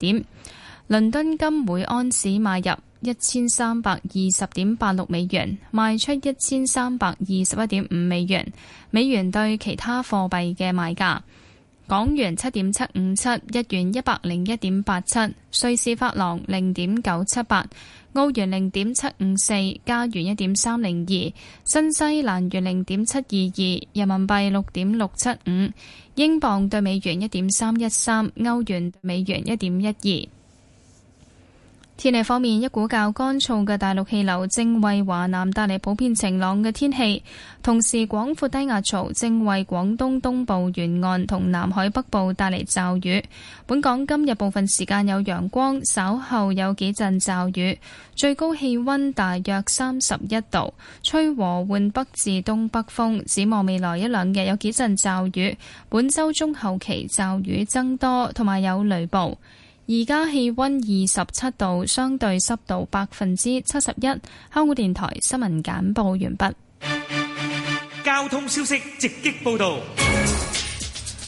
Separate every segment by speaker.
Speaker 1: 點倫敦金每安士買入一千三百二十點八六美元，賣出一千三百二十一點五美元。美元對其他貨幣嘅買價。港元七點七五七，日元一百零一點八七，瑞士法郎零點九七八，澳元零點七五四，加元一點三零二，新西蘭元零點七二二，人民幣六點六七五，英鎊兌美元一點三一三，歐元兌美元一點一二。天氣方面，一股較乾燥嘅大陸氣流正為華南帶嚟普遍晴朗嘅天氣，同時廣闊低壓槽正為廣東東部沿岸同南海北部帶嚟驟雨。本港今日部分時間有陽光，稍後有幾陣驟雨，最高氣温大約三十一度，吹和緩北至東北風。展望未來一兩日有幾陣驟雨，本週中後期驟雨增多，同埋有雷暴。而家氣溫二十七度，相對濕度百分之七十一。香港電
Speaker 2: 台新聞簡報完畢。
Speaker 3: 交通消息直擊報道。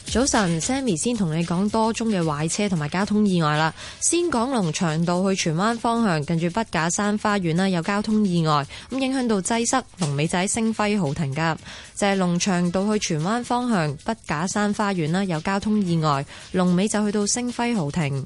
Speaker 2: 早晨，Sammy 先同你講多宗嘅壞車同埋交通意外啦。先講龍翔道去荃灣方向，近住畢架山花園啦，有交通意外咁，影響到擠塞，龍尾仔星輝豪庭噶，就係龍翔道去荃灣方向，畢架山花園啦有交通意外，龍尾就去到星輝豪庭。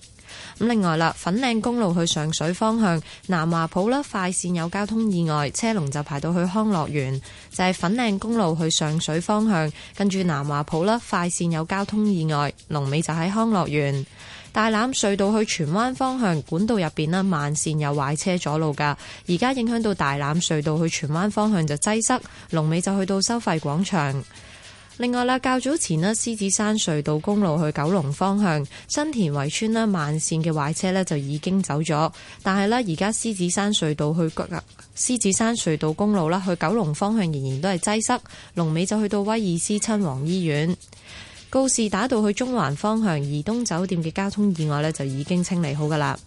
Speaker 2: 咁另外啦，粉嶺公路去上水方向，南華莆啦快線有交通意外，車龍就排到去康樂園；就係、是、粉嶺公路去上水方向，跟住南華莆啦快線有交通意外，龍尾就喺康樂園。大欖隧道去荃灣方向，管道入邊啦慢線有壞車阻路噶，而家影響到大欖隧道去荃灣方向就擠塞，龍尾就去到收費廣場。另外咧，較早前咧，獅子山隧道公路去九龍方向，新田圍村慢線嘅壞車就已經走咗，但係咧，而家獅子山隧道去啊獅子山隧道公路啦去九龍方向仍然都係擠塞，龍尾就去到威爾斯親王醫院。告士打道去中環方向怡東酒店嘅交通意外就已經清理好噶啦，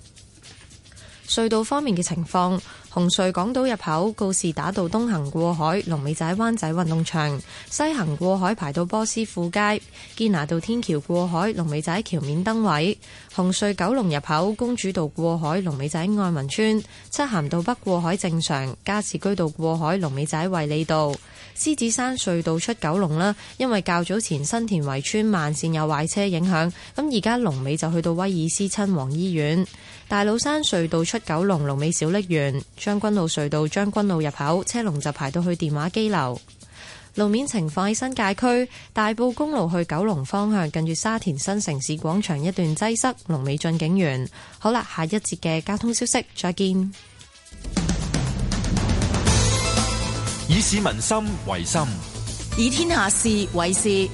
Speaker 2: 隧道方面嘅情況。紅隧港島入口告士打道東行過海，龍尾仔灣仔運動場西行過海排到波斯富街，堅拿道天橋過海龍尾仔橋面燈位；紅隧九龍入口公主道過海龍尾仔愛民村，漆咸道北過海正常，加士居道過海龍尾仔衛理道，獅子山隧道出九龍啦。因為較早前新田圍村慢線有壞車影響，咁而家龍尾就去到威爾斯親王醫院。大老山隧道出九龍，龍尾小瀝源。將軍澳隧道將軍澳入口車龍就排到去電話機樓。路面情況喺新界區大埔公路去九龍方向近住沙田新城市廣場一段擠塞，龍尾進景園。好啦，下一節嘅交通消息再見。
Speaker 4: 以市民心為心，
Speaker 2: 以天下事為事。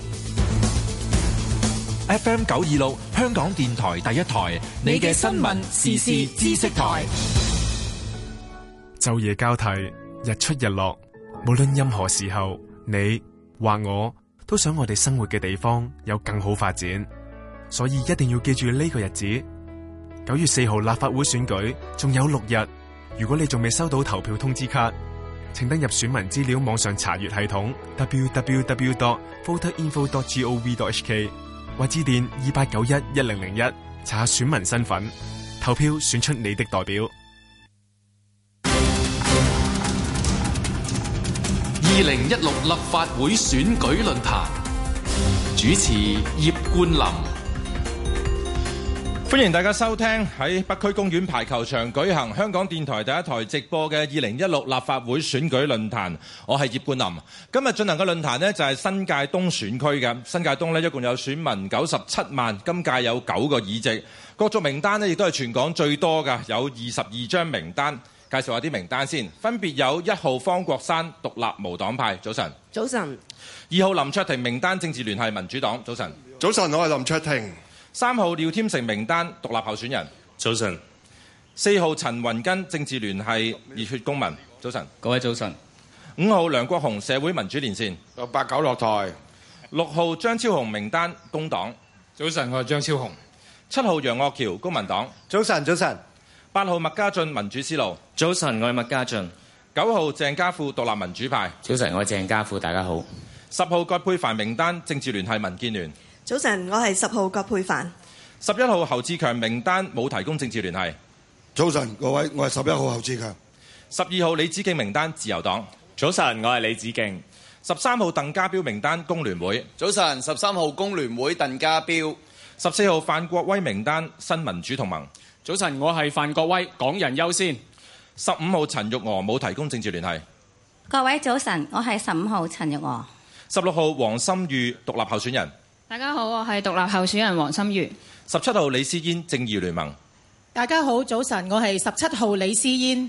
Speaker 4: F M 九二六，香港電台第一台，你嘅新聞時事知識台。晝夜交替，
Speaker 5: 日出日落，無論任何時候，你或我都想我哋生活嘅地方有更好發展，所以一定要記住呢個日子，九月四號立法會選舉仲有六日。如果你仲未收到投票通知卡，請登入選民資料網上查閱系統 w w w dot vote info dot g o v dot h k。或致電二八九一一零零一查下選民身份，投票選出你的代表。
Speaker 6: 二零一六立法會選舉論壇主持：葉冠林。歡迎大家收
Speaker 4: 聽喺北區公園排球場舉行香港電台第一台直播嘅二零一六立法會選舉論壇，我係葉冠霖。今日進行嘅論壇呢，就係新界東選區嘅新界東呢，一共有選民九十七萬，今屆有九個議席，角逐名單呢，亦都係全港最多嘅，有二十二張名單。介紹下啲名單先，分別有：一號方國山，獨立無黨派。早晨。早晨。二號林卓廷名單，政治聯繫民主黨。早晨。早晨，我係林卓廷。三號廖添成，名單獨立候選人。早晨。四號陳雲根，政治聯繫熱血公民。早晨。各位早晨。五號梁國雄，社會民主連線。六八九落台。六號張超，張超雄，名單工黨。早晨，我係張超雄。七號楊岳橋，公民黨。早晨，早晨。八號麥家俊，民主思路。早晨，我係麥家俊。九號鄭家富，獨立民主派。早晨，我係鄭家富，大家好。十號葛珮帆，名單，政治聯繫民建聯。早晨，我係十號葛珮帆。十一號侯志強名單冇提供政治聯繫。早晨，各位，我係十一號侯志強。十二號李梓敬名單自由黨。早晨，我係李梓敬。十三號鄧家彪名單工聯會。早晨，
Speaker 6: 十三號工聯會鄧家彪。十四號范國威名單新民主同盟。早晨，我係范國威，港人優先。十五號陳玉娥冇提供政治聯
Speaker 4: 繫。
Speaker 7: 各位早晨，我係十五號陳玉娥。
Speaker 4: 十六號黃心裕獨立候選人。
Speaker 7: 大家好，我係獨
Speaker 8: 立
Speaker 4: 候選人黃心如。十七號李思燕，正義聯盟。
Speaker 8: 大家好，早晨，我係十七號李思燕。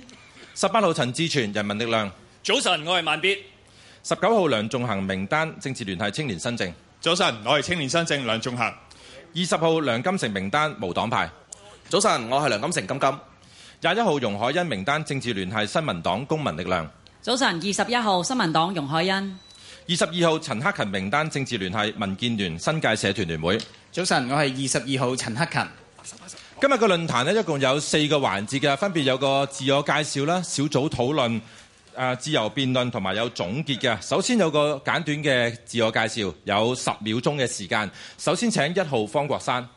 Speaker 4: 十八號陳志全人民力量。早晨，我係萬必。十九號梁仲恒名單政治聯繫青年新政。早晨，我係青年新政梁仲恒。二十號梁金成名單無黨派。早晨，我係梁金成，金金。廿一號容海恩，名單政治聯繫新民黨公民力量。
Speaker 9: 早晨，二十一號新民黨容海恩。
Speaker 4: 二十二號陳克勤名單政治聯繫民建聯新界社團聯會。早晨，我係二十二號陳克勤。今日個論壇呢，一共有四個環節嘅，分別有個自我介紹啦、小組討論、誒自由辯論同埋有總結嘅。首先有個簡短嘅自我介紹，有十秒鐘嘅時間。首先請一號方國山。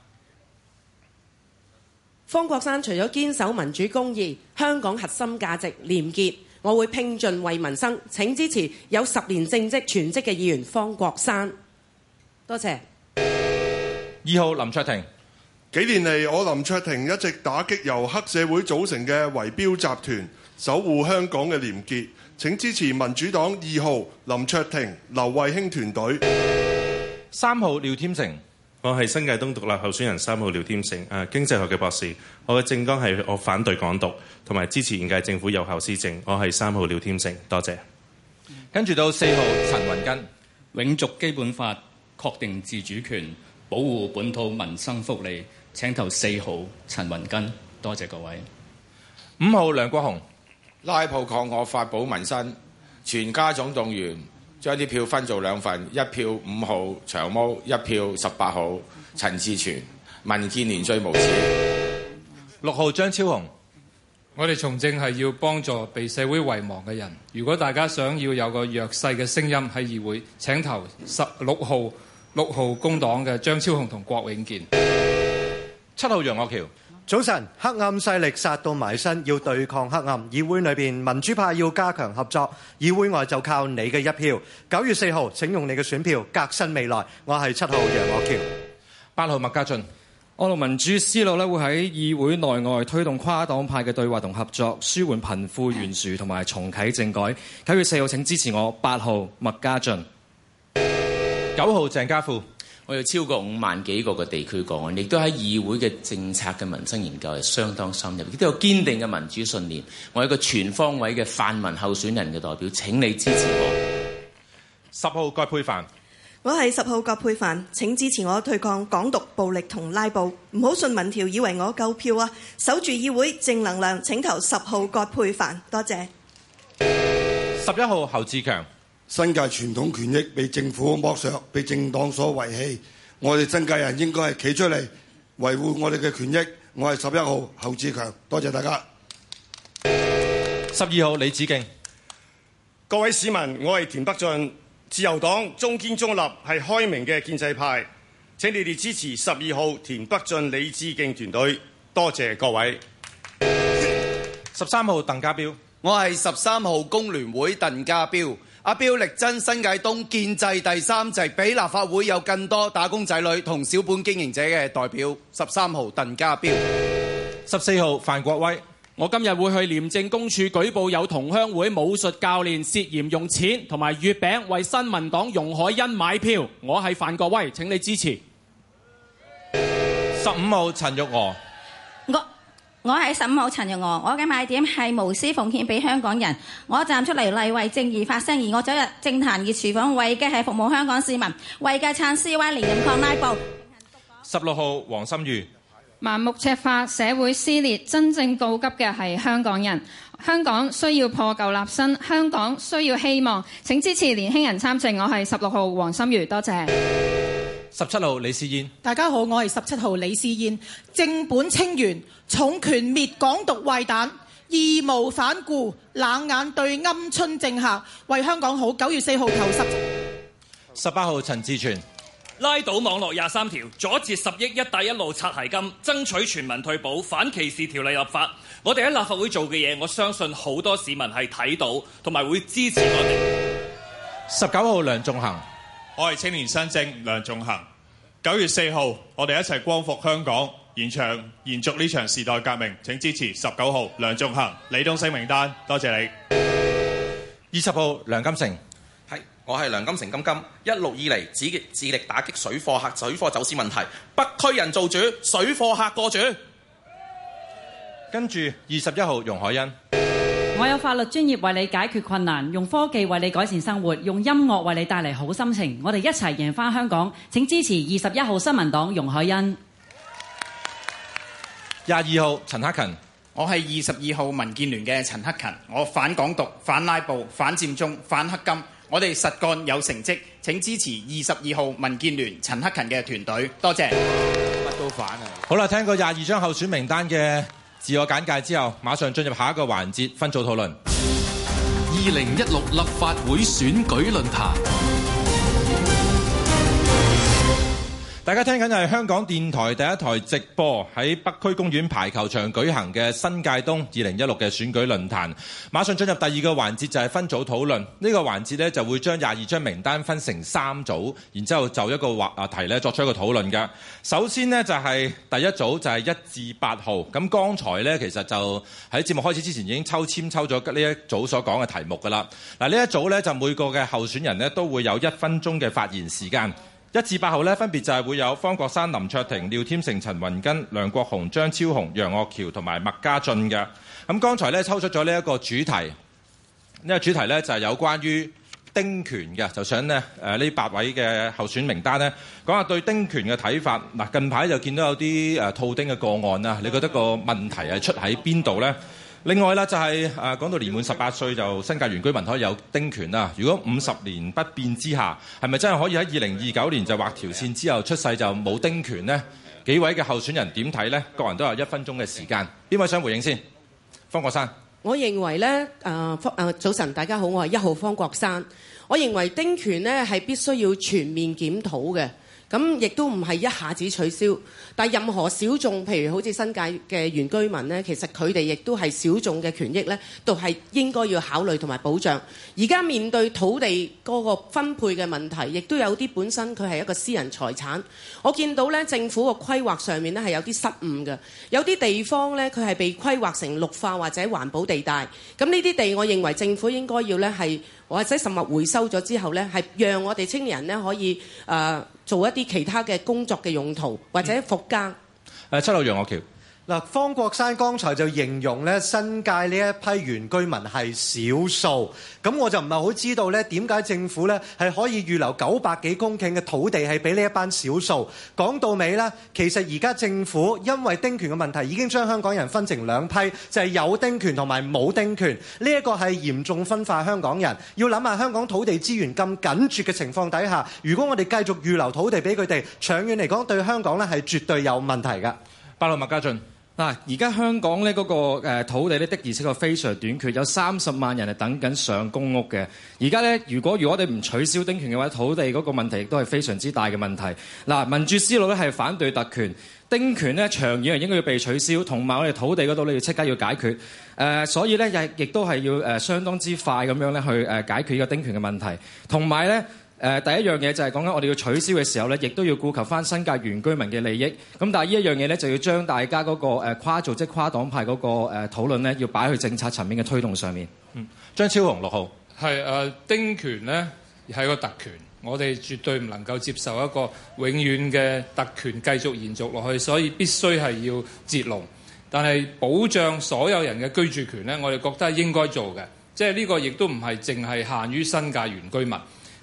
Speaker 10: 方國山除咗堅守民主公義、香港核心價值廉、廉潔。我會拼盡為民生，請支持有十年政績全職嘅議員方國珊，多謝。
Speaker 11: 二號林卓廷，幾年嚟我林卓廷一直打擊由黑社會組成嘅圍標集團，守護香港嘅廉潔。請支持民主黨二號林卓廷劉慧卿團隊。三
Speaker 12: 號廖添成。我係新界東獨立候選人三號廖添盛，啊經濟學嘅博士，我嘅政綱係我反對港獨，同埋支持現屆政府有效施政。我係三號廖添
Speaker 13: 盛，多謝。跟住到四號陳雲根，永續基本法，確定自主權，保護本土民生福利。請投四號陳雲根，多謝各位。五號梁國雄，拉布抗我法，保
Speaker 14: 民生，全家總動員。將啲票分做兩份，一票五號長毛，一票十八號陳志全、民建聯最無恥。
Speaker 15: 六號張超雄，我哋從政係要幫助被社會遺忘嘅人。如果大家想要有個弱勢嘅聲音喺議會，請投十六號、
Speaker 16: 六號工黨嘅張超雄同郭永健。七號楊岳橋。早晨，黑暗勢力殺到埋身，要對抗黑暗。議會裏面民主派要加強合作，議會外就靠你嘅一票。九月四號，請用你嘅選票革新未來。我係七號楊岳橋，八號麥家俊。我同民主思路咧會喺議
Speaker 17: 會內外推動跨黨派嘅對話同合作，舒緩貧富懸殊同埋重啟政
Speaker 18: 改。九月四號請支持我。八號麥家俊，九號鄭家富。我有超過五萬幾個嘅地區個案，亦都喺議會嘅政策嘅民生研究係相當深入，亦都有堅定嘅民主信念。我係一個全方位嘅泛民候選人嘅代表，請你支持我。十號葛珮帆，
Speaker 19: 我係十號葛珮帆，請支持我對抗港獨暴力同拉布，唔好信民調以為我夠票啊！守住議會正能量，請投十號葛珮帆，多謝。
Speaker 20: 十一號侯志強。新界傳統權益被政府剝削、被政黨所遺棄，我哋新界人應該係企出嚟維護我哋嘅權益。我係十一號侯志強，多謝大家。
Speaker 4: 十二號李梓敬，
Speaker 5: 各位市民，我係田北俊，自由黨中堅中立，係開明嘅建制派。請你哋支持十二號田北俊李梓敬團隊，多謝
Speaker 21: 各位。十三號鄧家彪，我係十三號工聯會鄧家彪。阿彪力爭新界東建制第三席，俾立法會有更多打工仔女同小本經營者嘅代表。十三號鄧家彪，十四號范國威。我今日會去廉政公署舉報有同鄉會武術
Speaker 22: 教練涉嫌用錢同埋月餅為新民黨容海恩買票。我係范國威，請你支持。十五號陳
Speaker 7: 玉娥。我係十某號陳若我嘅賣點係無私奉獻俾香港人，我站出嚟例為正義發聲，而我走入政壇與廚房為嘅係服務香港市民，為嘅撐 C 瓜連任抗拉布。
Speaker 4: 十六號黃心如，
Speaker 7: 盲目赤化社
Speaker 23: 會撕裂，真正告急嘅係香港人，香港需要破舊立新，香港需要希望，請支持年輕人參政。我係十六號黃心如，多謝。
Speaker 4: 十七號李思燕，
Speaker 23: 大家好，我係十七號李思燕，正本清源，
Speaker 8: 重拳滅港獨壞蛋，義無反顧，冷眼對鵪鶉政客，為香港好。九月四號投十七，
Speaker 4: 十八號陳志全，
Speaker 3: 拉倒網絡廿三條，阻截十億一帶一路拆鞋金，爭取全民退保，反歧視條例立法。我哋喺立法會做嘅嘢，我相信好多市民係睇到，同埋會支持我哋。
Speaker 4: 十
Speaker 24: 九號梁仲恒。
Speaker 3: 我係青年新政梁
Speaker 24: 仲恒，九月四號我哋一齊光復香港，現場延續呢場時代革命。請支持十九號梁仲恒、李東升名單，多謝你。二十號梁金城。
Speaker 6: 係我係梁金城金金，一路以嚟只致力打擊水貨客、水貨走私問題，北區人做主，水貨客過主。跟住二十一號容海恩。
Speaker 9: 我有法律專業為你解決困難，用科技為你改善生活，用音樂為你帶嚟好心情。我哋一齊贏返香港！請支持二十一號新民黨容海恩。
Speaker 4: 廿二
Speaker 25: 號陳克勤，我係二十二號民建聯嘅陳克勤，我反港獨、反拉布、反佔中、反黑金。我哋實幹有成績。請支持二十二號民建聯陳克勤嘅團隊。多謝。乜都反啊！
Speaker 4: 好啦，聽過廿二張候選名單嘅。自我簡介之後，馬上進入下一個環節，分組討論。二零一六立法會選舉論壇。大家聽緊就係香港電台第一台直播喺北區公園排球場舉行嘅新界東二零一六嘅選舉論壇。馬上進入第二個環節就係分組討論。呢個環節呢，就會將廿二張名單分成三組，然之後就一個話題呢作出一個討論㗎。首先呢，就係第一組就係一至八號。咁剛才呢，其實就喺節目開始之前已經抽籤抽咗呢一組所講嘅題目㗎喇。嗱呢一組呢，就每個嘅候選人呢，都會有一分鐘嘅發言時間。一至八號咧，分別就係會有方國珊、林卓廷、廖天成、陳雲根、梁國雄、張超雄、楊岳橋同埋麥家俊嘅。咁剛才咧抽出咗呢一個主題，呢、呢個主題咧就係有關於丁權嘅，就想呢，呢八位嘅候選名單咧講下對丁權嘅睇法。嗱近排就見到有啲誒套丁嘅個案啊，你覺得個問題係出喺邊度咧？另外啦，就係誒講到年滿十八歲就新界原居民可以有丁權啦。如果五十年不變之下，係咪真係可以喺二零二九年就劃條線之後出世就冇丁權呢？幾位嘅候選人點睇呢？各人都有一分鐘嘅時間，邊位想回應先？方國珊。
Speaker 10: 我認為呢，誒、呃、誒早晨大家好，我係一號方國珊。我認為丁權呢係必須要全面檢討嘅。咁亦都唔係一下子取消，但任何小眾，譬如好似新界嘅原居民呢，其實佢哋亦都係小眾嘅權益呢，都係應該要考慮同埋保障。而家面對土地嗰個分配嘅問題，亦都有啲本身佢係一個私人財產。我見到呢政府個規劃上面呢，係有啲失誤嘅，有啲地方呢，佢係被規劃成綠化或者環保地帶。咁呢啲地，我認為政府應該要呢係。或者實物回收咗之後呢，係讓我哋青年人呢可以呃做
Speaker 16: 一啲其他嘅工作嘅用途，或者附加。七號楊岳橋。嗱，方國珊剛才就形容咧新界呢一批原居民係少數，咁我就唔係好知道咧點解政府咧係可以預留九百幾公頃嘅土地係俾呢一班少數。講到尾啦，其實而家政府因為丁權嘅問題已經將香港人分成兩批，就係、是、有丁權同埋冇丁權，呢一個係嚴重分化香港人。要諗下香港土地資源咁緊絕嘅情況底下，如果我哋繼續預留土地俾佢哋，長遠嚟講對香港咧係絕對有問題㗎。
Speaker 17: 八號麥家俊。嗱，而家香港咧個土地的而且確非常短缺，有三十萬人係等緊上公屋嘅。而家如果我哋唔取消丁權嘅話，土地嗰個問題亦都係非常之大嘅問題。民主思路咧係反對特權，丁權咧長遠嚟應該要被取消，同埋我哋土地嗰度要即刻要解決。所以咧亦都係要相當之快咁樣去解決呢個丁權嘅問題，同埋呢。誒第一樣嘢就係講緊，我哋要取消嘅時候咧，亦都要顧及返新界原居民嘅利益。咁但係呢一樣嘢咧，就要將大家嗰個跨組織、跨黨派嗰個討論咧，要擺去政策層面嘅推動上面。張、嗯、超雄，六號
Speaker 15: 係、啊、丁權呢，係個特權，我哋絕對唔能夠接受一個永遠嘅特權繼續延續落去，所以必須係要截龍。但係保障所有人嘅居住權咧，我哋覺得係應該做嘅，即係呢個亦都唔係淨係限於新界原居民。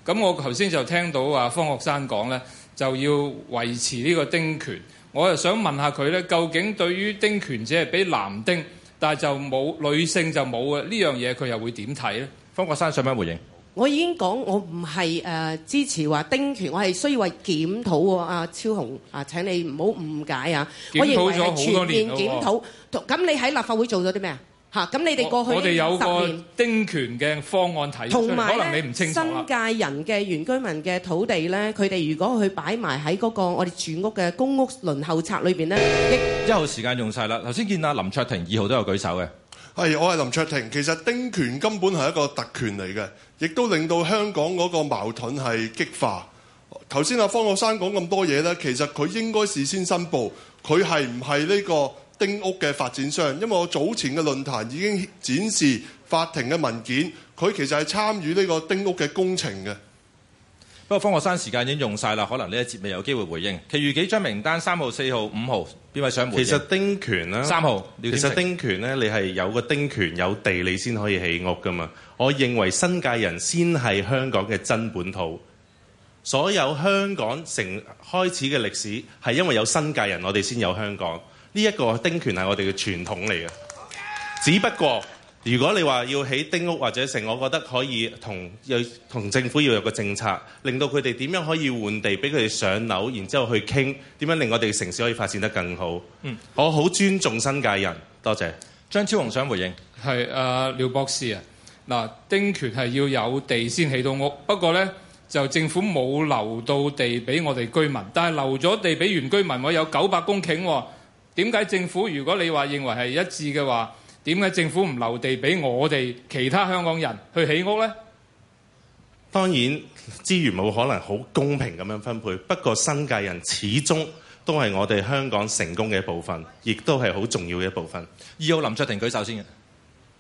Speaker 15: 咁我頭先就聽到啊方國珊講咧，就要維持呢個丁權。我又想問下佢咧，究竟對於丁權只係俾男丁，但係就冇女性就冇啊呢樣嘢，佢又會點睇咧？方國
Speaker 4: 珊上邊回應？
Speaker 10: 我已經講我唔係誒支持話丁權，我係需要話檢討喎。啊超雄啊，請你唔好誤解啊。檢討咗好多年咯。全面檢討，咁你喺立法會做咗啲咩啊？吓！咁你哋過去我哋有個
Speaker 15: 丁權嘅方案提出，同埋可能你唔清楚。新界
Speaker 10: 人嘅原居民嘅土地咧，佢哋如果去擺埋喺嗰個我哋住屋嘅公屋輪候冊裏面咧，
Speaker 4: 一號時間用晒啦。頭先見阿林卓廷二號都有舉手嘅，
Speaker 11: 係，我係林卓廷。其實丁權根本係一個特權嚟嘅，亦都令到香港嗰個矛盾係激化。頭先阿方國珊講咁多嘢咧，其實佢應該事先申報，佢係唔係呢個？丁屋嘅發展商，因為我早前嘅論壇已經展示法庭嘅文件，佢其實係參與呢個丁屋嘅工程嘅。
Speaker 4: 不過，方國珊時間已經用晒啦，可能呢一節未有機會回應。其餘幾張名單，三號、四號、五號，邊位想回應？其實
Speaker 11: 丁權啦，三
Speaker 12: 號。其實丁權呢，你係有個丁權有地，你先可以起屋噶嘛？我認為新界人先係香港嘅真本土。所有香港成開始嘅歷史係因為有新界人，我哋先有香港。呢、這、一個丁權係我哋嘅傳統嚟嘅，只不過如果你話要起丁屋或者成，我覺得可以同同政府要有個政策，令到佢哋點樣可以換地，俾佢哋上樓，然之後去傾點樣令我哋嘅城市可以發展得更好。嗯，我好尊重新界
Speaker 4: 人，多謝。張超雄想回應。
Speaker 12: 係誒、啊、廖博士啊。嗱，丁權
Speaker 15: 係要有地先起到屋，不過呢，就政府冇留到地俾我哋居民，但係留咗地俾原居民我有九百公頃喎、哦。點解政府如果你話認為係一致嘅話，點解政府唔留地俾我哋其他香港人去起屋
Speaker 12: 呢？當然資源冇可能好公平咁樣分配，不過新界人始終都係我哋香港成功嘅一部分，亦都係好重要嘅一部
Speaker 4: 分。二號林卓廷舉手先嘅。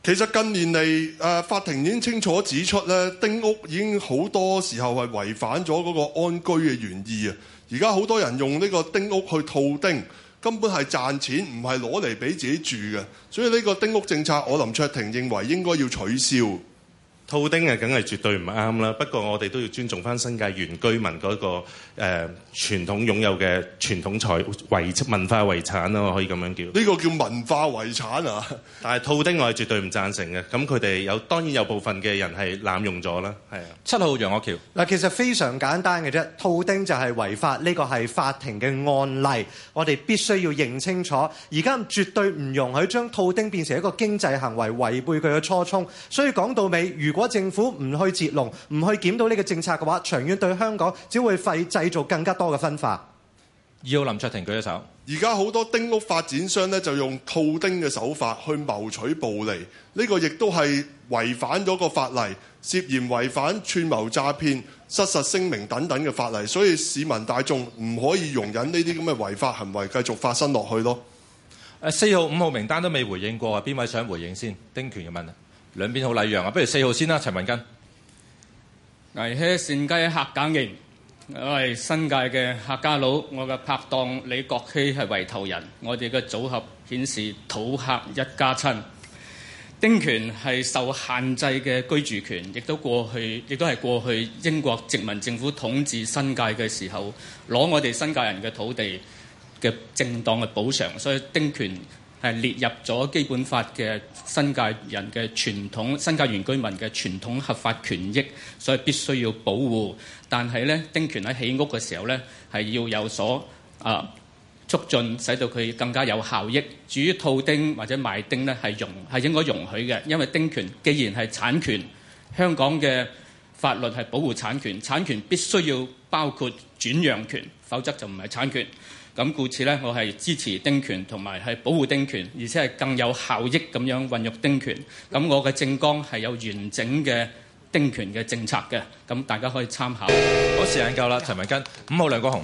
Speaker 11: 其實近年嚟誒法庭已經清楚指出咧，丁屋已經好多時候係違反咗嗰個安居嘅原意啊。而家好多人用呢個丁屋去套丁。根本係賺錢，唔係攞嚟畀自己住嘅，所以呢個丁屋政策，我林卓廷認為應該要取消。套
Speaker 12: 丁啊，梗係絕對唔啱啦。不過我哋都要尊重翻新界原居民嗰、那個誒、呃、傳統擁有嘅傳統財遺文化遺產啦，可以咁樣叫。
Speaker 11: 呢、這個叫文化遺產啊！
Speaker 12: 但係套丁我係絕對唔贊成嘅。咁佢哋有當然有部分嘅人係濫用咗啦。係啊。七號楊樂橋
Speaker 16: 嗱，其實非常簡單嘅啫。套丁就係違法，呢、這個係法庭嘅案例，我哋必須要認清楚。而家絕對唔容許將套丁變成一個經濟行為，違背佢嘅初衷。所以講到尾，如如果政府唔去截龍，唔去檢討呢個政策嘅話，長遠對香港只會費製造更加多嘅分化。
Speaker 11: 二號林卓廷舉一手。而家好多丁屋發展商呢，就用套丁嘅手法去謀取暴利，呢、這個亦都係違反咗個法例，涉嫌違反串謀詐騙、失實聲明等等嘅法例，所以市民大眾唔可以容忍呢啲咁嘅違法行為繼續發生落去咯。誒，四號、五號
Speaker 4: 名單都未回應過，邊位想回應先？丁權嘅問。兩邊好禮讓啊！不如四號先啦，陳文根。
Speaker 13: 泥靴善雞客家人，我係新界嘅客家佬，我嘅拍檔李國熙係圍頭人，我哋嘅組合顯示土客一家親。丁權係受限制嘅居住權，亦都過去，亦都係過去英國殖民政府統治新界嘅時候攞我哋新界人嘅土地嘅正當嘅補償，所以丁權。係列入咗基本法嘅新界人嘅傳統新界原居民嘅傳統合法權益，所以必須要保護。但係呢，丁權喺起屋嘅時候呢，係要有所啊促進，使到佢更加有效益。至於套丁或者賣丁呢，係容係應該容許嘅，因為丁權既然係產權，香港嘅法律係保護產權，產權必須要包括轉讓權，否則就唔係產權。咁故此呢，我係支持丁權同埋係保護丁權，而且係更有效益咁樣運用丁權。咁我嘅政綱係有完整嘅丁權嘅政策嘅，咁大家可以參考。好，時間夠啦，陳文根，五號梁國雄。
Speaker 14: 誒、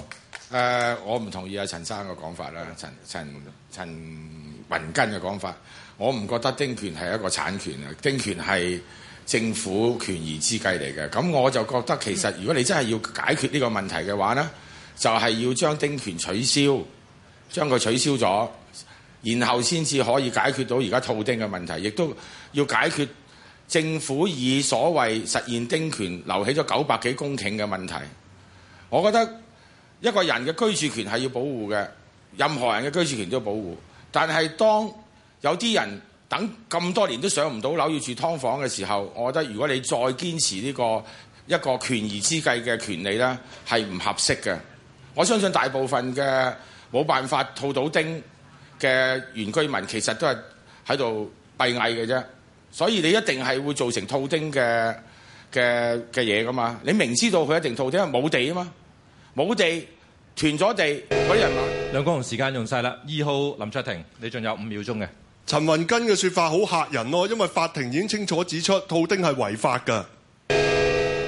Speaker 14: 呃，我唔同意阿陳生嘅講法啦，陳陳陳文根嘅講法，我唔覺得丁權係一個產權啊，丁權係政府權宜之計嚟嘅。咁我就覺得其實如果你真係要解決呢個問題嘅話咧。就係要將丁權取消，將佢取消咗，然後先至可以解決到而家套丁嘅問題，亦都要解決政府以所謂實現丁權留起咗九百幾公頃嘅問題。我覺得一個人嘅居住權係要保護嘅，任何人嘅居住權都要保護。但係當有啲人等咁多年都上唔到樓，要住劏房嘅時候，我覺得如果你再堅持呢個一個權宜之計嘅權利呢，係唔合適嘅。我相信大部分嘅冇辦法套到丁嘅原居民，其實都係喺度閉翳嘅啫。所以你一定係會造成套丁嘅嘅嘅嘢㗎嘛？你明知道佢一定套丁，冇地啊嘛，冇地，
Speaker 4: 囤咗地。委任嘛。兩公同時間用曬啦，二號林卓廷，你仲有五秒鐘嘅。
Speaker 11: 陳雲根嘅說法好嚇人，因為法庭已經清楚指出套丁係違法㗎。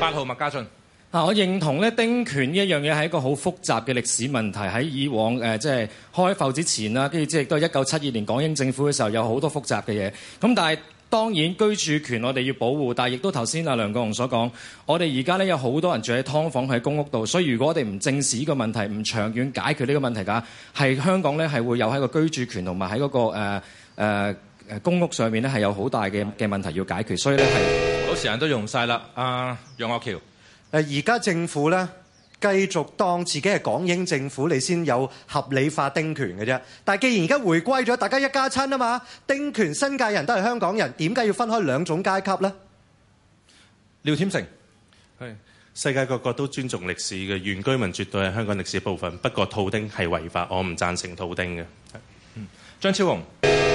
Speaker 11: 八
Speaker 4: 號麥家俊。
Speaker 17: 我認同咧，丁權呢一樣嘢係一個好複雜嘅歷史問題。喺以往、呃、即係開埠之前啦，跟住即係都係一九七二年港英政府嘅時候，有好多複雜嘅嘢。咁但係當然居住權我哋要保護，但亦都頭先阿梁國雄所講，我哋而家咧有好多人住喺劏房、喺公屋度，所以如果我哋唔正視個問題，唔長遠解決呢個問題㗎，係香港咧係會有喺個居住權同埋喺嗰個誒、呃呃、公屋上面咧係有好大嘅嘅問題要解決，所以咧係。
Speaker 4: 好，時間都用晒啦，
Speaker 16: 阿、啊、楊岳橋。誒而家政府咧繼續當自己係港英政府，你先有合理化丁權嘅啫。但係既然而家回歸咗，大家一家親啊嘛，丁權新界人都係香港人，點解要分開兩種階級呢？
Speaker 12: 廖
Speaker 4: 添成
Speaker 18: 係
Speaker 12: 世界各國都尊重歷史嘅原居民，絕對係香港歷史部分。不過土丁係違法，我唔贊成土丁嘅、係、嗯。張超雄：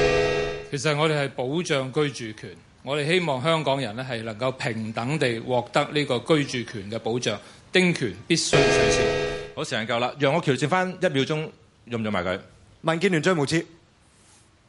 Speaker 15: 「其實我哋係保障居住權。我哋希望香港人咧係能夠平等地獲得呢個居住權嘅保障，丁權必須取消，好，時間夠喇，
Speaker 4: 讓我調整返一秒鐘，用唔用埋佢，民建聯最無恥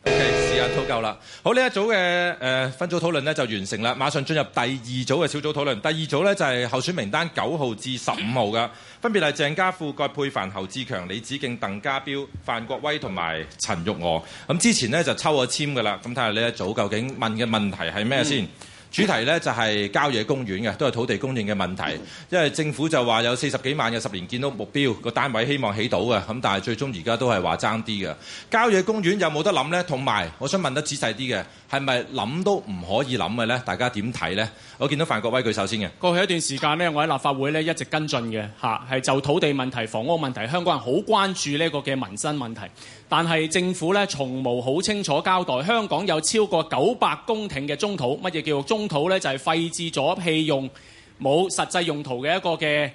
Speaker 4: ，ok 討論夠啦，好，呢一組嘅誒、呃、分組討論呢就完成啦，馬上進入第二組嘅小組討論。第二組呢就係、是、候選名單九號至十五號㗎，分別係鄭家富、葛珮帆、侯志強、李梓敬、鄧家彪、范國威同埋陳玉娥。咁之前呢就抽咗簽噶啦，咁睇下呢一組究竟問嘅問題係咩先。嗯主題呢就係郊野公園嘅，都係土地供應嘅問題。因為政府就話有四十幾萬有十年見到目標個單位，希望起到嘅。咁但係最終而家都係話爭啲嘅。郊野公園有冇得諗呢？同埋，我想問得仔細啲嘅。係咪諗都唔可以諗嘅呢？大家點睇呢？我見到范國威舉手先嘅。
Speaker 22: 過去一段時間呢，我喺立法會呢一直跟進嘅嚇，係就土地問題、房屋問題香港人好關注呢個個嘅民生問題。但係政府呢從無好清楚交代，香港有超過九百公頃嘅中土，乜嘢叫做中土呢？就係、是、廢置咗、棄用、冇實際用途嘅一個嘅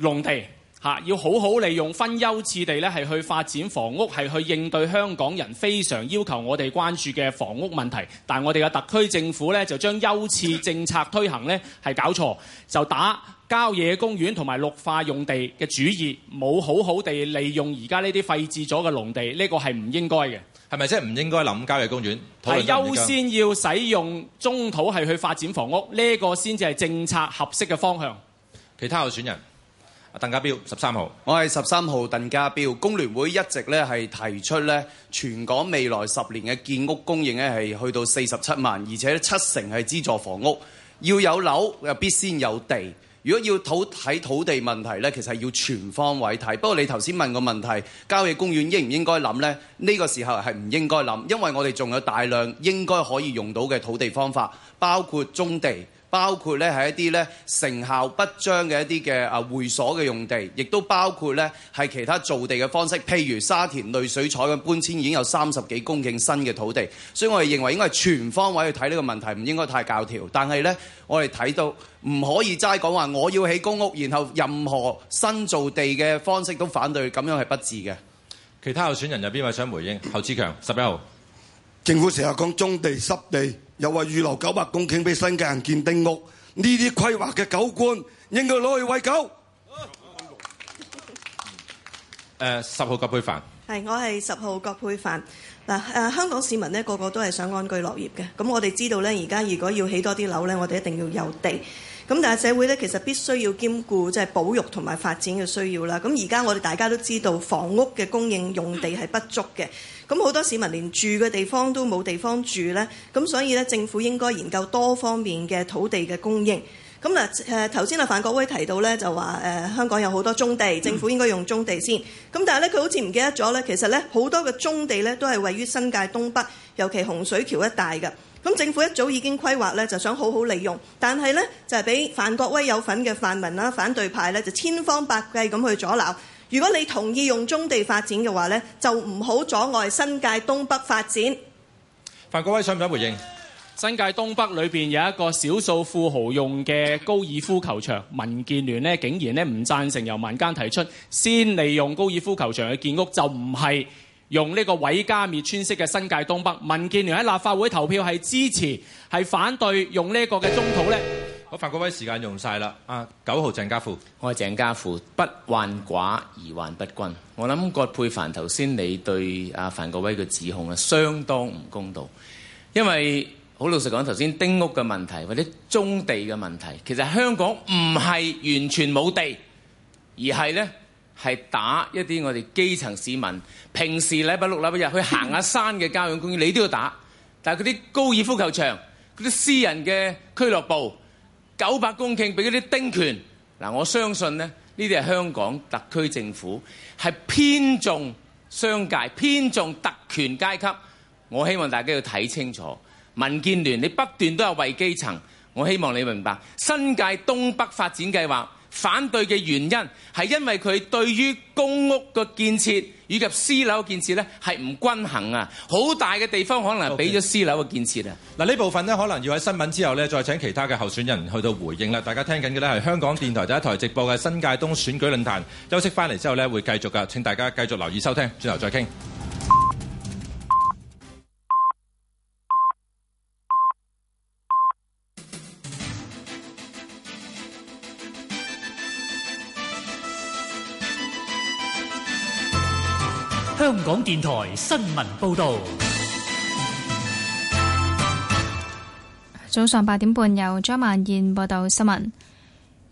Speaker 22: 農地。嚇！要好好利用，分優次地咧係去發展房屋，係去應對香港人非常要求我哋關注嘅房屋問題。但係我哋嘅特區政府咧就將優次政策推行咧係搞錯，就打郊野公園同埋綠化用地嘅主意，冇好好地利用而家呢啲廢置咗嘅農地，呢個係唔應該嘅。係咪即係唔應
Speaker 4: 該諗郊野公園？
Speaker 22: 係優先要使用中土係去發展房屋，呢個
Speaker 21: 先至係政策合適嘅方向。其他候選人。鄧家彪十三號，我係十三號鄧家彪。工聯會一直呢係提出呢，全港未來十年嘅建屋供應呢係去到四十七萬，而且七成係資助房屋。要有樓又必先有地。如果要土睇土地問題呢，其實係要全方位睇。不過你頭先問個問題，郊野公園應唔應該諗呢？呢個時候係唔應該諗，因為我哋仲有大量應該可以用到嘅土地方法，包括棕地。包括呢係一啲呢成效不彰嘅一啲嘅啊會所嘅用地，亦都包括呢係其他造地嘅方式，譬如沙田濾水廠嘅搬遷已經有三十幾公頃新嘅土地，所以我哋認為應該係全方位去睇呢個問題，唔應該太教條。但係呢，我哋睇到唔可以齋講話我要起公屋，然後任何新造地嘅方式都反對，咁樣係不智嘅。
Speaker 4: 其他候選人有邊位想回應？侯志強，十一號。
Speaker 20: 政府成日講中地濕地。又話預留九百公頃俾新界人建丁屋，呢啲規劃嘅狗官應該攞去餵狗。
Speaker 4: 誒，十號郭佩凡，
Speaker 19: 係我係十號郭佩凡。嗱，誒香港市民咧，個個都係想安居樂業嘅。咁我哋知道咧，而家如果要起多啲樓咧，我哋一定要有地。咁但係社會咧，其實必須要兼顧即係保育同埋發展嘅需要啦。咁而家我哋大家都知道，房屋嘅供應用地係不足嘅。咁好多市民連住嘅地方都冇地方住呢。咁所以咧，政府應該研究多方面嘅土地嘅供應。咁嗱頭先阿范國威提到呢，就話誒香港有好多棕地，政府應該用棕地先。咁但係咧，佢好似唔記得咗呢。其實呢，好多嘅棕地呢，都係位於新界東北，尤其洪水橋一帶嘅。咁政府一早已經規劃咧，就想好好利用，但係呢，就係、是、俾范國威有份嘅泛民啦、反對派咧，就千方百計咁去阻撓。如果你同意用棕地發展嘅話呢，就唔好阻礙新界東北發展。
Speaker 22: 范國威想唔想回應？新界東北裏邊有一個少數富豪用嘅高爾夫球場，民建聯呢竟然咧唔贊成由民間提出先利用高爾夫球場嘅建屋，就唔係。用呢個毀家滅村式嘅新界東北，民建聯喺立法會投票係支持，係反對用呢一個嘅中土呢？好，范國威時間用晒啦，啊，九號鄭家富，我係鄭家富，不患寡
Speaker 18: 而患不均。我諗葛珮帆頭先你對阿范國威嘅指控啊，相當唔公道，因為好老實講，頭先丁屋嘅問題或者中地嘅問題，其實香港唔係完全冇地，而係呢。係打一啲我哋基層市民，平時禮拜六禮拜日去行下山嘅郊野公園，你都要打。但係嗰啲高爾夫球場、嗰啲私人嘅俱樂部，九百公頃俾嗰啲丁權。嗱，我相信呢呢啲係香港特區政府係偏重商界、偏重特權階級。我希望大家要睇清楚，民建聯你不斷都有為基層。我希望你明白，新界東北發展計劃。反對嘅原因係因為佢對於公屋嘅建設以及私樓建設呢係唔均衡啊，好大嘅地方可能係俾咗私樓嘅建設啊。嗱、okay. 呢部分呢可能要喺新聞之後呢再請其他嘅候選人去
Speaker 4: 到回應啦。大家聽緊嘅呢係香港電台第一台直播嘅新界東選舉論壇。休息翻嚟之後呢會繼續噶，請大家繼續留意收聽，轉頭再傾。
Speaker 3: 香港電台新聞報導。
Speaker 1: 早上八點半，由張曼燕報道新聞。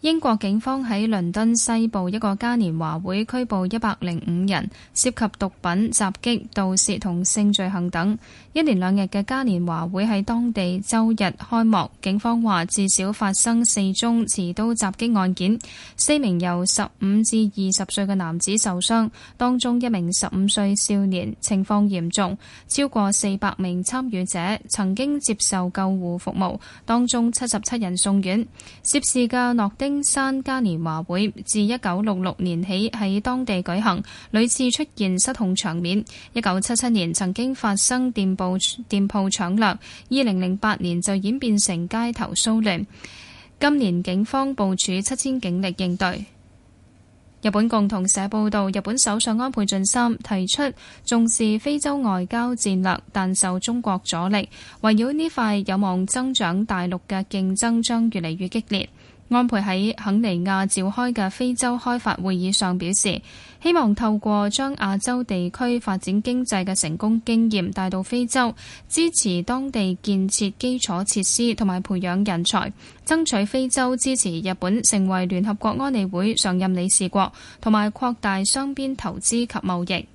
Speaker 1: 英國警方喺倫敦西部一個嘉年華會拘捕一百零五人，涉及毒品、襲擊、盜竊同性罪行等。一連兩日嘅嘉年華會喺當地周日開幕，警方話至少發生四宗持刀襲擊案件，四名由十五至二十歲嘅男子受傷，當中一名十五歲少年情況嚴重。超過四百名參與者曾經接受救護服務，當中七十七人送院。涉事嘅諾丁。青山嘉年華會，自1966年起，喺當地舉行，屢次出現失控場面。1977年曾經發生店鋪搶掠 ,2008 年就演變成街頭騷亂。今年警方部署7000警力應對。日本共同社報道，日本首相安倍晉三提出，重視非洲外交戰略，但受中國阻力。圍繞呢塊有望增長大陸嘅競爭將越嚟越激烈。安倍喺肯尼亞召開嘅非洲開發會議上，表示希望透過將亞洲地區發展經濟嘅成功經驗帶到非洲，支持當地建設基礎設施同埋培養人才，爭取非洲支持日本成為聯合國安理會常任理事國，同埋擴大雙邊投資及貿易。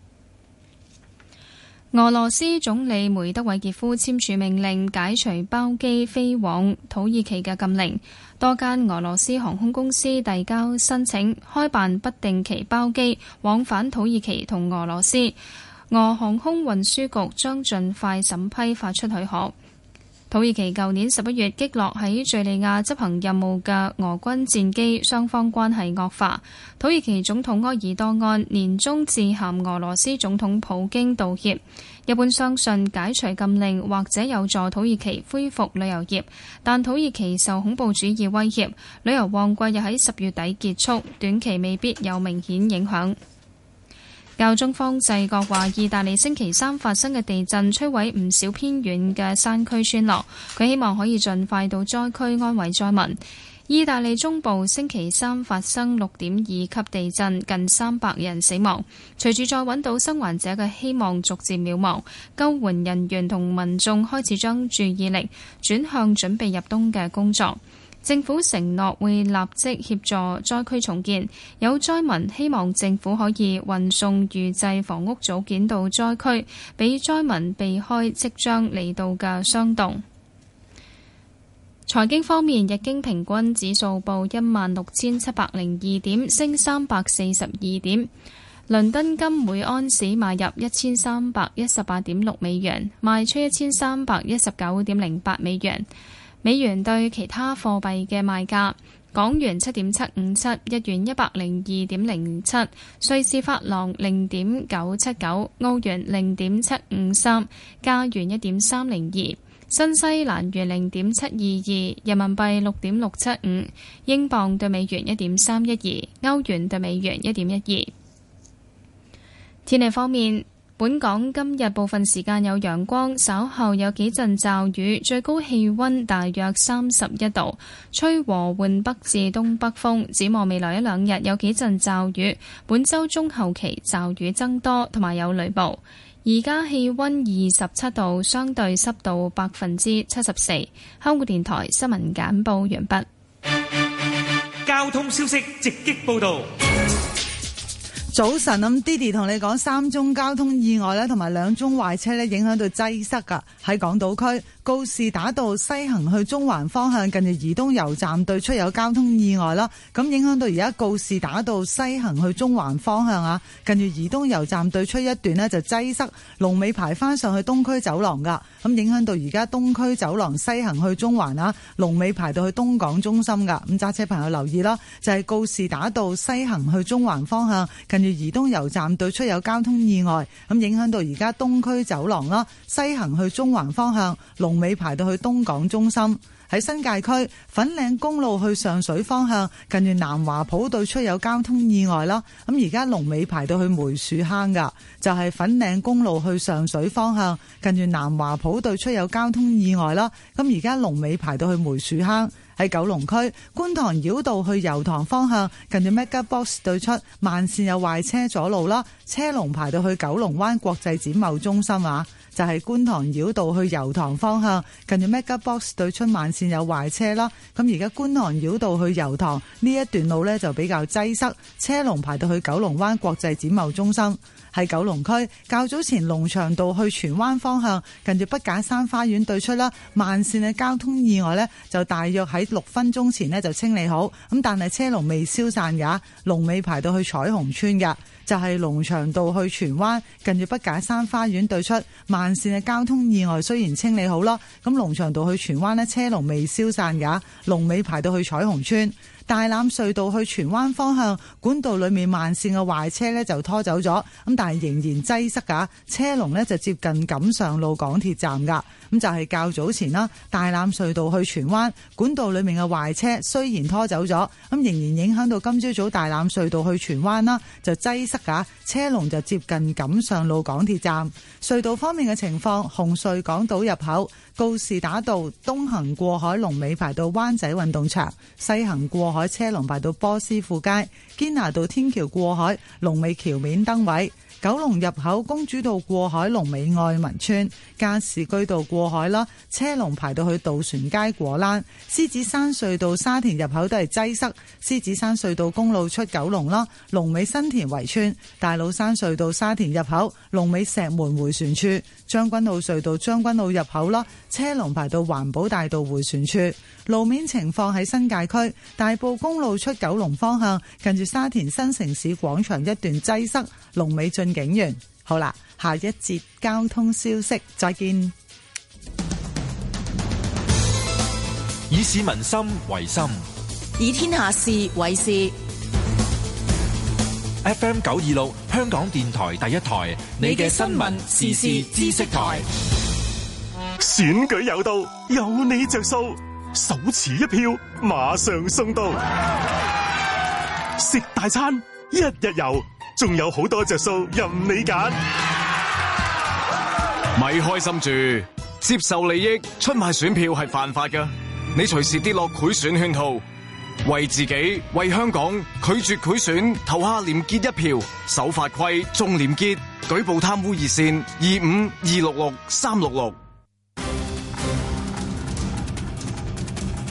Speaker 1: 俄羅斯總理梅德韋傑夫簽署命令，解除包機飛往土耳其嘅禁令。多間俄羅斯航空公司遞交申請，開辦不定期包機往返土耳其同俄羅斯。俄航空運輸局將盡快審批發出許可。土耳其舊年十一月擊落喺敘利亞執行任務嘅俄軍戰機，雙方關係惡化。土耳其總統埃爾多安年終致函俄羅斯總統普京道歉。日本相信解除禁令或者有助土耳其恢復旅遊業，但土耳其受恐怖主義威脅，旅遊旺季又喺十月底結束，短期未必有明顯影響。教宗方濟各話：意大利星期三發生嘅地震，摧毀唔少偏遠嘅山區村落。佢希望可以盡快到災區安慰災民。意大利中部星期三發生六點二級地震，近三百人死亡。隨住再揾到生還者嘅希望，逐漸渺茫，救援人員同民眾開始將注意力轉向準備入冬嘅工作。政府承諾會立即協助災區重建。有災民希望政府可以運送預製房屋組件到災區，俾災民避開即將嚟到嘅霜凍。財經方面，日經平均指數報一萬六千七百零二點，升三百四十二點。倫敦金每安士買入一千三百一十八點六美元，賣出一千三百一十九點零八美元。美元對其他貨幣嘅賣價：港元七點七五七，日元一百零二點零七，瑞士法郎零點九七九，澳元零點七五三，加元一點三零二，新西蘭元零點七二二，人民幣六點六七五，英鎊對美元一點三一二，歐元對美元一點一二。天氣方面。本港今日部分時間有陽光，稍後有幾陣驟雨，最高氣溫大約三十一度，吹和緩北至東北風。展望未來一兩日有幾陣驟雨，本周中後期驟雨增多同埋有雷暴。而家氣溫二十七度，相對濕度百分之七十四。香港電台新聞簡報完畢。
Speaker 3: 交通消息直擊報道。
Speaker 26: 早晨，咁 Didi 同你講三宗交通意外咧，同埋兩宗壞車咧，影響到擠塞噶喺港島區。告士打道西行去中環方向，近住怡東油站對出有交通意外啦，咁影響到而家告士打道西行去中環方向啊，近住怡東油站對出一段呢就擠塞，龍尾排翻上去東區走廊噶，咁影響到而家東區走廊西行去中環啊，龍尾排到去東港中心噶，咁揸車朋友留意啦，就係告士打道西行去中環方向，近住怡東油站對出有交通意外，咁影響到而家東區走廊啦，西行去中環方向龍。尾排到去東港中心，喺新界區粉嶺公路去上水方向，近住南華埔對出有交通意外咯。咁而家龍尾排到去梅樹坑噶，就係、是、粉嶺公路去上水方向，近住南華埔對出有交通意外咯。咁而家龍尾排到去梅樹坑，喺九龍區觀塘繞道去油塘方向，近住 Mega Box 對出慢綫有壞車阻路啦，車龍排到去九龍灣國際展貿中心啊！就係、是、觀塘繞道去油塘方向，近住 Mega Box 對出慢線有壞車啦。咁而家觀塘繞道去油塘呢一段路呢，就比較擠塞，車龍排到去九龍灣國際展貿中心。喺九龍區，較早前龍翔道去荃灣方向，近住筆架山花園對出啦，慢線嘅交通意外呢就大約喺六分鐘前呢就清理好，咁但係車龍未消散㗎，龍尾排到去彩虹村噶。就係龍翔道去荃灣，近住筆架山花園對出慢線嘅交通意外雖然清理好咯，咁龍翔道去荃灣呢，車龍未消散㗎，龍尾排到去彩虹村。大欖隧道去荃灣方向管道裏面慢線嘅壞車呢就拖走咗，咁但係仍然擠塞噶，車龍呢就接近錦上路港鐵站噶，咁就係、是、較早前啦。大欖隧道去荃灣管道裏面嘅壞車雖然拖走咗，咁仍然影響到今朝早大欖隧道去荃灣啦，就擠塞噶，車龍就接近錦上路港鐵站。隧道方面嘅情況，紅隧港島入口。告士打道東行過海龍尾排到灣仔運動場，西行過海車龍排到波斯富街，堅拿道天橋過海龍尾橋面燈位，九龍入口公主道過海龍尾愛民村，加士居道過海啦，車龍排到去渡船街果欄，獅子山隧道沙田入口都係擠塞，獅子山隧道公路出九龍啦，龍尾新田圍村，大老山隧道沙田入口龍尾石門回旋處。將軍澳隧道將軍澳入口啦，車龍排到環保大道回旋處。路面情況喺新界區大埔公路出九龍方向，近住沙田新城市廣場一段擠塞，龍尾進景園。好啦，下一節交通消息，再見。
Speaker 4: 以市民心為心，
Speaker 8: 以天下事為事。
Speaker 4: F M 九二六，香港電台第一台，你嘅新聞時事知識台。選舉有
Speaker 5: 道，有你着數，手持一票，馬上送到。啊、食大餐，一日遊，仲有好多着數，任你揀。
Speaker 27: 咪、啊啊、開心住，
Speaker 28: 接受利益，出賣選票係犯法㗎。你隨時跌落賄選圈套。為自己，為香港拒絕賄選，投下廉潔一票，守法規，重廉潔，舉報貪污熱線：二五二六六三六六。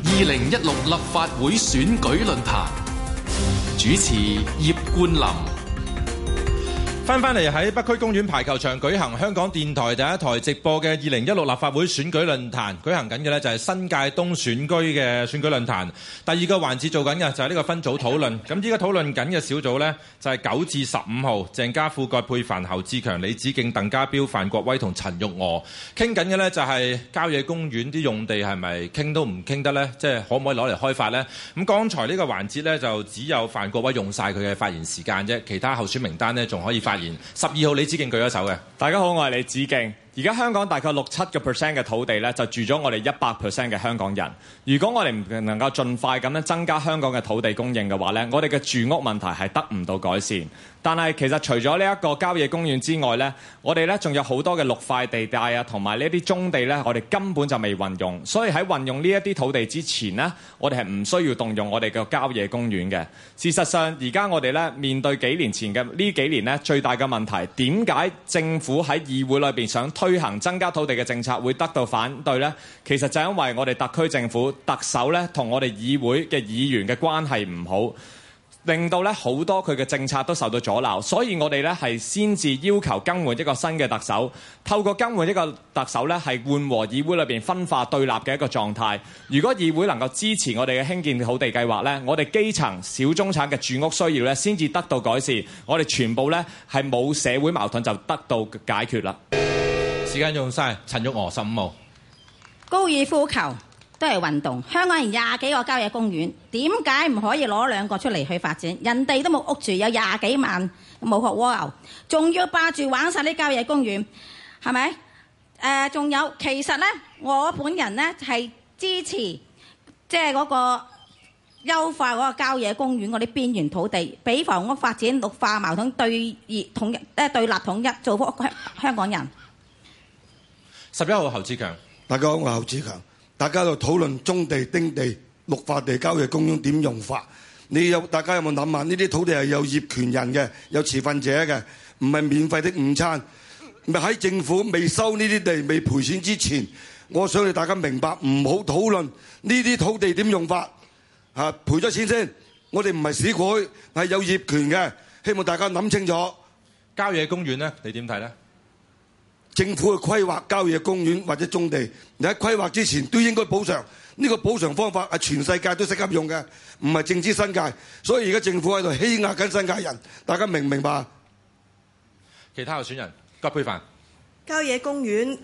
Speaker 28: 二零一六立法
Speaker 22: 會選舉論壇主持：葉冠林。
Speaker 4: 翻翻嚟喺北區公園排球場舉行香港電台第一台直播嘅二零一六立法會選舉論壇，舉行緊嘅呢就係新界東選舉嘅選舉論壇。第二個環節做緊嘅就係呢個分組討論。咁依家討論緊嘅小組呢，就係九至十五號、鄭家富、葛珮帆、侯志強、李梓敬、鄧家彪、范國威同陳玉娥，傾緊嘅呢就係郊野公園啲用地係咪傾都唔傾得呢？即係可唔可以攞嚟開發呢？咁剛才呢個環節呢，就只有范國威用晒佢嘅發言時間啫，其他候選名單呢，
Speaker 27: 仲可以發。十二號李子敬舉咗一手嘅。大家好，我係李子敬。而家香港大概六七個 percent 嘅土地咧，就住咗我哋一百 percent 嘅香港人。如果我哋唔能夠儘快咁樣增加香港嘅土地供應嘅話咧，我哋嘅住屋問題係得唔到改善。但係其實除咗呢一個郊野公園之外咧，我哋咧仲有好多嘅綠化地帶啊，同埋呢啲棕地咧，我哋根本就未運用。所以喺運用呢一啲土地之前咧，我哋係唔需要動用我哋嘅郊野公園嘅。事實上，而家我哋咧面對幾年前嘅呢幾年咧最大嘅問題，點解政府喺議會裏邊想推行增加土地嘅政策會得到反對咧，其實就因為我哋特區政府特首咧，同我哋議會嘅議員嘅關係唔好，令到咧好多佢嘅政策都受到阻撓，所以我哋咧係先至要求更換一個新嘅特首。透過更換一個特首咧，係緩和議會裏邊分化對立嘅一個狀態。如果議會能夠支持我哋嘅興建土地計劃咧，我哋基層小中產嘅住屋需要咧先至得到改善，我哋全部咧係冇社會矛盾就得到解決啦。時間用曬，陳玉娥十
Speaker 7: 五號高爾夫球都係運動。香港人廿幾個郊野公園，點解唔可以攞兩個出嚟去發展？人哋都冇屋住，有廿幾萬冇殼蝸牛，仲要霸住玩曬啲郊野公園，係咪？誒，仲有其實咧，我本人咧係支持即係嗰個優化嗰個郊野公園嗰啲邊緣土地，俾房屋發展綠化，矛盾對立統一誒對立統一，造福香香港人。
Speaker 4: 十一號侯
Speaker 20: 志強，大家好，我係侯志強。大家喺討論中地、丁地、綠化地郊野公園點用法，你有大家有冇諗下呢啲土地係有業權人嘅，有持份者嘅，唔係免費的午餐。喺政府未收呢啲地未賠錢之前，我想令大家明白，唔好討論呢啲土地點用法。嚇，賠咗錢先，我哋唔係使佢係有業權嘅，希望大家諗清楚。
Speaker 4: 郊野公園呢，你點睇呢？
Speaker 20: 政府去規劃郊野公園或者種地，你喺規劃之前都應該補償。呢個補償方法係全世界都適合用嘅，唔係淨係新界。所以而家政府喺度欺壓緊新界人，大家明唔明白嗎？
Speaker 4: 其他候選人，葛珮帆，
Speaker 19: 郊野公園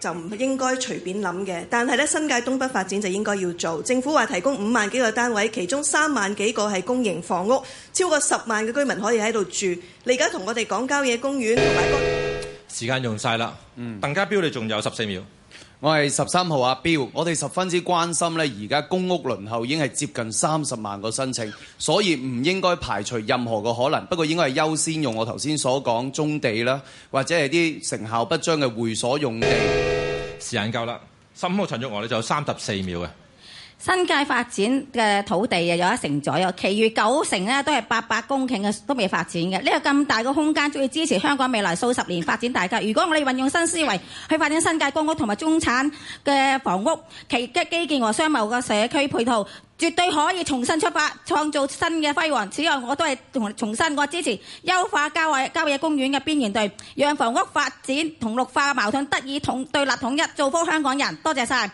Speaker 19: 就唔應該隨便諗嘅。但係咧，新界東北發展就應該要做。政府話提供五萬幾個單位，其中三萬幾個係公營房屋，超過十萬嘅居民可以喺度住。你而家同我哋講郊野公園同埋。
Speaker 21: 時間用晒啦，嗯，鄧家彪你仲有十四秒。我係十三號阿彪，我哋十分之關心呢，而家公屋輪候已經係接近三十萬個申請，所以唔應該排除任何嘅可能，不過應該係優先用我頭先所講棕地啦，或者係啲成效不彰嘅會所用地。時間夠啦，十五號陳玉娥，你就有三十四秒嘅。
Speaker 7: 新界發展嘅土地啊，有一成左右，其餘九成呢都係八百公頃嘅都未發展嘅。呢個咁大嘅空間，足以支持香港未來數十年發展大家。如果我哋運用新思維去發展新界公屋同埋中產嘅房屋、其基建和商貿嘅社區配套，絕對可以重新出發，創造新嘅輝煌。此外，我都係重重申我支持優化郊外郊野公園嘅邊緣地，讓房屋發展同綠化矛盾得以統對立統一，造福香港人。多謝晒，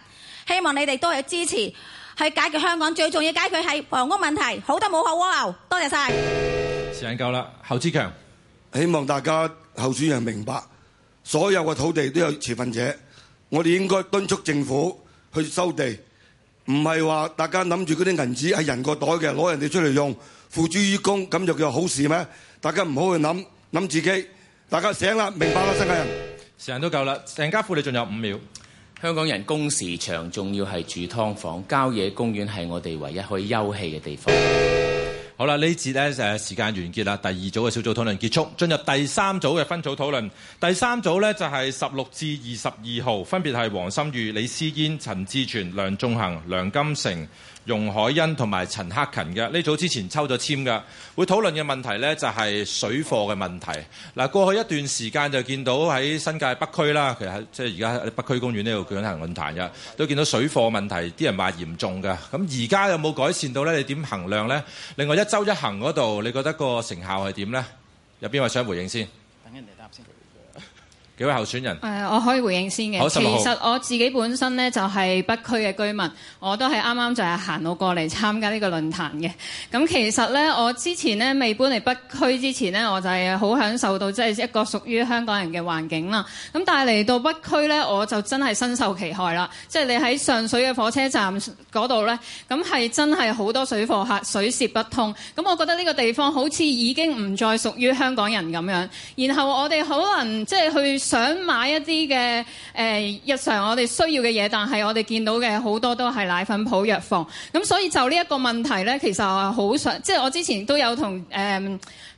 Speaker 7: 希望你哋都係支持，去解決香港最重要解決係房屋問題，好得冇好蝸牛。多謝晒。
Speaker 20: 時間夠啦，侯志強，希望大家候選人明白，所有嘅土地都有持份者，我哋應該敦促政府去收地，唔係話大家諗住嗰啲銀紙係人個袋嘅攞人哋出嚟用，付諸於公咁就叫好事咩？大家唔好去諗諗自己，大家醒啦，明白啦，新界人。
Speaker 18: 時間都夠啦，鄭家富，你仲有五秒。香港人工時長，仲要係住劏房，郊野公園係我哋唯一可以休憩嘅地方。好啦，呢節咧誒時間完結啦，第二組嘅小
Speaker 4: 組討論結束，進入第三組嘅分組討論。第三組呢就係十六至二十二號，分別係黃心裕、李思嫣、陳志全、梁仲恒、梁金成。容海恩同埋陳克勤嘅呢組之前抽咗簽噶，會討論嘅問題咧就係水貨嘅問題。嗱，過去一段時間就見到喺新界北區啦，其實即係而家北區公園呢度舉行論壇嘅，都見到水貨問題啲人話嚴重嘅。咁而家有冇改善到咧？你點衡量咧？另外，一周一行嗰度，你覺得個成效係點咧？有邊位想回應先？等
Speaker 23: 人哋答先。幾位候選人，呃，我可以回應先嘅。其實我自己本身呢，就係、是、北區嘅居民，我都係啱啱就係行路過嚟參加呢個論壇嘅。咁其實呢，我之前呢，未搬嚟北區之前呢，我就係好享受到即係一個屬於香港人嘅環境啦。咁但係嚟到北區呢，我就真係身受其害啦。即、就、係、是、你喺上水嘅火車站嗰度呢，咁係真係好多水貨客，水泄不通。咁我覺得呢個地方好似已經唔再屬於香港人咁樣。然後我哋可能即係、就是、去。想買一啲嘅、呃、日常我哋需要嘅嘢，但係我哋見到嘅好多都係奶粉鋪、藥房咁，所以就呢一個問題呢，其實好想即係我之前都有同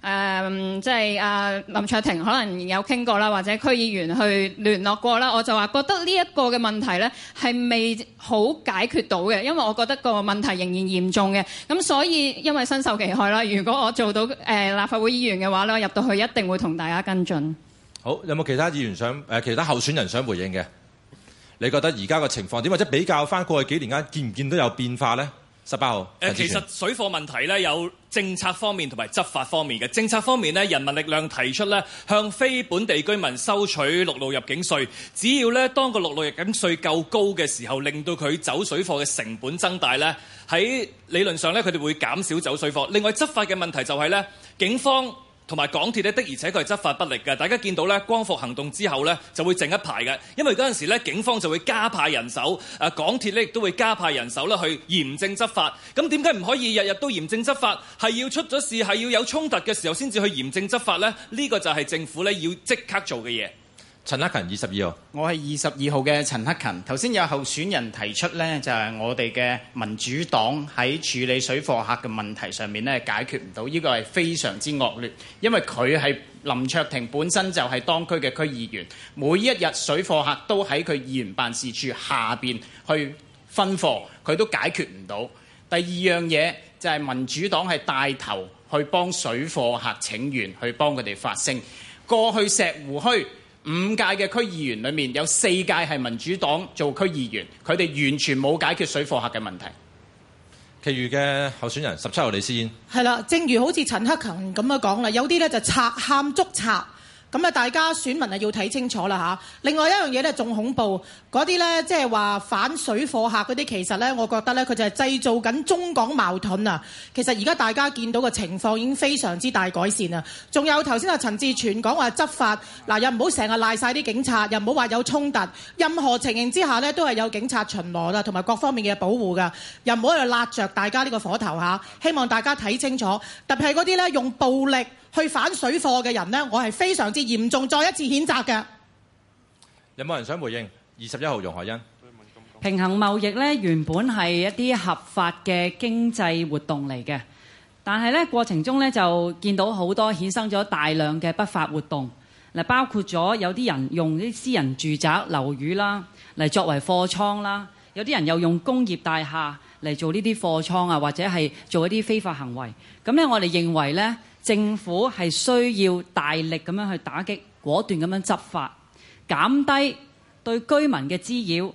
Speaker 23: 誒即係啊林卓廷可能有傾過啦，或者區議員去聯絡過啦，我就話覺得呢一個嘅問題呢，係未好解決到嘅，因為我覺得個問題仍然嚴重嘅，咁所以因為身受其害啦。如果我做到誒、呃、立法會議員嘅話呢，入到去一定會同大家跟進。
Speaker 4: 好，有冇其他議員想？呃，其他候選人想回應嘅？你覺得而家個情況點？或者比較翻過去幾年間，見唔見到有變化呢？十八號，其實
Speaker 3: 水貨問題呢，有政策方面同埋執法方面嘅。政策方面呢，人民力量提出呢，向非本地居民收取陸路入境稅，只要呢，當個陸路入境稅夠高嘅時候，令到佢走水貨嘅成本增大呢。喺理論上呢，佢哋會減少走水貨。另外執法嘅問題就係、是、呢，警方。同埋港鐵的而且確係執法不力嘅，大家見到咧光復行動之後咧就會靜一排嘅，因為嗰陣時咧警方就會加派人手，誒港鐵咧亦都會加派人手啦去嚴正執法。咁點解唔可以日日都嚴正執法？係要出咗事，係要有衝突嘅時候先至去嚴正執法咧？呢、呢個就係政府咧要即刻做嘅嘢。陳克勤，二十二號。
Speaker 25: 我係二十二號嘅陳克勤。頭先有候選人提出呢，就係我哋嘅民主黨喺處理水貨客嘅問題上面呢，解決唔到，呢個係非常之惡劣。因為佢係林卓廷本身就係當區嘅區議員，每一日水貨客都喺佢議員辦事處下面去分貨，佢都解決唔到。第二樣嘢就係民主黨係帶頭去幫水貨客請願，去幫佢哋發聲。過去石湖區五屆嘅區議員裏面有四屆係民主黨做區議員，佢哋完全冇解決水貨客嘅問題。其餘嘅
Speaker 4: 候選人十七號李思燕
Speaker 8: 係啦，正如好似陳克勤咁樣講啦，有啲咧就賊喊捉賊。咁大家選民啊要睇清楚啦。另外一樣嘢咧仲恐怖，嗰啲呢即係話反水貨客嗰啲，其實呢，我覺得呢，佢就係製造緊中港矛盾啊。其實而家大家見到個情況已經非常之大改善啦。仲有頭先啊陳志全講話執法，嗱又唔好成日賴晒啲警察，又唔好話有衝突。任何情形之下呢，都係有警察巡邏啦，同埋各方面嘅保護㗎。又唔好喺度揦着大家呢個火頭下，希望大家睇清楚，特別係嗰啲呢，用暴力。去反水貨嘅人呢，我係非常之嚴重，再一次譴責嘅。
Speaker 4: 有冇人想回應？二十一號，容海恩？
Speaker 9: 平衡貿易呢，原本係一啲合法嘅經濟活動嚟嘅，但係呢過程中呢，就見到好多衍生咗大量嘅不法活動。嗱，包括咗有啲人用啲私人住宅樓宇啦嚟作為貨倉啦，有啲人又用工業大廈嚟做呢啲貨倉啊，或者係做一啲非法行為。咁呢，我哋認為呢，政府係需要大力咁樣去打擊，果斷咁樣執法，減低對居民嘅滋擾。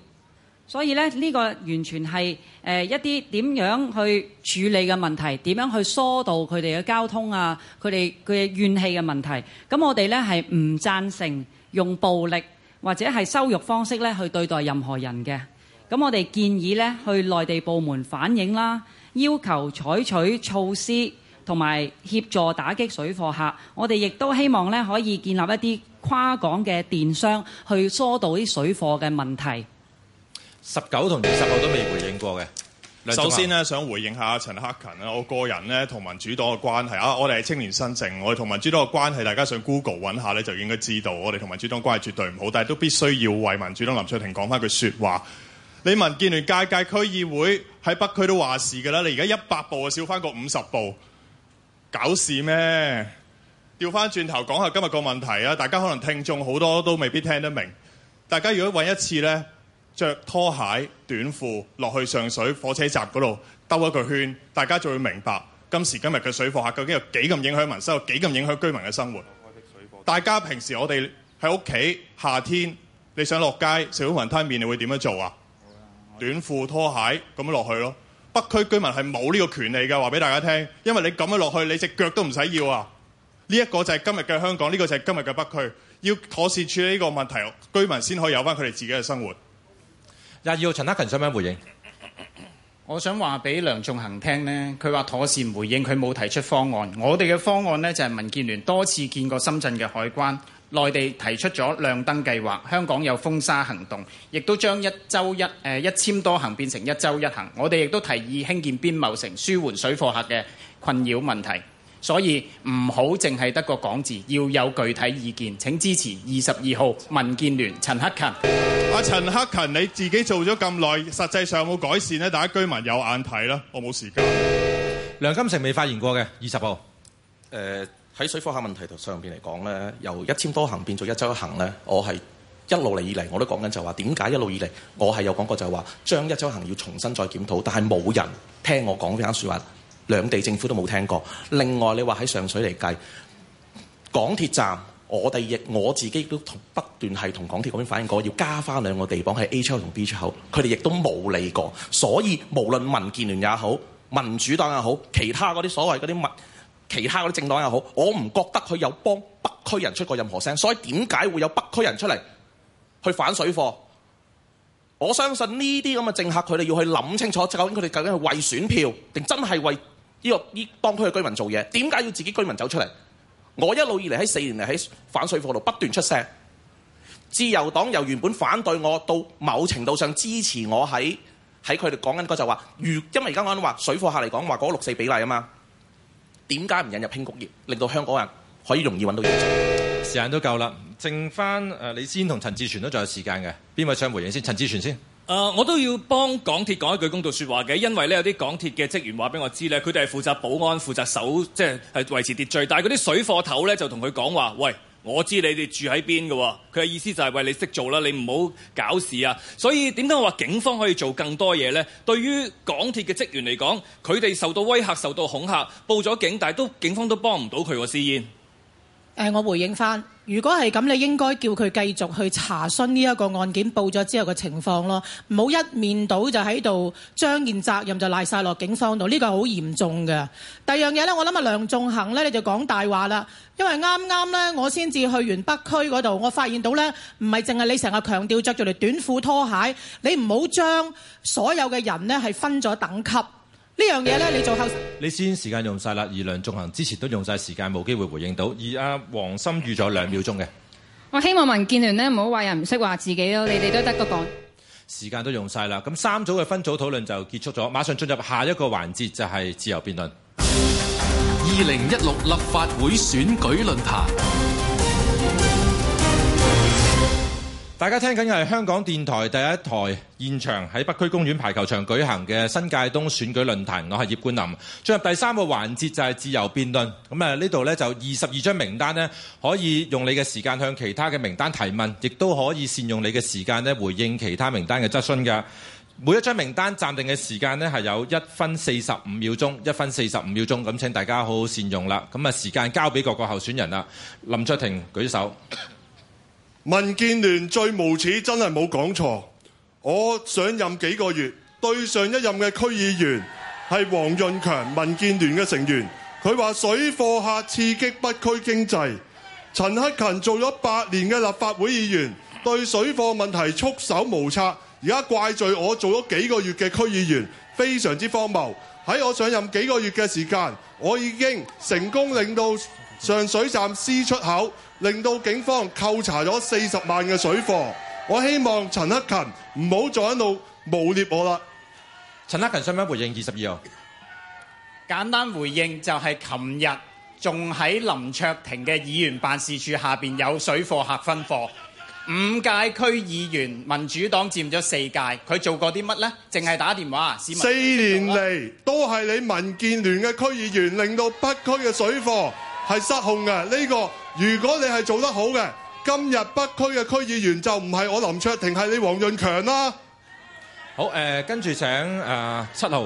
Speaker 9: 所以咧，呢、呢個完全係誒一啲點樣去處理嘅問題，點樣去疏導佢哋嘅交通啊，佢哋嘅怨氣嘅問題。咁我哋咧係唔贊成用暴力或者係羞辱方式咧去對待任何人嘅。咁我哋建議咧去內地部門反映啦，要求採取措施。同埋協助打擊水貨客，我哋亦都希望咧可以建立一啲跨港嘅電商，去疏導啲水貨嘅問題。
Speaker 24: 十九同二十號都未回應過嘅。首先呢想回應下陳克勤，我個人呢同民主黨嘅關係啊，我哋係青年新政，我哋同民主黨嘅關係，大家上 Google 揾下呢就應該知道我哋同民主黨關係絕對唔好，但係都必須要為民主黨林卓廷講翻句說話。你民建聯界界區議會喺北區都話事㗎啦，你而家一百步啊少翻個五十步。搞事咩？調翻轉頭講下今日個問題啊！大家可能聽眾好多都未必聽得明。大家如果揾一次呢，着拖鞋短褲落去上水火車站嗰度兜一個圈，大家就會明白今時今日嘅水貨客究竟有幾咁影響民生，有幾咁影響居民嘅生活。大家平時我哋喺屋企夏天，你想落街食碗雲吞麵，你會點樣做啊？短褲拖鞋咁樣落去咯。北區居民係冇呢個權利嘅，話俾大家聽，因為你咁樣落去，你隻腳都唔使要啊！呢一個就係今日嘅香港，呢個就係今日嘅北區，要妥善處理呢個問題，居民先可以有返佢哋自己嘅生活。
Speaker 4: 廿二號陳克勤想唔想回應？
Speaker 24: 我想話俾梁頌恆聽呢，
Speaker 25: 佢話妥善回應，佢冇提出方案。我哋嘅方案呢，就係民建聯多次見過深圳嘅海關。內地提出咗亮燈計劃，香港有封殺行動，亦都將一週一、呃、一簽多行變成一週一行。我哋亦都提議興建邊貿城，舒緩水貨客嘅困擾問題。所以唔好淨係得個講字，要有具
Speaker 24: 體意見。請支持二十二號民建聯陳克勤。阿陳克勤你自己做咗咁耐，實際上冇改善呢，大家居民有眼睇啦。我冇時間。
Speaker 4: 梁金城未發言過嘅二十號。
Speaker 6: 呃喺水貨客問題上邊嚟講呢，由一簽多行變做一週一行呢，我係一路嚟以嚟我都講緊就話點解，一路以嚟我係有講過就係話將一週一行要重新再檢討，但係冇人聽我講呢間説話，兩地政府都冇聽過。另外你話喺上水嚟計港鐵站，我哋亦我自己都不斷係同港鐵嗰邊反映過，要加翻兩個地方，喺 A 出口同 B 出口，佢哋亦都冇理過。所以無論民建聯也好，民主黨也好，其他嗰啲所謂嗰啲物。其他嗰啲政黨又好，我唔覺得佢有幫北區人出過任何聲，所以點解會有北區人出嚟去反水貨？我相信呢啲咁嘅政客，佢哋要去諗清楚究竟佢哋究竟係為選票，定真係為呢個呢當區嘅居民做嘢？點解要自己居民走出嚟？我一路以嚟喺四年嚟喺反水貨度不斷出聲。自由黨由原本反對我到某程度上支持我喺喺佢哋講緊嗰就話，如因為而家我講話水貨客嚟講，話嗰個六四比例啊嘛。點解唔引入輕工業，令到香港人可以容易揾到嘢做？
Speaker 4: 時間都夠啦，剩翻誒李思同陳志全都仲有時間嘅，邊位想回應先？陳志全
Speaker 3: 先。誒、呃，我都要幫港鐵講一句公道說話嘅，因為呢，有啲港鐵嘅職員話俾我知咧，佢哋係負責保安、負責守，即係維維持秩序，但係嗰啲水貨頭咧就同佢講話，喂。我知你哋住喺邊喎，佢嘅意思就係為你識做啦，你唔好搞事呀、啊。所以點解我話警方可以做更多嘢呢？對於港鐵嘅職員嚟講，佢哋受到威嚇、受到恐嚇，報咗警，但係都警方都幫唔到佢喎，司燕。
Speaker 8: 誒、呃，我回應返，如果係咁，你應該叫佢繼續去查詢呢一個案件報咗之後嘅情況咯，唔好一面倒就喺度將件責任就賴晒落警方度，呢個好嚴重㗎。第二樣嘢呢，我諗啊，梁仲恆呢，你就講大話啦，因為啱啱呢，我先至去完北區嗰度，我發現到呢，唔係淨係你成日強調著住條短褲拖鞋，你唔好將所有嘅人呢係分咗等級。這樣東西呢樣嘢咧，你做
Speaker 4: 後，你先時間用晒啦。而梁頌恆之前都用晒時間，冇機會回應到。而阿、啊、黃心預咗兩秒鐘嘅，
Speaker 23: 我希望民建聯呢，唔好話人唔識話自己咯。你哋都得個講，
Speaker 4: 時間都用晒啦。咁三組嘅分組討論就結束咗，馬上進入下一個環節就係、是、自由辯論。二零一六立法會選舉論壇。大家聽緊嘅係香港電台第一台現場喺北區公園排球場舉行嘅新界東選舉論壇，我係葉冠霖。進入第三個環節就係自由辯論。咁啊呢度呢，就二十二張名單呢，可以用你嘅時間向其他嘅名單提問，亦都可以善用你嘅時間呢，回應其他名單嘅質詢㗎。每一張名單暫定嘅時間呢，係有一分四十五秒鐘，一分四十五秒鐘。咁請大家好好善用啦。咁啊時間交俾各個候選人啦。林卓廷舉手。
Speaker 11: 民建聯最無恥，真係冇講錯。我上任幾個月，對上一任嘅區議員係黃潤強，民建聯嘅成員，佢話水貨客刺激北區經濟。陳克勤做咗八年嘅立法會議員，對水貨問題束手無策，而家怪罪我做咗幾個月嘅區議員，非常之荒謬。喺我上任幾個月嘅時間，我已經成功令到上水站 C 出口。令到警方扣查咗四十萬嘅水貨，我希望陳克勤唔好再喺度污蔑我啦。
Speaker 4: 陳克勤，想唔想回應二十二號？
Speaker 25: 簡單回應就係琴日仲喺林卓廷嘅議員辦事處下面有水貨客分貨。五屆區議員，民主黨佔咗四屆，佢做過啲乜呢？淨係打電話。四
Speaker 11: 年嚟都係你民建聯嘅區議員，令到北區嘅水貨係失控嘅呢、呢個。如果你係做得好嘅，今日北區嘅區議員就唔係我林卓廷，係你黃潤強啦、啊。
Speaker 4: 好，誒跟住請啊七號。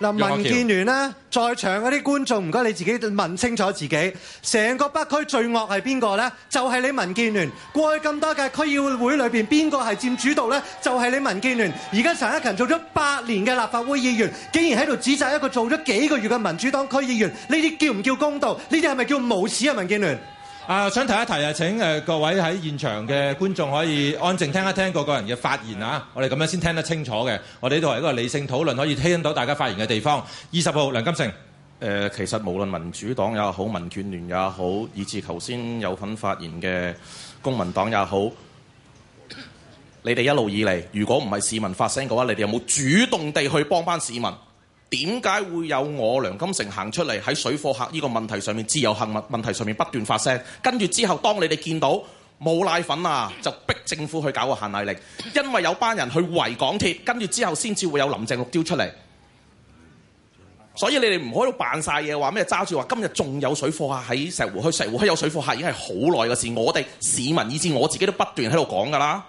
Speaker 16: 林、呃、民建聯呢、啊、在場嗰啲觀眾，唔該你自己問清楚自己。成個北區最惡係邊個呢？就係、是、你民建聯。過去咁多屆區議會裏面，邊個係佔主導呢？就係、是、你民建聯。而家陳一勤做咗八年嘅立法會議員，竟然喺度指責一個做咗幾個月嘅民主黨區議員，你呢啲叫唔叫公道？呢啲係咪叫無恥啊？民建聯？啊！想提一
Speaker 4: 提啊，請各位喺現場嘅觀眾可以安靜聽一聽各個人嘅發言啊！我哋咁樣先聽得清楚嘅。我哋呢度係一個理性討論，可以聽到大家發言嘅地方。二十號梁金成、
Speaker 6: 呃，其實無論民主黨也好、民建聯也好，以至頭先有份發言嘅公民黨也好，你哋一路以嚟，如果唔係市民發聲嘅話，你哋有冇主動地去幫班市民？點解會有我梁金城行出嚟，喺水貨客呢個問題上面、自由行問問題上面不斷發聲？跟住之後，當你哋見到冇奶粉啊，就逼政府去搞個限奶令，因為有班人去圍港鐵，跟住之後先至會有林鄭六雕出嚟。所以你哋唔可以喺度扮曬嘢，話咩揸住話今日仲有水貨客喺石湖墟。石湖墟有水貨客已經係好耐嘅事，我哋市民以至我自己都不斷喺度講噶啦。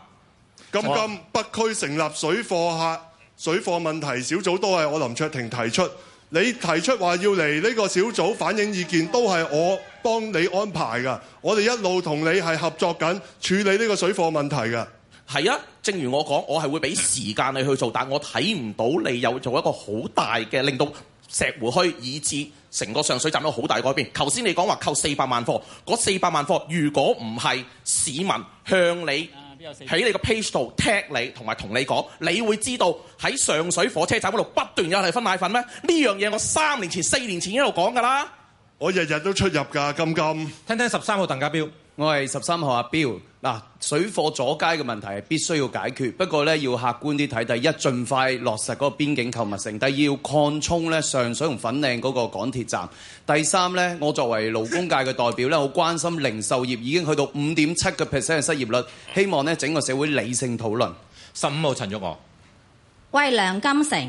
Speaker 11: 咁咁北區成立水貨客。水貨問題小組都係我林卓廷提出，你提出話要嚟呢個小組反映意見都係我幫你安排噶，我哋一路同你係合作緊處理呢個水貨問題嘅。
Speaker 6: 係啊，正如我講，我係會俾時間你去做，但我睇唔到你有做一個好大嘅令到石湖墟以至成個上水站都好大改變。頭先你講話扣四百萬貨，嗰四百萬貨如果唔係市民向你喺你個 page 度踢你同埋同你講，你會知道喺上水火車站嗰度不斷有人係分奶粉咩？呢樣嘢我三年
Speaker 21: 前、四年前一路講㗎啦。我日日都出入㗎，金金。聽聽十三號鄧家彪，我係十三號阿彪。啊，水貨阻街嘅問題係必須要解決，不過咧要客觀啲睇。第一，盡快落實嗰個邊境購物城；第二，要擴充上水同粉嶺嗰個港鐵站；第三，我作為勞工界嘅代表咧，好關心零售業已經去到五點七個 percent 嘅失業率，希望咧整個社會理性討論。十五號陳玉娥，
Speaker 7: 喂，梁金城，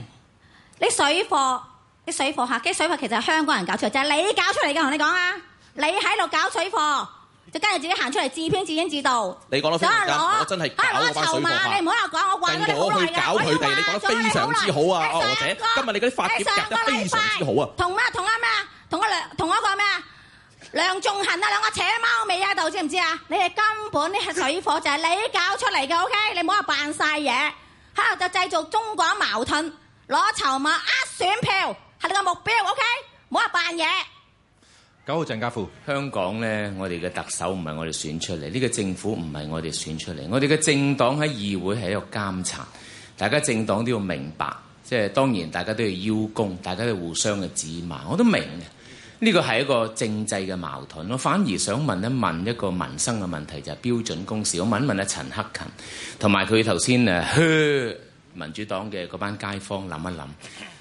Speaker 7: 你水貨，你水貨客，啲水貨其實係香港人搞出嚟，就係、是、你搞出嚟嘅，同你講啊，你喺度搞水貨。就跟住自己行出嚟自編自演自導，
Speaker 6: 你講得啱，我真係攞籌碼，唔好話
Speaker 7: 講我掛佢哋，
Speaker 6: 我來嘅。非常之好啊！啊且今日你嗰啲發帖夾得非常之好啊！
Speaker 7: 同啊同啊咩啊？同啊梁同啊個咩啊？梁仲恆啊兩個扯貓尾喺度，知唔知啊？你係根本啲水貨就係你搞出嚟嘅，OK？你唔好話扮曬嘢，喺度就製造中港矛盾，攞籌碼啊，選票係你個目標，OK？唔好話扮嘢。
Speaker 18: 九號鄭家富，香港呢，我哋嘅特首唔係我哋選出嚟，呢個政府唔係我哋選出嚟，我哋嘅政黨喺議會係一個監察，大家政黨都要明白，即係當然大家都要邀功，大家都互相嘅指罵，我都明嘅，呢個係一個政制嘅矛盾。我反而想問一問一個民生嘅問題，就係標準工時。我問一問阿陳克勤，同埋佢頭先誒嚇民主黨嘅嗰班街坊，諗一諗。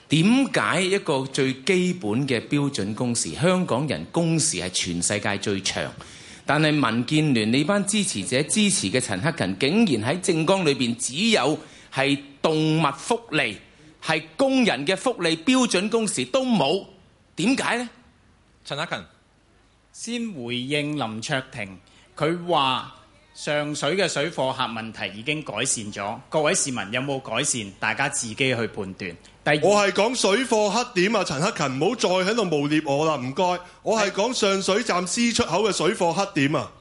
Speaker 18: 點解一個最基本嘅標準工時，香港人工時係全世界最長，但係民建聯呢班支持者支持嘅陳克勤，竟然喺政綱裏邊只有係動物福利、係工人嘅福利，標準工時都冇，點解呢？陳克勤先回應林卓廷，
Speaker 25: 佢話。上水嘅水貨客問題已經改善咗，各位市民有
Speaker 11: 冇改善？大家自己去判斷。第二，我係講水貨黑點啊，陳克勤，唔好再喺度誣蔑我啦，唔該。我係講上水站 C 出口嘅水貨黑點啊。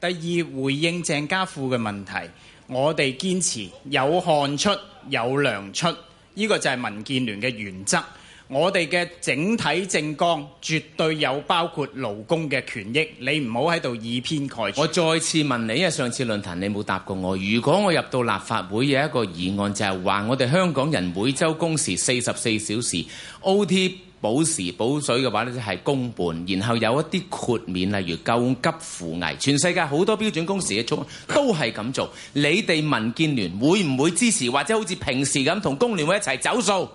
Speaker 25: 第二，回應鄭家富嘅問題，我哋堅持有汗出有糧出，呢個就係民建聯嘅原則。我哋嘅整體政綱絕對有包括勞工嘅權益，你唔好喺度以偏
Speaker 18: 概全。我再次問你，因為上次論壇你冇答過我。如果我入到立法會有一個議案，就係話我哋香港人每週工時四十四小時，OT 補時補水嘅話就係公半，然後有一啲豁免，例如救急扶危。全世界好多標準工時嘅組都係咁做，你哋民建聯會唔會支持，或者好似平時咁同工聯會一齊走數？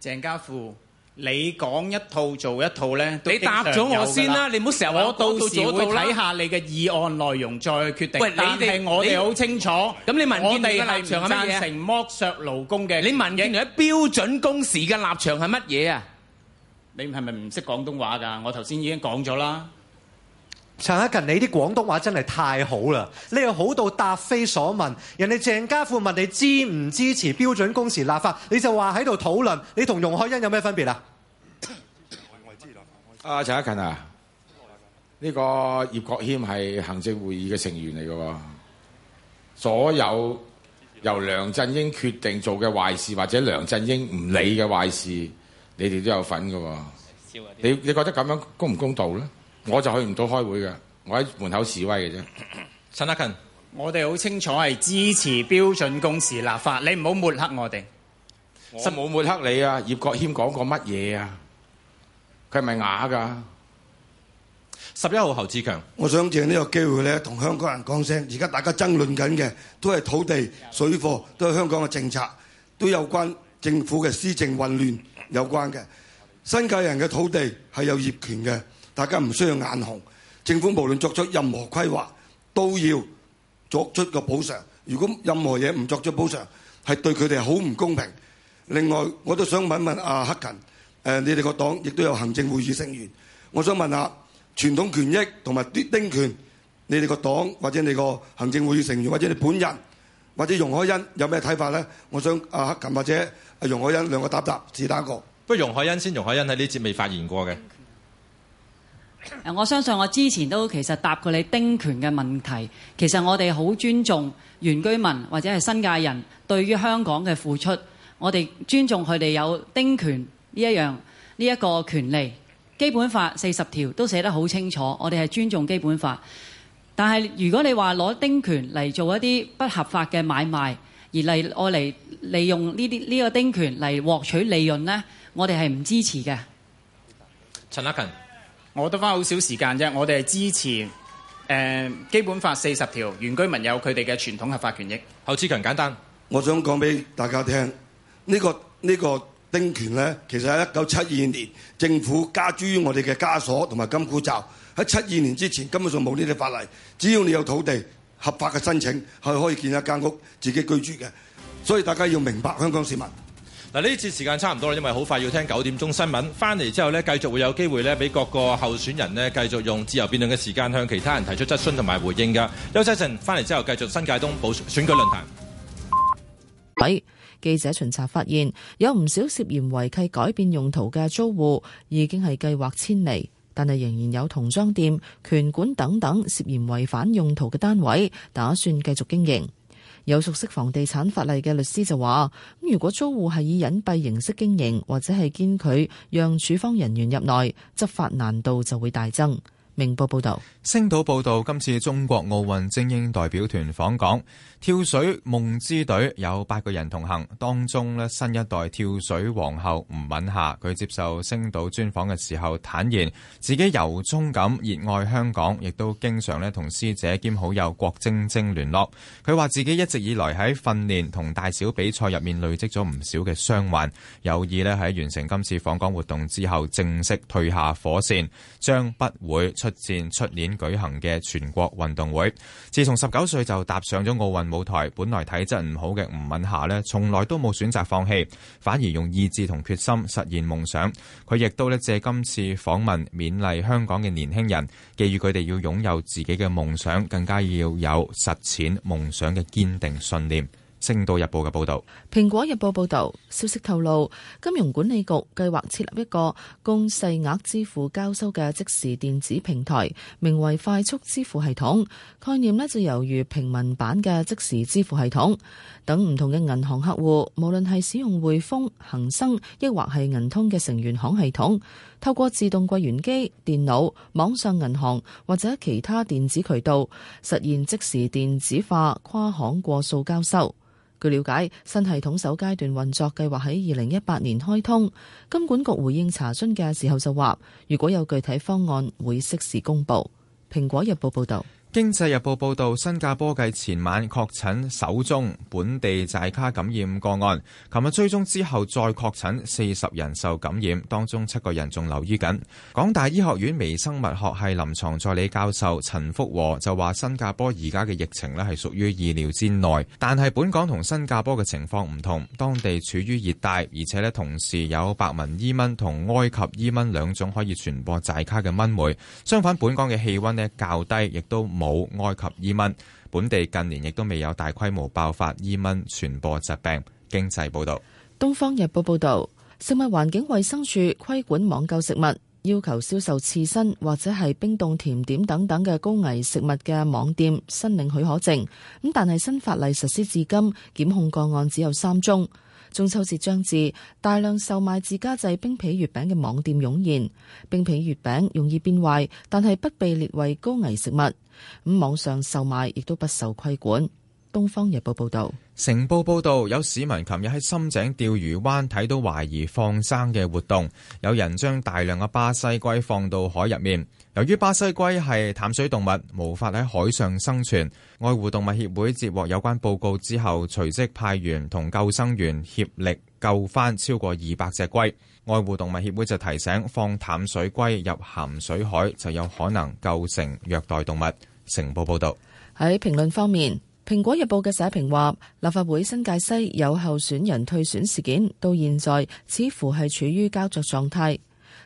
Speaker 18: 鄭家富，
Speaker 25: 你講一套做一套咧，你答咗我先啦，你唔好成日話我到時我會睇下你嘅議
Speaker 18: 案內容再決定。喂，你哋係我哋好清楚，咁你民建聯嘅立場係乜嘢嘅？你民建聯標準工時嘅立場係乜嘢啊？
Speaker 25: 你係咪唔識廣東話㗎？我頭先已經講咗啦。
Speaker 16: 陳克勤，你啲廣東話真係太好啦！你又好到答非所問，人哋鄭家富問你支唔支持標準工時立法，你就話喺度討論，你同容海恩有咩分別啊？
Speaker 14: 啊，陳克勤啊，呢、嗯呢個葉國謙係行政會議嘅成員嚟㗎喎，所有由梁振英決定做嘅壞事或者梁振英唔理嘅壞事，你哋都有份㗎喎。你你覺得咁樣公唔公道咧？我就去唔到開會嘅，我喺門口示威嘅啫。陳克勤，我哋好清楚係支持標準工時立法，你唔好抹黑我哋。
Speaker 20: 實
Speaker 14: 冇抹黑你啊！葉國謙講過乜嘢啊？佢係咪啞噶？十一號侯志強，
Speaker 20: 我想借呢個機會咧，同香港人講聲：而家大家爭論緊嘅，都係土地、水貨，都係香港嘅政策，都有關政府嘅施政混亂有關嘅。新界人嘅土地係有業權嘅。大家唔需要眼紅，政府無論作出任何規劃，都要作出個補償。如果任何嘢唔作出補償，係對佢哋好唔公平。另外，我都想問問阿、啊、克勤，你哋個黨亦都有行政會議成員，我想問下傳統權益同埋丁權，你哋個黨或者你個行政會議成員或者你本人或者容海恩有咩睇法咧？我想阿、啊、克勤或者阿容海恩兩個答答，只答一個。
Speaker 4: 不如容海恩先，容海恩喺呢節未發言過嘅。
Speaker 9: 我相信我之前都其實答過你丁權嘅問題。其實我哋好尊重原居民或者係新界人對於香港嘅付出。我哋尊重佢哋有丁權呢一樣呢一個權利。基本法四十條都寫得好清楚，我哋係尊重基本法。但係如果你話攞丁權嚟做一啲不合法嘅買賣，而嚟愛嚟利用呢啲呢個丁權嚟獲取利潤呢，我哋係唔支持嘅。
Speaker 25: 陳克勤。我都返好少時間啫，我哋係支持、呃、基本法四十條，原居民有佢哋嘅傳統合法權益。侯志強簡單，
Speaker 20: 我想講俾大家聽，呢、這個呢、這個丁權呢，其實喺一九七二年政府加諸於我哋嘅枷鎖同埋金箍罩。喺七二年之前根本上冇呢啲法例，只要你有土地合法嘅申請，係可以建一間屋自己居住嘅。所以大家要明白香港市民。
Speaker 4: 嗱呢次時間差唔多啦，因為好快要聽九點鐘新聞。翻嚟之後呢，繼續會有機會呢，俾各個候選人呢繼續用自由辯論嘅時間向其他人提出質詢同埋回應嘅。休息陣，翻嚟之後繼續新界東部選，選舉論壇。
Speaker 29: 位記者巡查發現，有唔少涉嫌違契改變用途嘅租戶已經係計劃遷離，但係仍然有童裝店、拳館等等涉嫌違反用途嘅單位，打算繼續經營。有熟悉房地產法例嘅律師就話：如果租戶係以隱蔽形式經營，或者係堅拒讓處方人員入內，執法難度就會大增。明報報道。
Speaker 28: 星島報道，今次中國奧運精英代表團訪港，跳水夢之隊有八個人同行，當中咧新一代跳水皇后吳敏霞，佢接受星島專訪嘅時候坦言，自己由衷咁熱愛香港，亦都經常咧同師姐兼好友郭晶晶聯絡。佢話自己一直以來喺訓練同大小比賽入面累積咗唔少嘅傷患，有意咧喺完成今次訪港活動之後正式退下火線，將不會出戰出年。舉行嘅全國運動會。自從十九歲就踏上咗奧運舞台，本來體質唔好嘅吳敏霞呢從來都冇選擇放棄，反而用意志同決心實現夢想。佢亦都呢借今次訪問勉勵香港嘅年輕人，寄予佢哋要擁有自己嘅夢想，更加要有實踐夢想嘅堅定信念。星島日報嘅報道。
Speaker 29: 《蘋果日報》報導，消息透露，金融管理局計劃設立一個供細額支付交收嘅即時電子平台，名為快速支付系統。概念呢就猶如平民版嘅即時支付系統，等唔同嘅銀行客戶，無論係使用匯豐、恒生，抑或係銀通嘅成員行系統，透過自動櫃員機、電腦、網上銀行或者其他電子渠道，實現即時電子化跨行過數交收。據了解，新系統首階段運作計劃喺二零一八年開通。金管局回應查詢嘅時候就話，如果有具體方案會適時公布。蘋果日報報道。《
Speaker 28: 經濟日報》報道，新加坡繼前晚確診首宗本地寨卡感染個案，琴日追蹤之後再確診四十人受感染，當中七個人仲留醫緊。港大醫學院微生物學系臨床助理教授陳福和就話：新加坡而家嘅疫情呢係屬於意料之內，但係本港同新加坡嘅情況唔同，當地處於熱帶，而且呢同時有白紋伊蚊同埃及伊蚊兩種可以傳播寨卡嘅蚊媒。相反，本港嘅氣溫呢較低，亦都冇埃及伊蚊，本地近年亦都未有大規模爆發伊蚊傳播疾病。經濟報道，
Speaker 29: 東方日報報道，食物環境衛生署規管網購食物，要求銷售刺身或者係冰凍甜點等等嘅高危食物嘅網店申領許可證，咁但係新法例實施至今，檢控個案只有三宗。中秋節將至，大量售賣自家製冰皮月餅嘅網店湧現，冰皮月餅容易變壞，但係不被列為高危食物。咁網上售賣亦都不受規管。東方日報報道，
Speaker 28: 成報報道有市民琴日喺深井釣魚灣睇到懷疑放生嘅活動，有人將大量嘅巴西龜放到海入面。由於巴西龜係淡水動物，無法喺海上生存。愛護動物協會接獲有關報告之後，隨即派員同救生員協力救返超過二百隻龜。愛護動物協會就提醒，放淡水龜入鹹水海就有可能構成虐待動物。成報報道。
Speaker 29: 喺評論方面，《蘋果日報》嘅社評話，立法會新界西有候選人退選事件，到現在似乎係處於膠着狀態。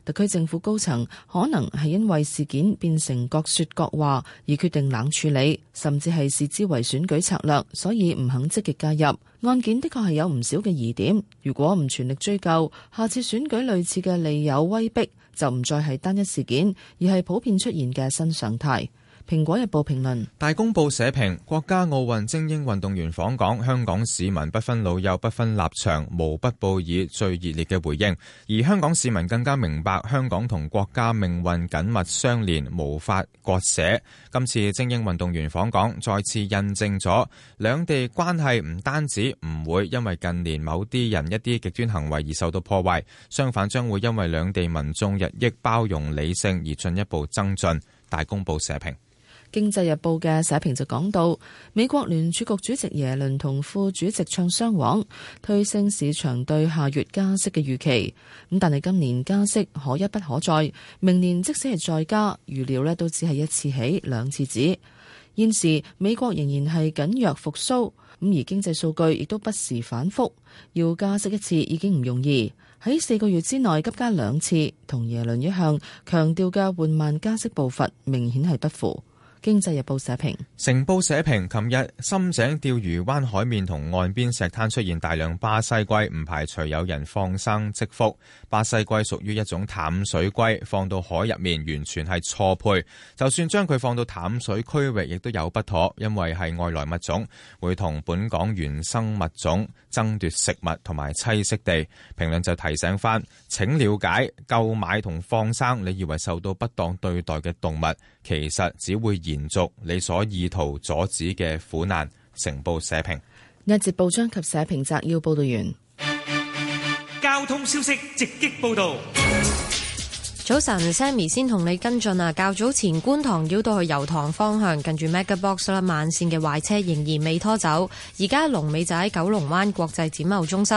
Speaker 29: 特區政府高層可能係因為事件變成各說各話，而決定冷處理，甚至係視之為選舉策略，所以唔肯積極介入。案件的確係有唔少嘅疑點，如果唔全力追究，下次選舉類似嘅利誘威逼就唔再係單一事件，而係普遍出現嘅新常態。蘋果日報評論。
Speaker 28: 大公報社評：國家奧運精英運動員訪港，香港市民不分老幼、不分立場，無不報以最熱烈嘅回應。而香港市民更加明白，香港同國家命運緊密相連，無法割捨。今次精英運動員訪港，再次印證咗兩地關係唔單止唔會因為近年某啲人一啲極端行為而受到破壞，相反將會因為兩地民眾日益包容理性而進一步增進。大公報社評。
Speaker 29: 《經濟日報》嘅社評就講到，美國聯儲局主席耶倫同副主席唱雙簧，推升市場對下月加息嘅預期。咁但係今年加息可一不可再，明年即使係再加，預料呢都只係一次起兩次止。現時美國仍然係緊弱復甦，咁而經濟數據亦都不時反覆，要加息一次已經唔容易。喺四個月之內急加兩次，同耶倫一向強調嘅緩慢加息步伐明顯係不符。經濟日報社評，
Speaker 28: 成報社評，琴日深井釣魚灣海面同岸邊石灘出現大量巴西龜，唔排除有人放生積福。巴西龜屬於一種淡水龜，放到海入面完全係錯配，就算將佢放到淡水區域，亦都有不妥，因為係外來物種，會同本港原生物種。爭奪食物同埋棲息地，評論就提醒翻，請了解購買同放生，你以為受到不當對待嘅動物，其實只會延續你所意圖阻止嘅苦難。成報社評，
Speaker 29: 一節報章及社評摘要報道完，
Speaker 3: 交通消息直擊報道。
Speaker 2: 早晨，Sammy 先同你跟進啊！較早前觀塘繞道去油塘方向，近住 Mega Box 啦，慢綫嘅壞車仍然未拖走。而家龍尾就喺九龍灣國際展貿中心，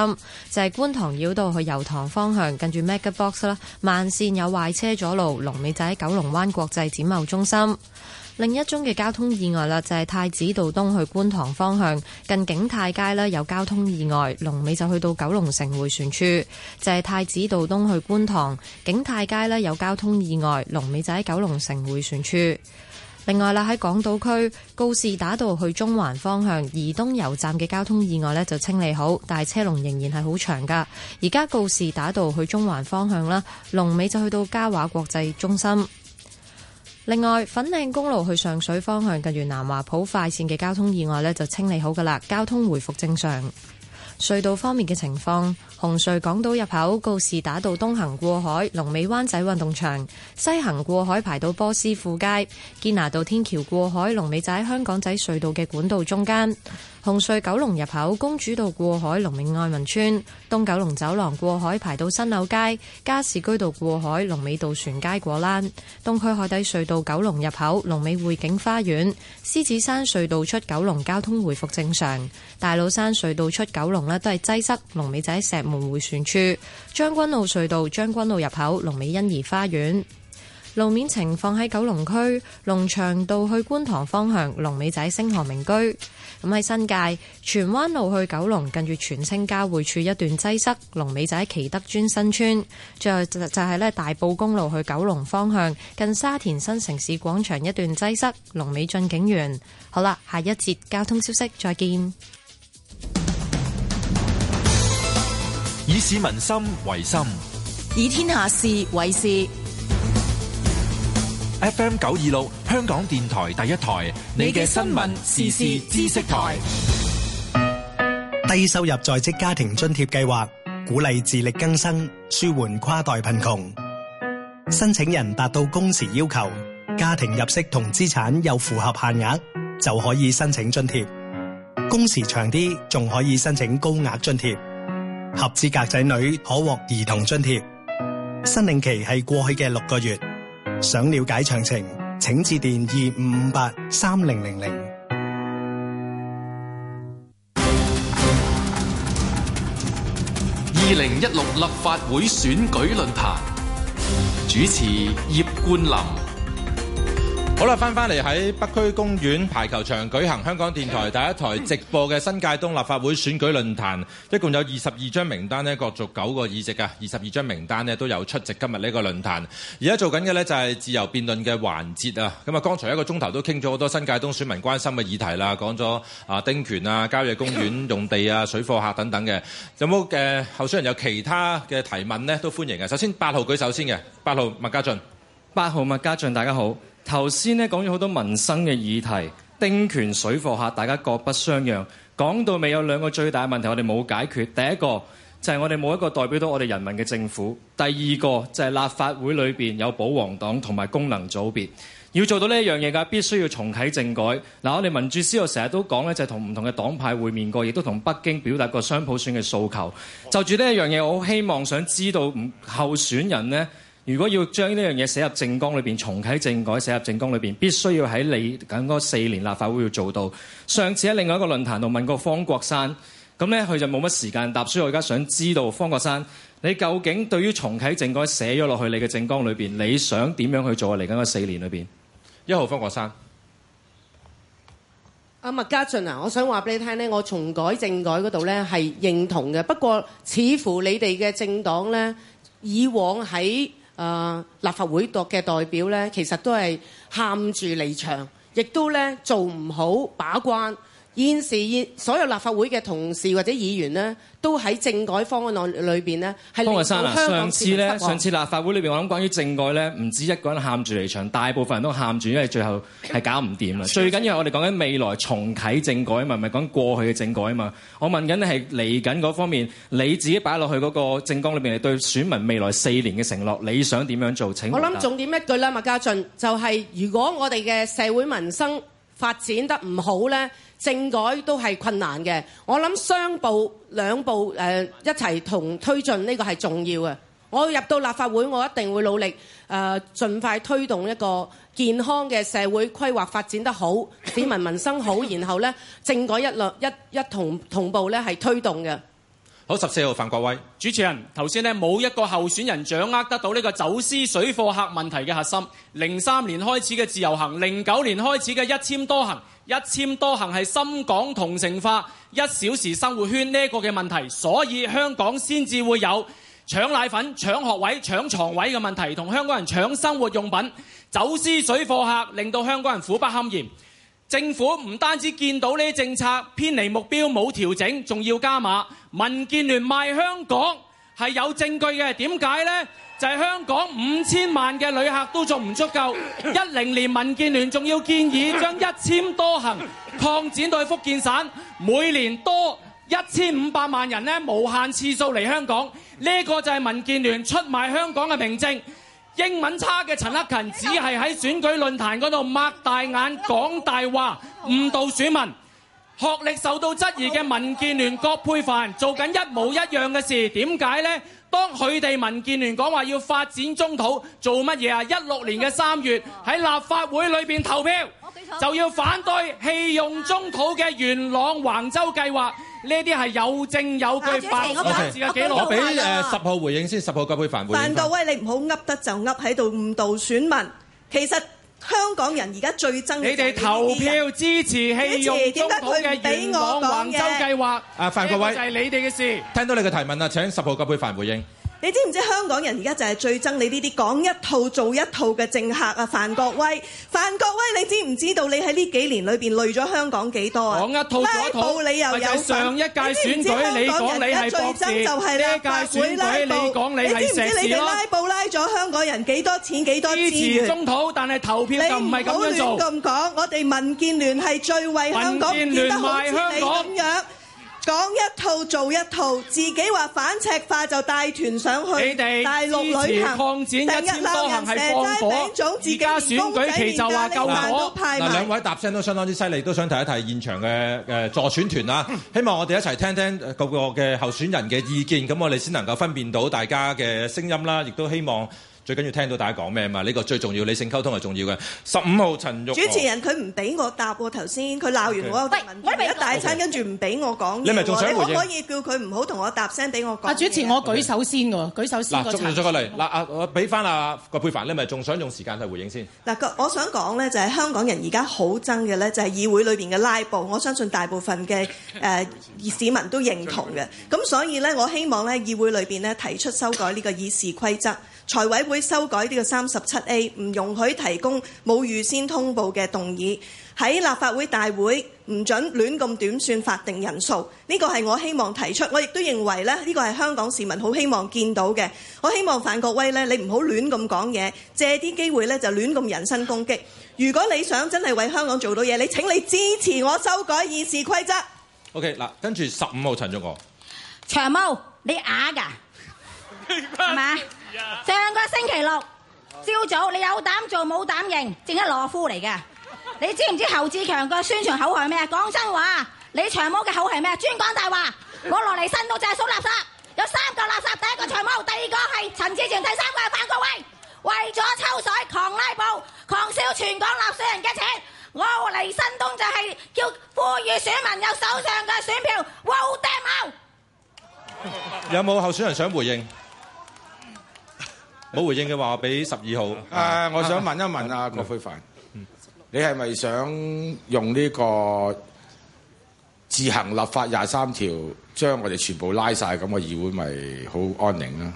Speaker 2: 就係、是、觀塘繞道去油塘方向，近住 Mega Box 啦，慢綫有壞車阻路，龍尾就喺九龍灣國際展貿中心。另一宗嘅交通意外啦，就係太子道東去觀塘方向近景泰街呢，有交通意外，龍尾就去到九龍城回旋處。就係太子道東去觀塘景泰街呢，有交通意外，龍尾就喺九龍城回旋處。另外啦，喺港島區告士打道去中環方向，怡東油站嘅交通意外呢，就清理好，但係車龍仍然係好長噶。而家告士打道去中環方向啦，龍尾就去到嘉華國際中心。另外，粉嶺公路去上水方向近粵南華普快線嘅交通意外呢，就清理好㗎喇，交通回復正常。隧道方面嘅情況。紅隧港島入口告士打道東行過海，龍尾灣仔運動場西行過海排到波斯富街；堅拿道天橋過海，龍尾仔香港仔隧道嘅管道中間。紅隧九龍入口公主道過海，龍尾愛民村東九龍走廊過海排到新樓街；加士居道過海，龍尾渡船街果欄；東區海底隧道九龍入口，龍尾匯景花園；獅子山隧道出九龍交通回復正常，大老山隧道出九龍都係擠塞，龍尾仔石門迴旋處，將軍澳隧道將軍澳入口，龍尾欣怡花園。路面情況，喺九龍區龍翔道去觀塘方向，龍尾仔星河明居。咁喺新界荃灣路去九龍近住荃青交匯處一段擠塞，龍尾仔祈德尊新村。最後就係係大埔公路去九龍方向近沙田新城市廣場一段擠塞，龍尾駿景園。好啦，下一節交通消息再見。
Speaker 4: 以市民心為心，
Speaker 2: 以天下事為事。
Speaker 4: FM 九二六，香港電台第一台，你嘅新聞時事知識台。
Speaker 16: 低收入在職家庭津貼計劃，鼓勵自力更生，舒緩跨代貧窮。申請人達到工時要求，家庭入息同資產又符合限額，就可以申請津貼。工時長啲，仲可以申請高額津貼。合資格仔女可獲兒童津貼，申領期係過去嘅六個月。想了解詳情，請致電二五五八三零零零。
Speaker 22: 二零一六立法會選舉論壇
Speaker 4: 主持葉冠林。好啦，翻翻嚟喺北區公園排球場舉行香港電台第一台直播嘅新界東立法會選舉論壇，一共有二十二張名單呢角逐九個議席嘅，二十二張名單呢都有出席今日呢個論壇。而家做緊嘅呢就係自由辯論嘅環節啊！咁啊，剛才一個鐘頭都傾咗好多新界東選民關心嘅議題啦，講咗啊丁權啊、郊野公園用地啊、水貨客等等嘅。有冇嘅、呃、候選人有其他嘅提問呢？都歡迎嘅。首先八號舉手先嘅，八
Speaker 17: 號麥家俊。八號麥家俊，大家好。頭先呢講咗好多民生嘅議題，丁權、水貨客，大家各不相讓。講到尾有兩個最大的問題，我哋冇解決。第一個就係、是、我哋冇一個代表到我哋人民嘅政府；第二個就係、是、立法會裏面有保皇黨同埋功能組別。要做到呢一樣嘢，必須要重啟政改。嗱，我哋民主思潮成日都講呢就係、是、同唔同嘅黨派會面過，亦都同北京表達過雙普選嘅訴求。就住呢一樣嘢，我好希望想知道，候選人呢如果要將呢樣嘢寫入政綱裏邊，重啟政改寫入政綱裏邊，必須要喺你緊嗰四年立法會要做到。上次喺另外一個論壇度問過方國珊，咁咧佢就冇乜時間答。所以我而家想知道方國珊，你究竟對於重啟政改寫咗落去你嘅政綱裏邊，你想點樣去做？嚟緊嘅四年裏邊，一號方國珊。
Speaker 10: 阿、啊、麥嘉俊啊，我想話俾你聽咧，我重改政改嗰度咧係認同嘅，不過似乎你哋嘅政黨咧，以往喺誒、uh, 立法會度嘅代表呢，其實都係喊住離場，亦都呢做唔好把關。現時所有立法會嘅同事或者議員呢，都喺政改方案內裏呢咧，係令方國珊、啊、上次呢，上次
Speaker 17: 立法會裏面，我諗關於政改呢，唔止一個人喊住離場，大部分人都喊住，因為最後係搞唔掂 最緊要係我哋講緊未來重啟政改嘛，唔係講過去嘅政改嘛。我問緊你係嚟緊嗰方面，你自己擺落去嗰個政綱裏面，你對選民未來四年嘅承諾，你想點樣做？請問。我諗重
Speaker 10: 點一句啦，麥家俊就係、是、如果我哋嘅社會民生發展得唔好呢。政改都係困難嘅，我諗雙步、兩步、呃、一齊同推進呢個係重要嘅。我入到立法會，我一定會努力誒、呃，盡快推動一個健康嘅社會規劃發展得好，市民民生好，然後呢，政改一路一一同同步呢係推動嘅。
Speaker 22: 好，十四號范國威，主持人頭先呢，冇一個候選人掌握得到呢個走私水貨客問題嘅核心。零三年開始嘅自由行，零九年開始嘅一簽多行。一簽多行係深港同城化一小時生活圈呢個嘅問題，所以香港先至會有搶奶粉、搶學位、搶床位嘅問題，同香港人搶生活用品、走私水貨客，令到香港人苦不堪言。政府唔單止見到呢啲政策偏離目標冇調整，仲要加碼。民建聯賣香港係有證據嘅，點解呢？就係、是、香港五千萬嘅旅客都仲唔足夠？ 一零年民建聯仲要建議將一簽多行擴展到去福建省，每年多一千五百萬人無無限次數嚟香港。呢、這個就係民建聯出賣香港嘅明證。英文差嘅陳克勤 只係喺選舉論壇嗰度擘大眼講 大話，誤導選民。學歷受到質疑嘅民建聯郭佩凡做緊一模一樣嘅事，點解呢？當佢哋民建聯講話要發展中土做乜嘢啊？一六年嘅三月喺立法會裏邊投票，就要反對棄用中土嘅元朗橫洲計劃，呢啲係有證有據。
Speaker 4: 我俾誒十號回應先，十號嘅佢反回應。各
Speaker 19: 位，你唔好噏得就噏喺度誤導選民，其實。香港人而家最憎嘅你們投票，就是，
Speaker 22: 支持棄用，點解佢哋唔俾我講橫洲計
Speaker 19: 劃啊？范國威這個，就
Speaker 22: 是你們的事，啊、
Speaker 4: 聽到你的提問了，請十號位范回應。
Speaker 19: 你知唔知道香港人而家就係最憎你呢啲講一套做一套嘅政客啊？范國威，范國威，你知唔知道你喺呢幾年裏面累咗香港幾多啊？講一套做一,一套，你又有、就是、上一屆選舉你講你係支持，呢屆選舉你講你係支持你係拉布拉咗香港人幾多錢幾多資源？投票唔係你唔好亂咁講，我哋民建聯係最為香港建設，唔見得好似你咁樣。講一套做一套，自己話反赤化就帶團上去大陸旅行，第一人成社火總，而家選舉期就話夠
Speaker 4: 我。嗱，兩位答聲都相當之犀利，都想睇一睇現場嘅誒助選團啦、嗯。希望我哋一齊聽聽各個嘅候選人嘅意見，咁我哋先能夠分辨到大家嘅聲音啦。亦都希望。最緊要聽到大家講咩嘛？呢、這個最重要，理性溝通係重要嘅。十五號陳玉主持人
Speaker 19: 佢唔俾我答喎、啊，頭先佢鬧完我，okay. 喂一我一大餐跟住唔俾我講。你咪仲想回應？我可唔可以叫佢唔好同我答聲俾我講。啊，主持我舉手先喎、okay. 舉手先個。嗱，再過嚟，嗱，
Speaker 4: 阿、啊、我俾翻阿郭佩凡，你咪仲想用時間去回應先？
Speaker 19: 嗱，我想講咧，就係、是、香港人而家好憎嘅咧，就係議會裏邊嘅拉布。我相信大部分嘅誒、呃、 市民都認同嘅。咁 所以咧，我希望咧議會裏邊咧提出修改呢個議事規則。財委會修改呢個三十七 A，唔容許提供冇預先通報嘅動議。喺立法會大會，唔准亂咁點算法定人數。呢個係我希望提出，我亦都認為咧，呢個係香港市民好希望見到嘅。我希望范國威咧，你唔好亂咁講嘢，借啲機會咧就亂咁人身攻擊。如果你想真係為香港做到嘢，你請你支持我修改議事規則。
Speaker 4: OK，嗱，跟住十五號陳中國，
Speaker 7: 長毛你啞、啊、㗎？係 嘛？ 上個星期六朝早，你有膽做冇膽認，正一懦夫嚟嘅。你知唔知道侯志強個宣傳口號係咩啊？講真話。你長毛嘅口係咩啊？專講大話。我羅立新東就係掃垃圾，有三個垃圾，第一個長毛，第二個係陳志全，第三個係范國威。為咗抽水，狂拉布，狂燒全港納稅人嘅錢。我羅立新東就係叫呼籲選民有手上嘅選票，無掟毛。
Speaker 4: 有冇候選人想回應？冇回應嘅話，我俾十
Speaker 14: 二號。誒、啊啊，我想問一問啊，葛珮帆、嗯，你係咪想用呢個自行立法廿三條，將我哋全部拉晒？咁嘅議會很安寧，咪好安寧囉？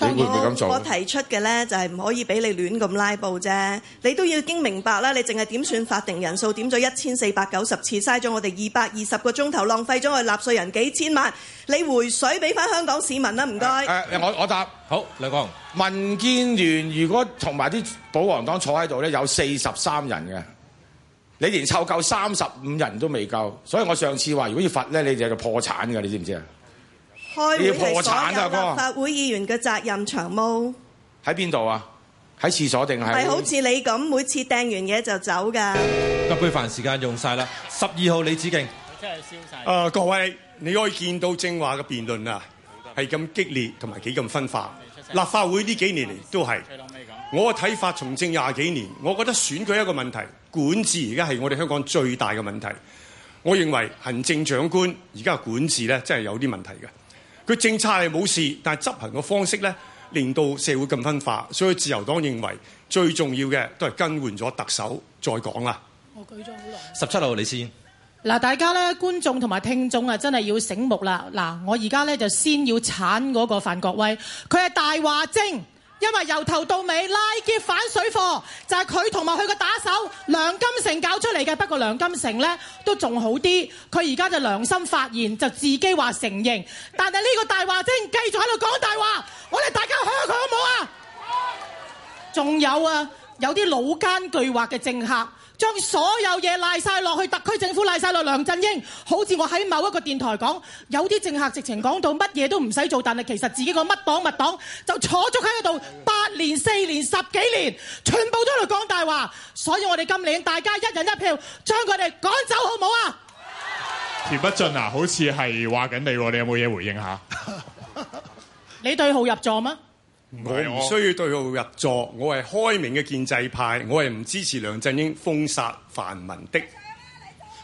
Speaker 14: 我我提
Speaker 19: 出嘅呢就係、是、唔可以俾你亂咁拉布啫，你都要已經明白啦。你淨係點算法定人數，點咗一千四百九十次，嘥咗我哋二百二十個鐘頭，浪費咗我哋納稅人幾千萬，你回水俾翻香港市民啦，唔該、啊啊。我
Speaker 14: 我答好，梁國雄，民建聯如果同埋啲保皇黨坐喺度呢，有四十三人嘅，你連湊夠三十五人都未夠，所以我上次話如果要罰呢，你就係個破產嘅，你知唔知啊？
Speaker 19: 要破產啊！哥，立法會議員嘅責任長毛
Speaker 14: 喺邊度啊？喺、啊、廁所定
Speaker 5: 係？係好似
Speaker 19: 你咁，每次訂完嘢就走噶。
Speaker 14: 一杯飯
Speaker 5: 時間用晒啦。十二號李梓敬，
Speaker 18: 真係消
Speaker 5: 曬。誒，各位，你可以見到正話嘅辯論啊，係咁激烈，同埋幾咁分化。立法會呢幾年嚟都係。我嘅睇法，從政廿幾年，我覺得選舉一個問題，管治而家係我哋香港最大嘅問題。我認為行政長官而家管治咧，真係有啲問題嘅。佢政策係冇事，但係執行嘅方式呢，令到社會咁分化，所以自由黨認為最重要嘅都係更換咗特首再講啦。
Speaker 8: 我舉咗好
Speaker 4: 耐。十七號，你先。
Speaker 8: 嗱，大家呢，觀眾同埋聽眾啊，真係要醒目啦！嗱，我而家呢，就先要鏟嗰個范國威，佢係大話精。因為由頭到尾拉結反水貨，就係佢同埋佢個打手梁金城搞出嚟嘅。不過梁金城呢都仲好啲，佢而家就良心發現，就自己話承認。但係呢個大話精繼續喺度講大話，我哋大家向佢好唔好啊？仲有啊，有啲老奸巨猾嘅政客，將所有嘢賴晒落去特區政府賴晒落梁振英。好似我喺某一個電台講，有啲政客直情講到乜嘢都唔使做，但係其實自己個乜黨乜黨就坐咗喺度八年、四年、十幾年，全部都喺度講大話。所以我哋今年大家一人一票，將佢哋趕走好唔好啊？
Speaker 24: 田北俊啊，好似係話緊你，你有冇嘢回應下？
Speaker 8: 你對號入座嗎？
Speaker 24: 我唔需要對號入
Speaker 5: 座，我係開明嘅建制派，我係唔支持梁振英封殺泛民的。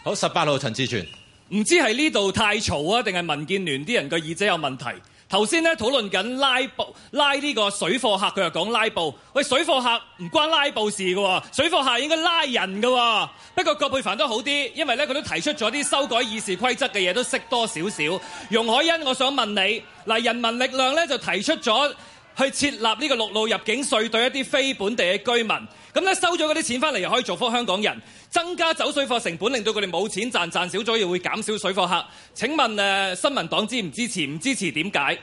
Speaker 3: 好，十八號陳志全，唔知係呢度太嘈啊，定係民建聯啲人個耳仔有問題？頭先咧討論緊拉布拉呢個水貨客，佢又講拉布，喂，水貨客唔關拉布的事㗎喎，水貨客應該拉人㗎喎。不過葛珮帆都好啲，因為咧佢都提出咗啲修改議事規則嘅嘢，都識多少少。容海恩，我想問你嗱，人民力量咧就提出咗，去設立呢個陸路入境稅對一啲非本地嘅居民，咁咧收咗嗰啲錢翻嚟又可以造福香港人，增加走水貨成本，令到佢哋冇錢賺，賺少咗又會減少水貨客。請問誒、呃、新民黨支唔支持？唔支持點解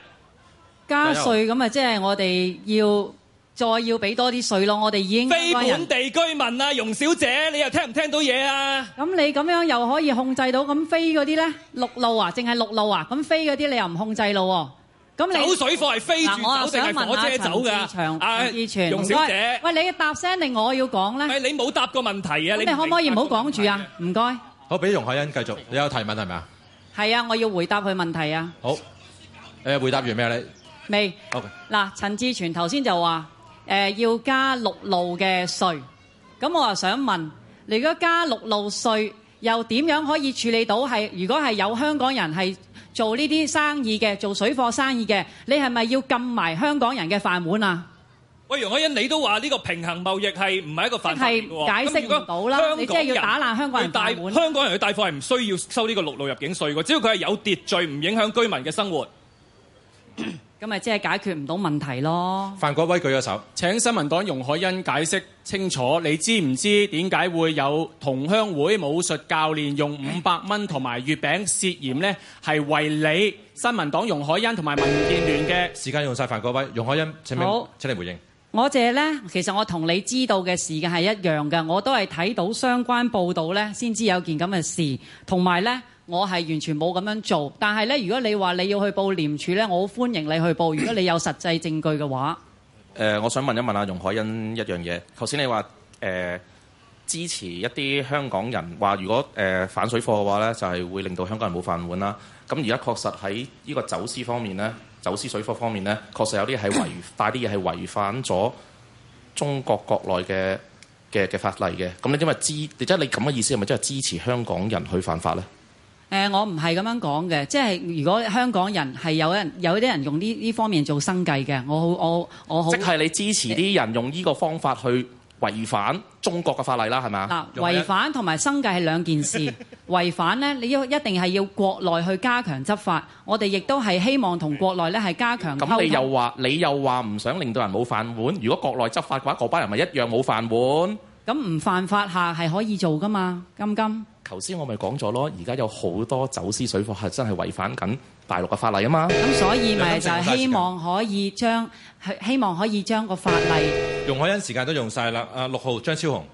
Speaker 9: 加稅？咁啊，即係我哋要再要俾多啲稅咯。我哋已經非本
Speaker 3: 地居民啊，容小姐，你又聽唔聽到嘢啊？
Speaker 9: 咁你咁樣又可以控制到咁飛嗰啲咧？陸路啊，淨係陸路啊，咁飛嗰啲你又唔控制喎、啊。走水貨係飛住，定係火車走嘅。阿陳志全，容小姐，喂，你要答聲定我要講咧？你冇答個問題啊！咁你可唔可以唔好講住啊？唔該。
Speaker 4: 好，俾容海恩繼續。你有提問係咪啊？
Speaker 9: 係啊，我要回答佢問題啊。
Speaker 4: 好，誒，回答完咩啊？你未？
Speaker 9: 嗱，陳志全頭先就話誒要加陸路嘅稅，咁我又想問，你如果加陸路稅，又點樣可以處理到係？如果係有香港人係，做呢啲生意嘅，做水貨生意嘅，你係咪要禁埋香港人嘅飯碗啊？
Speaker 3: 喂，容海恩，你都話呢個平衡貿易係唔係一個辦法？係解釋唔到啦，你即係要打爛香港人嘅飯碗。香港人嘅帶貨係唔需要收呢個陸路入境稅嘅，只要佢係有秩序，唔影響居民嘅生活。
Speaker 9: 咁咪即係解決唔到問題咯？
Speaker 22: 范國威舉咗手，請新民黨容海恩解釋清楚，你知唔知點解會有同鄉會武術教練用五百蚊同埋月餅涉嫌呢？係為你新民黨容海恩同埋民建聯嘅時間用晒。范國威，容海恩，請好請你回應。
Speaker 9: 我謝咧，其實我同你知道嘅事嘅係一樣嘅，我都係睇到相關報導道咧，先知有件咁嘅事，同埋咧。我係完全冇咁樣做，但係呢，如果你話你要去報廉署呢，我好歡迎你去報。如果你有實際證據嘅話，
Speaker 6: 誒、呃，我想問一問阿容海恩一樣嘢。頭先你話誒、呃、支持一啲香港人話，說如果誒、呃、反水貨嘅話呢，就係、是、會令到香港人冇飯碗啦。咁而家確實喺呢個走私方面呢，走私水貨方面呢，確實有啲係違帶啲嘢係違反咗中國國內嘅嘅嘅法例嘅。咁你點解支即係你咁嘅意思係咪即係支持香港人去犯法呢？
Speaker 9: 誒、呃，我唔係咁樣講嘅，即係如果香港人係有人有啲人用呢呢方面做生計嘅，我好我我好。即係你
Speaker 6: 支持啲人用呢個方法去違反中國嘅法例啦，係、呃、咪？嗱，違
Speaker 9: 反同埋生計係兩件事。 違反咧，你要一定係要國內去加強執法。我哋亦都係希望同國內咧係加強溝通咁、嗯、你又
Speaker 6: 話你又話唔想令到人冇飯碗？如果國內執法嘅話，嗰班人咪一樣冇飯碗。
Speaker 9: 咁唔犯法下係可以做噶嘛？金金。
Speaker 6: 頭先我咪講咗咯，而家有好多走私水貨客真係違反緊大陸嘅法例啊嘛。
Speaker 4: 咁所以咪就係希望
Speaker 9: 可以將希望可以將個法例。
Speaker 4: 容海恩時間都用晒啦，啊六號張超雄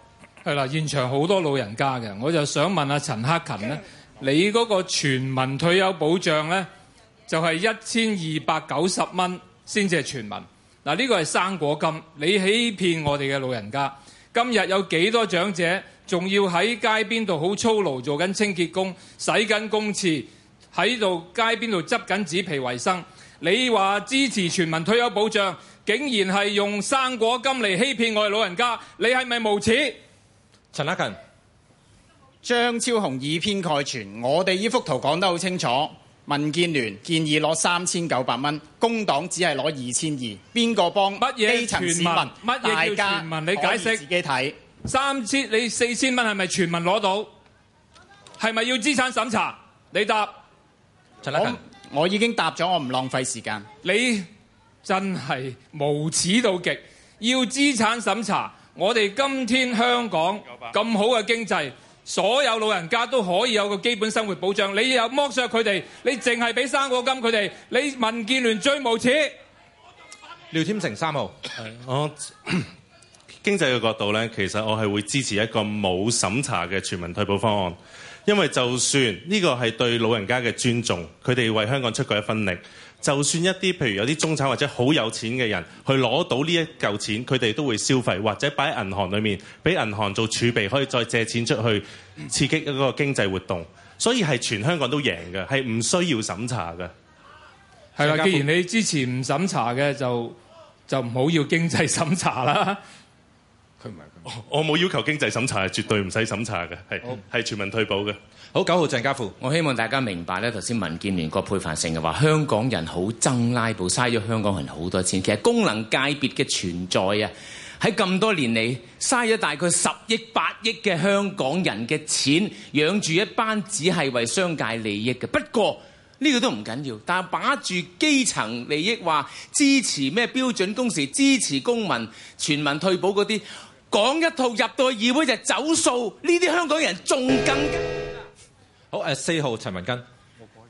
Speaker 4: 係啦，現場好多老人家嘅，我就
Speaker 15: 想問下陳克勤呢，你嗰個全民退休保障呢，就係一千二百九十蚊先至係全民嗱呢、這個係生果金，你欺騙我哋嘅老人家，今日有幾多長者？仲要喺街邊度好粗魯做緊清潔工，洗緊公廁，喺度街邊度執緊紙皮維生。你話支持全民退休保障，竟然係用生果金嚟欺騙我哋老人家，你係咪無恥？陳克勤，
Speaker 25: 張超雄以偏概全。我哋呢幅圖講得好清楚，民建聯建議攞三千九百蚊，工黨只係攞二千二，邊個幫乜嘢基層市民？乜嘢叫全民？你解釋三千，你四千蚊係咪全民攞到？
Speaker 15: 係咪要資產審查？你答陳立勤，我，我已經答咗，我唔浪費時間。你真係無恥到極，要資產審查。我哋今天香港咁好嘅經濟，所有老人家都可以有個基本生活保障。你又剝削佢哋，你淨係畀生果金佢哋，你民建聯最無恥。
Speaker 4: 廖天成三號， 我。
Speaker 12: 經濟嘅角度呢，其實我係會支持一個冇審查嘅全民退保方案，因為就算呢個係對老人家嘅尊重，佢哋為香港出過一分力，就算一啲譬如有啲中產或者好有錢嘅人去攞到呢一嚿錢，佢哋都會消費或者擺喺銀行裏面，俾銀行做儲備，可以再借錢出去刺激嗰個經濟活動，所以係全香港都贏嘅，係唔需要審查嘅。
Speaker 15: 係啦，既然你
Speaker 12: 支持唔審查嘅，就就唔好要，要經濟審查
Speaker 15: 啦。
Speaker 18: 我冇要求經濟審查，絕對唔使審查嘅，係全民退保嘅。好，九號鄭家富，我希望大家明白咧。頭先民建聯郭佩凡成日話香港人好憎拉布，嘥咗香港人好多錢。其實功能界別嘅存在啊，喺咁多年嚟嘥咗大概十億八億嘅香港人嘅錢，養住一班只係為商界利益嘅。不過呢個都唔緊要，但係把住基層利益，話支持咩標準工時，支持公民全民退保嗰啲。講一套入到去議會就走數，呢啲香港人仲更
Speaker 13: 加好。誒，四號陳文根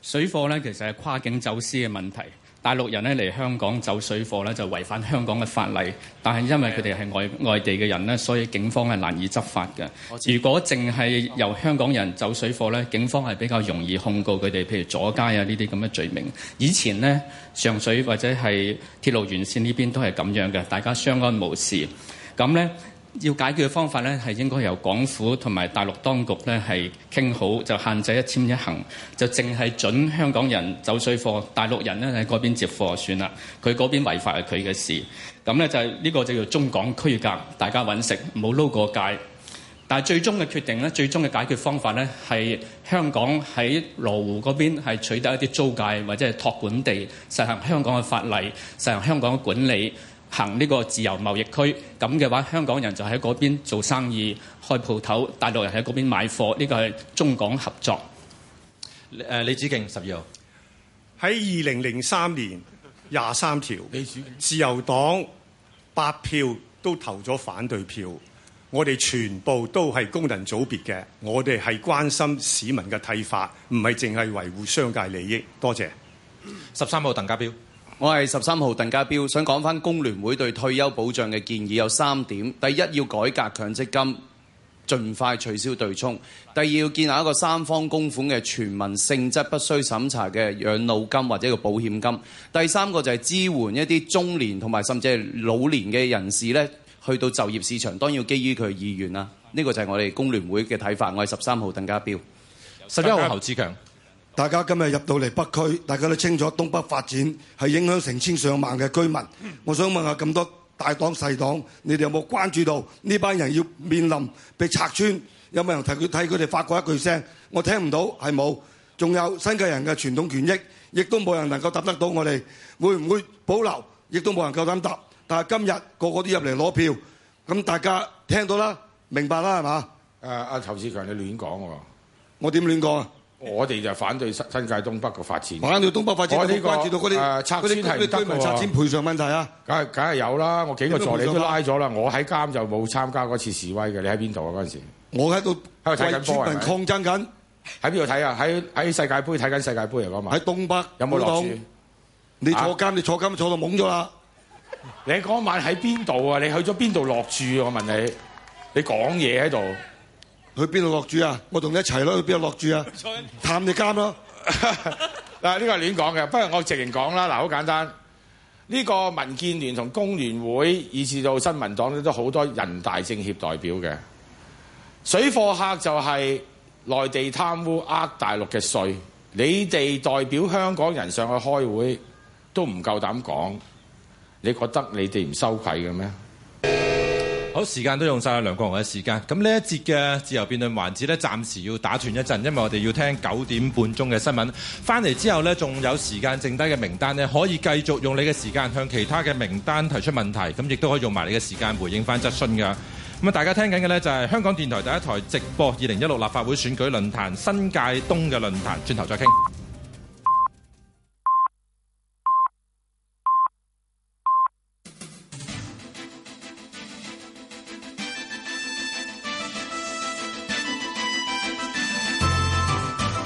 Speaker 13: 水貨呢其實係跨境走私嘅問題。大陸人呢嚟香港走水貨呢，就違反香港嘅法例。但係因為佢哋係外外地嘅人呢，所以警方係難以執法嘅。如果淨係由香港人走水貨呢，警方係比較容易控告佢哋，譬如阻街啊呢啲咁嘅罪名。以前呢，上水或者係鐵路沿線呢邊都係咁樣嘅，大家相安無事。咁呢。要解決嘅方法呢，係應該由港府同埋大陸當局呢係傾好，就限制一簽一行，就淨係準香港人走水貨，大陸人呢喺嗰邊接貨算啦。佢嗰邊違法係佢嘅事。咁呢，就係呢個就叫中港區隔，大家揾食冇撈過界。但係最終嘅決定呢，最終嘅解決方法呢，係香港喺羅湖嗰邊係取得一啲租界或者係託管地，實行香港嘅法例，實行香港嘅管理。行呢個自由貿易區，咁嘅話，香港人就喺嗰邊做生意、開鋪頭；大陸人喺嗰邊買貨，呢個係中港合作。誒，李子敬十二號喺二零
Speaker 5: 零三年廿三條自由黨八票都投咗反對票，我哋全部都係工人組別嘅，我哋係
Speaker 21: 關心市民嘅睇法，唔係淨係維護商界利益。多謝十三號，鄧家彪。我係十三號鄧家彪，想講返工聯會對退休保障嘅建議有三點：第一要改革強積金，盡快取消對沖；第二要建立一個三方供款嘅全民性質、不需審查嘅養老金或者個保險金；第三個就係支援一啲中年同埋甚至係老年嘅人士咧，去到就業市場，當然要基於佢意願啦。呢、這個就係我哋工聯會嘅睇法。我係十三號鄧家彪。
Speaker 20: 十一號侯志強。大家今日入到嚟北區，大家都清楚東北發展係影響成千上萬嘅居民。我想問下咁多大黨細黨，你哋有冇關注到呢班人要面臨被拆穿？有冇人替佢替佢哋發過一句聲？我聽唔到，係冇。仲有新界人嘅傳統權益，亦都冇人能夠答得到我哋。會唔會保留？亦都冇人夠膽答。但係今日個個都入嚟攞票，咁大家聽到啦，明白啦，係咪？誒誒，侯志強，你亂講喎！我點亂講啊？
Speaker 14: 我哋就反對新界東北嘅發展。反對東北發展關注到我呢、這個誒、呃、拆遷係唔得㗎喎。居民拆遷賠償問題啊，梗係梗係有啦。我幾個助理都拉咗啦。我喺監就冇參加嗰次示威嘅。你喺邊度啊？嗰陣時我喺度喺度睇緊民是是抗爭緊。喺邊度睇啊？喺喺世界盃睇緊世界盃啊！嗰晚喺東北有冇落？你坐監，你坐監坐到懵咗啦。你嗰晚喺邊度啊？你，你， 你，你去咗邊度落住？我問你，你講嘢喺度。去邊度落注啊？我同你一齊咯。去邊度落注啊？
Speaker 20: 探你監咯。
Speaker 14: 嗱，呢個係亂講嘅。不如我直情講啦。嗱，好簡單。呢個民建聯同工聯會，以至到新民黨呢都好多人大政協代表嘅。水貨客就係內地貪污呃大陸嘅稅。你哋代表香港人上去開會，都唔夠膽講。你覺得你哋唔羞愧嘅咩？
Speaker 4: 好，時間都用晒喇，梁國雄嘅時間。咁呢一節嘅自由辯論環節呢，暫時要打斷一陣，因為我哋要聽九點半鐘嘅新聞。翻嚟之後呢，仲有時間剩低嘅名單呢，可以繼續用你嘅時間向其他嘅名單提出問題。咁亦都可以用埋你嘅時間回應翻質詢㗎。咁啊，大家聽緊嘅呢，就係、是、香港電台第一台直播二零一六立法會選舉論壇新界東嘅論壇，轉頭再傾。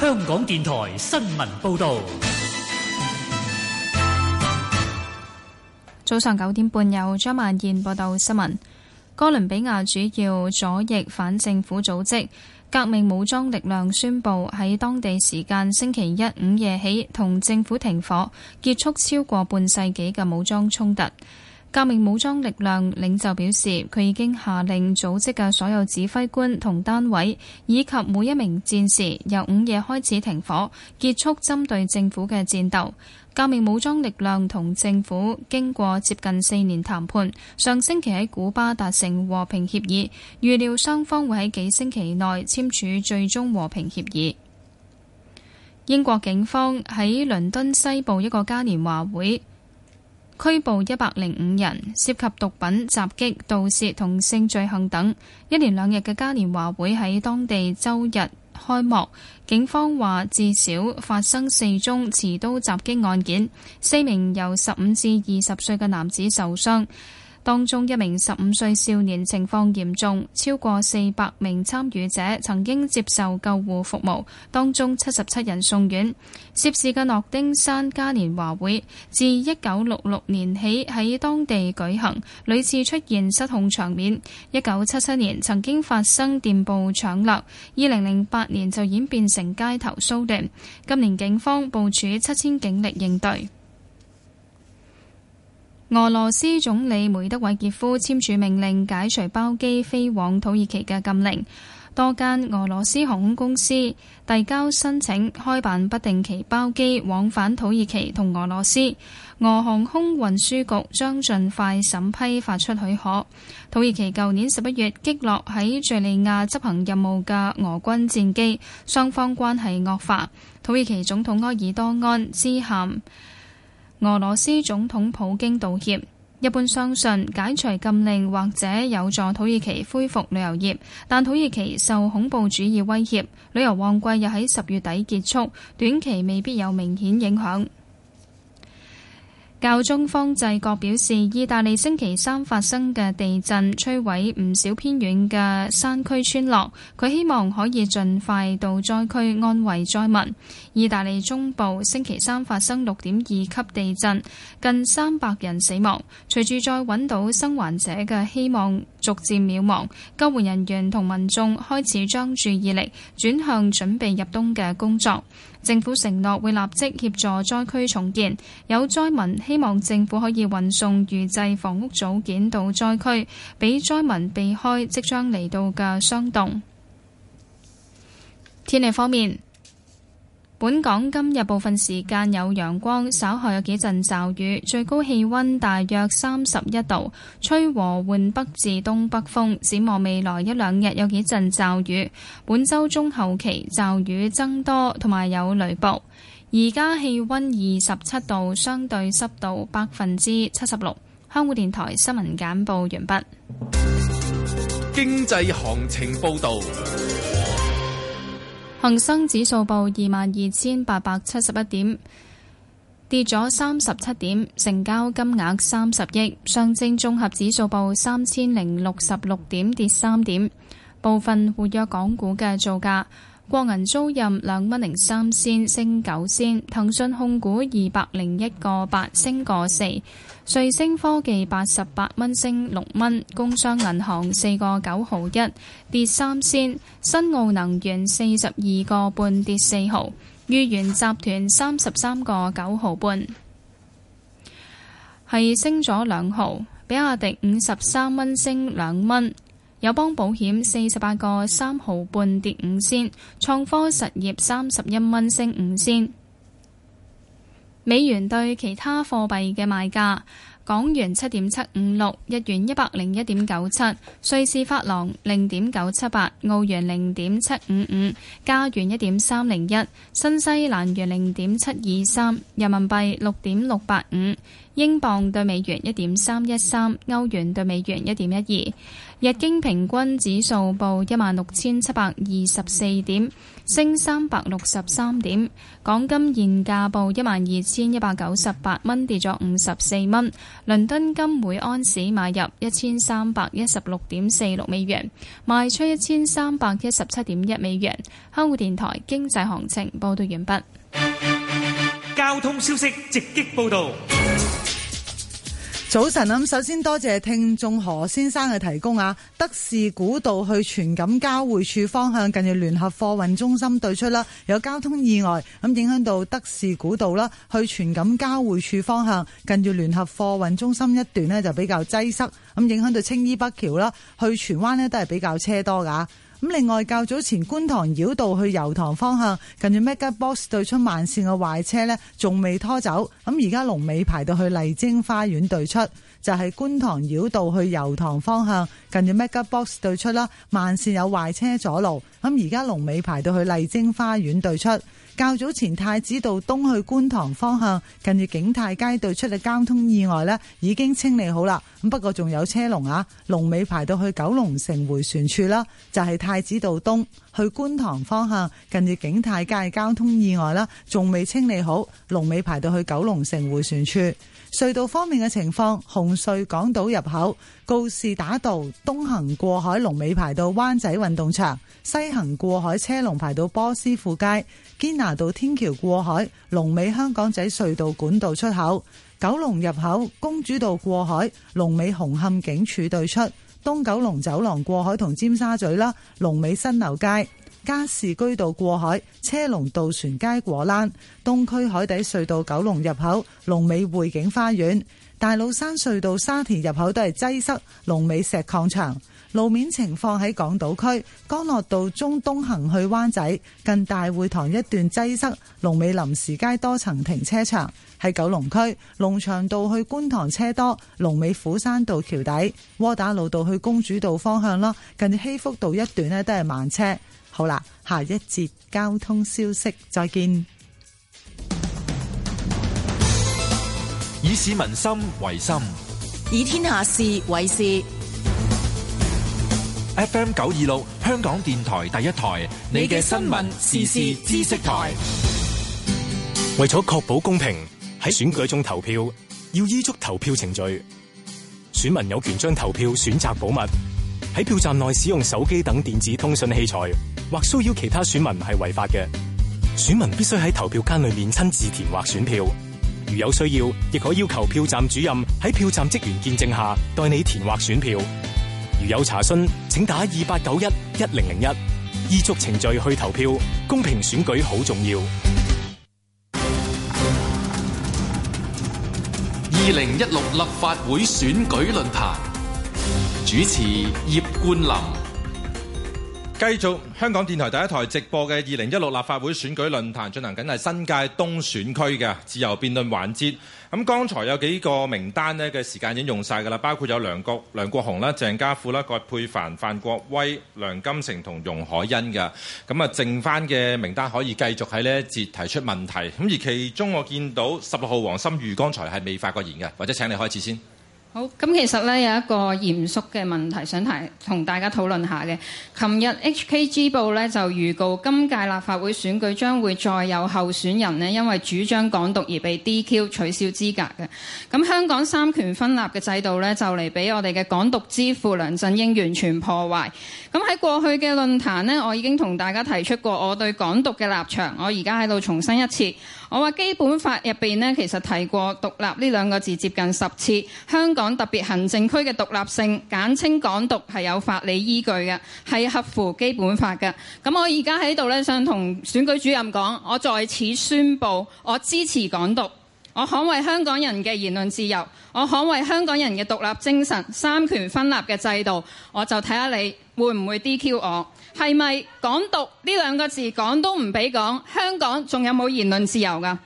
Speaker 3: 香港電台新聞報道：
Speaker 1: 早上九點半，有張曼燕報道新聞。哥倫比亞主要左翼反政府組織革命武裝力量宣布喺當地時間星期一午夜起同政府停火，結束超過半世紀嘅武裝衝突。革命武裝力量領袖表示，佢已經下令組織嘅所有指揮官同單位，以及每一名戰士，由午夜開始停火，結束針對政府嘅戰鬥。革命武裝力量同政府經過接近四年談判，上星期喺古巴達成和平協議，預料雙方會喺幾星期內簽署最終和平協議。英國警方喺倫敦西部一個嘉年華會拘捕一百零五人，涉及毒品、襲擊、盜竊同性罪行等。一連兩日嘅嘉年華會喺當地周日開幕，警方話至少發生四宗持刀襲擊案件，四名由十五至二十歲嘅男子受傷。當中一名十五歲少年情況嚴重，超過四百名參與者曾經接受救護服務，當中七十七人送院。涉事嘅諾丁山嘉年華會自一九六六年起喺當地舉行，屢次出現失控場面。一九七七年曾經發生電報搶掠，二零零八年就演變成街頭騷動。今年警方部署七千警力應對。俄羅斯總理梅德韋傑夫簽署命令解除包機飛往土耳其嘅禁令，多間俄羅斯航空公司遞交申請開辦不定期包機往返土耳其同俄羅斯，俄航空運輸局將盡快審批發出許可。土耳其舊年十一月擊落喺敘利亞執行任務嘅俄軍戰機，雙方關係惡化。土耳其總統埃爾多安致函知俄羅斯總統普京道歉。一般相信解除禁令或者有助土耳其恢復旅遊業，但土耳其受恐怖主義威脅，旅遊旺季又喺十月底結束，短期未必有明顯影響。教宗方濟各表示，意大利星期三發生嘅地震摧毀唔少偏遠嘅山區村落，佢希望可以盡快到災區安慰災民。意大利中部星期三發生六點二級地震，近三百人死亡。隨住再揾到生還者嘅希望逐漸渺茫，救援人員同民眾開始將注意力轉向準備入冬嘅工作。政府承諾會立即協助災區重建。有災民希望政府可以運送預製房屋組件到災區，俾災民避開即將嚟到嘅霜凍。天氣方面。本港今日部分時間有陽光，稍後有幾陣驟雨，最高氣溫大約三十一度，吹和緩北至東北風。展望未來一兩日有幾陣驟雨，本周中後期驟雨增多，同埋有雷暴。而家氣溫二十七度，相對濕度百分之七十六。香港電台新聞簡報完畢。
Speaker 6: 經濟行情報道。
Speaker 1: 恒生指數報二萬二千八百七十一點，跌咗三十七點，成交金額三十億。上證綜合指數報三千零六十六點，跌三點。部分活躍港股嘅造價：國銀租賃兩蚊零三仙升九仙，騰訊控股二百零一個八升個四。瑞聲科技八十八蚊升六蚊，工商銀行四個九毫一跌三仙，新奧能源四十二個半跌四毫，裕元集團三十三個九毫半係升咗兩毫，比亞迪五十三蚊升兩蚊，友邦保險四十八個三毫半跌五仙，創科實業三十一蚊升五仙。美元對其他貨幣嘅賣價：港元七點七五六，日元一百零一點九七，瑞士法郎零點九七八，澳元零點七五五，加元一點三零一，新西蘭元零點七二三，人民幣六點六八五，英鎊對美元一點三一三，歐元對美元一點一二。日經平均指數報一萬六千七百二十四點，升三百六十三點。港金現價報一萬二千一百九十八蚊，跌咗五十四蚊。倫敦金每安士買入一千三百一十六點四六美元，賣出一千三百一十七點一美元。香港
Speaker 26: 電台經濟行情報道完畢。
Speaker 3: 交通消息直擊報道。
Speaker 26: 早晨咁首先多謝聽眾何先生嘅提供啊，德士古道去荃錦交匯處方向近住聯合貨運中心對出啦，有交通意外咁影響到德士古道啦，去荃錦交匯處方向近住聯合貨運中心一段呢，就比較擠塞，咁影響到青衣北橋啦，去荃灣呢，都係比較車多噶。咁另外較早前觀塘繞道去油塘方向近住 MegaBox 對出慢線嘅壞車呢仲未拖走。咁而家龍尾排到去麗晶花園對出，就係、是、觀塘繞道去油塘方向近住 MegaBox 對出啦。慢線有壞車阻路，咁而家龍尾排到去麗晶花園對出。較早前太子道東去觀塘方向近住景泰街對出嘅交通意外呢已經清理好啦。咁不過仲有車龍啊，龍尾排到去九龍城迴旋處啦，就係、是、太子道東去觀塘方向近住景泰街嘅交通意外啦，仲未清理好，龍尾排到去九龍城迴旋處。隧道方面嘅情況，紅隧港島入口告士打道東行過海龍尾排到灣仔運動場，西行過海車龍排到波斯富街堅拿道天橋過海龍尾香港仔隧道管道出口，九龍入口公主道過海龍尾紅磡警署對出東九龍走廊過海同尖沙咀啦，龍尾新樓街。加士居道過海車龍渡船街果欄，東區海底隧道九龍入口龍尾匯景花園、大老山隧道沙田入口都係擠塞，龍尾石礦場路面情況喺港島區，干諾道中東行去灣仔近大會堂一段擠塞，龍尾臨時街多層停車場喺九龍區，龍翔道去觀塘車多，龍尾斧山道橋底窩打老道去公主道方向啦，近希福道一段呢都係慢車。好啦，下一節交通消息再見。
Speaker 4: 以市民心為心，
Speaker 26: 以天下事為事。
Speaker 4: F M 九二六，香港電台第一台，你嘅新聞時事知識台。
Speaker 27: 為咗確保公平喺選舉中投票，要依足投票程序，選民有權將投票選擇保密。喺票站內使用手機等電子通訊器材，或騷擾其他選民係違法嘅。選民必須喺投票間裏面親自填劃選票，如有需要，亦可要求票站主任喺票站職員見證下代你填劃選票。如有查詢，請打二八九一一零零一，依足程序去投票，
Speaker 22: 公平選舉好重要。二零一六立法會選舉論壇。主
Speaker 4: 持葉冠霖，繼續香港電台第一台直播嘅二零一六立法會選舉論壇進行緊係新界東選區嘅自由辯論環節。咁剛才有幾個名單呢嘅時間已經用晒噶啦，包括有梁國梁國雄啦、鄭家富啦、葛珮帆、范國威、梁金成同容海恩嘅。咁啊，剩翻嘅名單可以繼續喺呢一節提出問題。咁而其中我見到十六號黃心瑜剛才係未發過言嘅，或者請你開始先。
Speaker 23: 好，咁其實呢有一個嚴肅嘅問題想提同大家討論下嘅。尋日 H K G 報呢就預告今屆立法會選舉將會再有候選人呢，因為主張港獨而被 D Q 取消資格嘅。咁香港三權分立嘅制度呢，就嚟俾我哋嘅港獨之父梁振英完全破壞。咁喺過去嘅論壇呢，我已經同大家提出過我對港獨嘅立場，我而家喺度重申一次。我話《基本法》入面呢，其實提過獨立呢兩個字接近十次。香港特別行政區嘅獨立性，簡稱港獨，係有法理依據嘅，係合乎《基本法》嘅。咁我而家喺度呢，想同選舉主任講，我在此宣佈，我支持港獨。我捍衛香港人嘅言論自由，我捍衛香港人嘅獨立精神、三權分立嘅制度，我就睇下你會唔會 DQ 我，係咪港獨呢兩個字講都唔俾講？香港仲有冇言論自由㗎？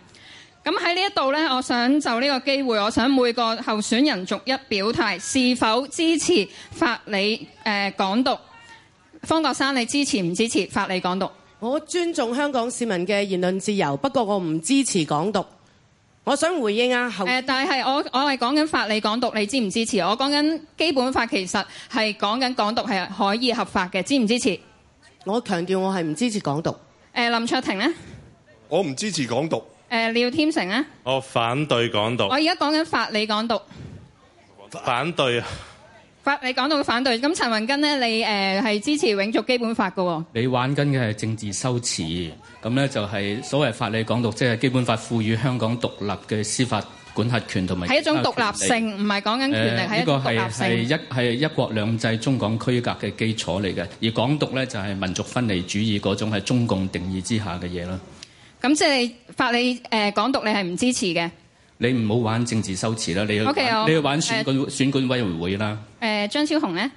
Speaker 23: 咁喺呢一度呢，我想就呢個機會，我想每個候選人逐一表態，是否支持法理、呃、港獨？方國珊，你支持唔支持法理港獨？
Speaker 10: 我尊重香港市民嘅言論自由，不過我唔支持港獨。我想回應啊，
Speaker 23: 誒、呃，但係我我係講緊法理港獨，你支唔支持？我講緊基本法，其實係講緊港獨係可以合法嘅，支唔支持？我強調我係唔支持港獨。誒、呃，林卓廷呢？
Speaker 12: 我唔支持港獨。
Speaker 23: 誒、呃，廖天成呢？
Speaker 12: 我反對港獨。
Speaker 23: 我而家講緊法理港獨。
Speaker 13: 反對
Speaker 23: 啊！法理港獨反對。咁陳雲根呢？你誒係、呃、支持永續基本法嘅喎？
Speaker 13: 你玩緊嘅係政治修辭。咁咧就係所謂法理港獨，即、就、係、是、基本法賦予香港獨立嘅司法管轄權同埋，係一種獨立性，
Speaker 23: 唔係講緊權力，係、呃、一種獨呢個
Speaker 13: 係一一國兩制中港區隔嘅基礎嚟嘅，而港獨咧就係民族分離主義嗰種係中共定義之下嘅嘢啦。
Speaker 23: 咁即係法理、呃、港獨你，你係唔支持嘅？
Speaker 13: 你唔好玩政治修辭啦，你去 okay，你去玩選管、呃、委員會啦。
Speaker 23: 誒、呃、張超雄咧、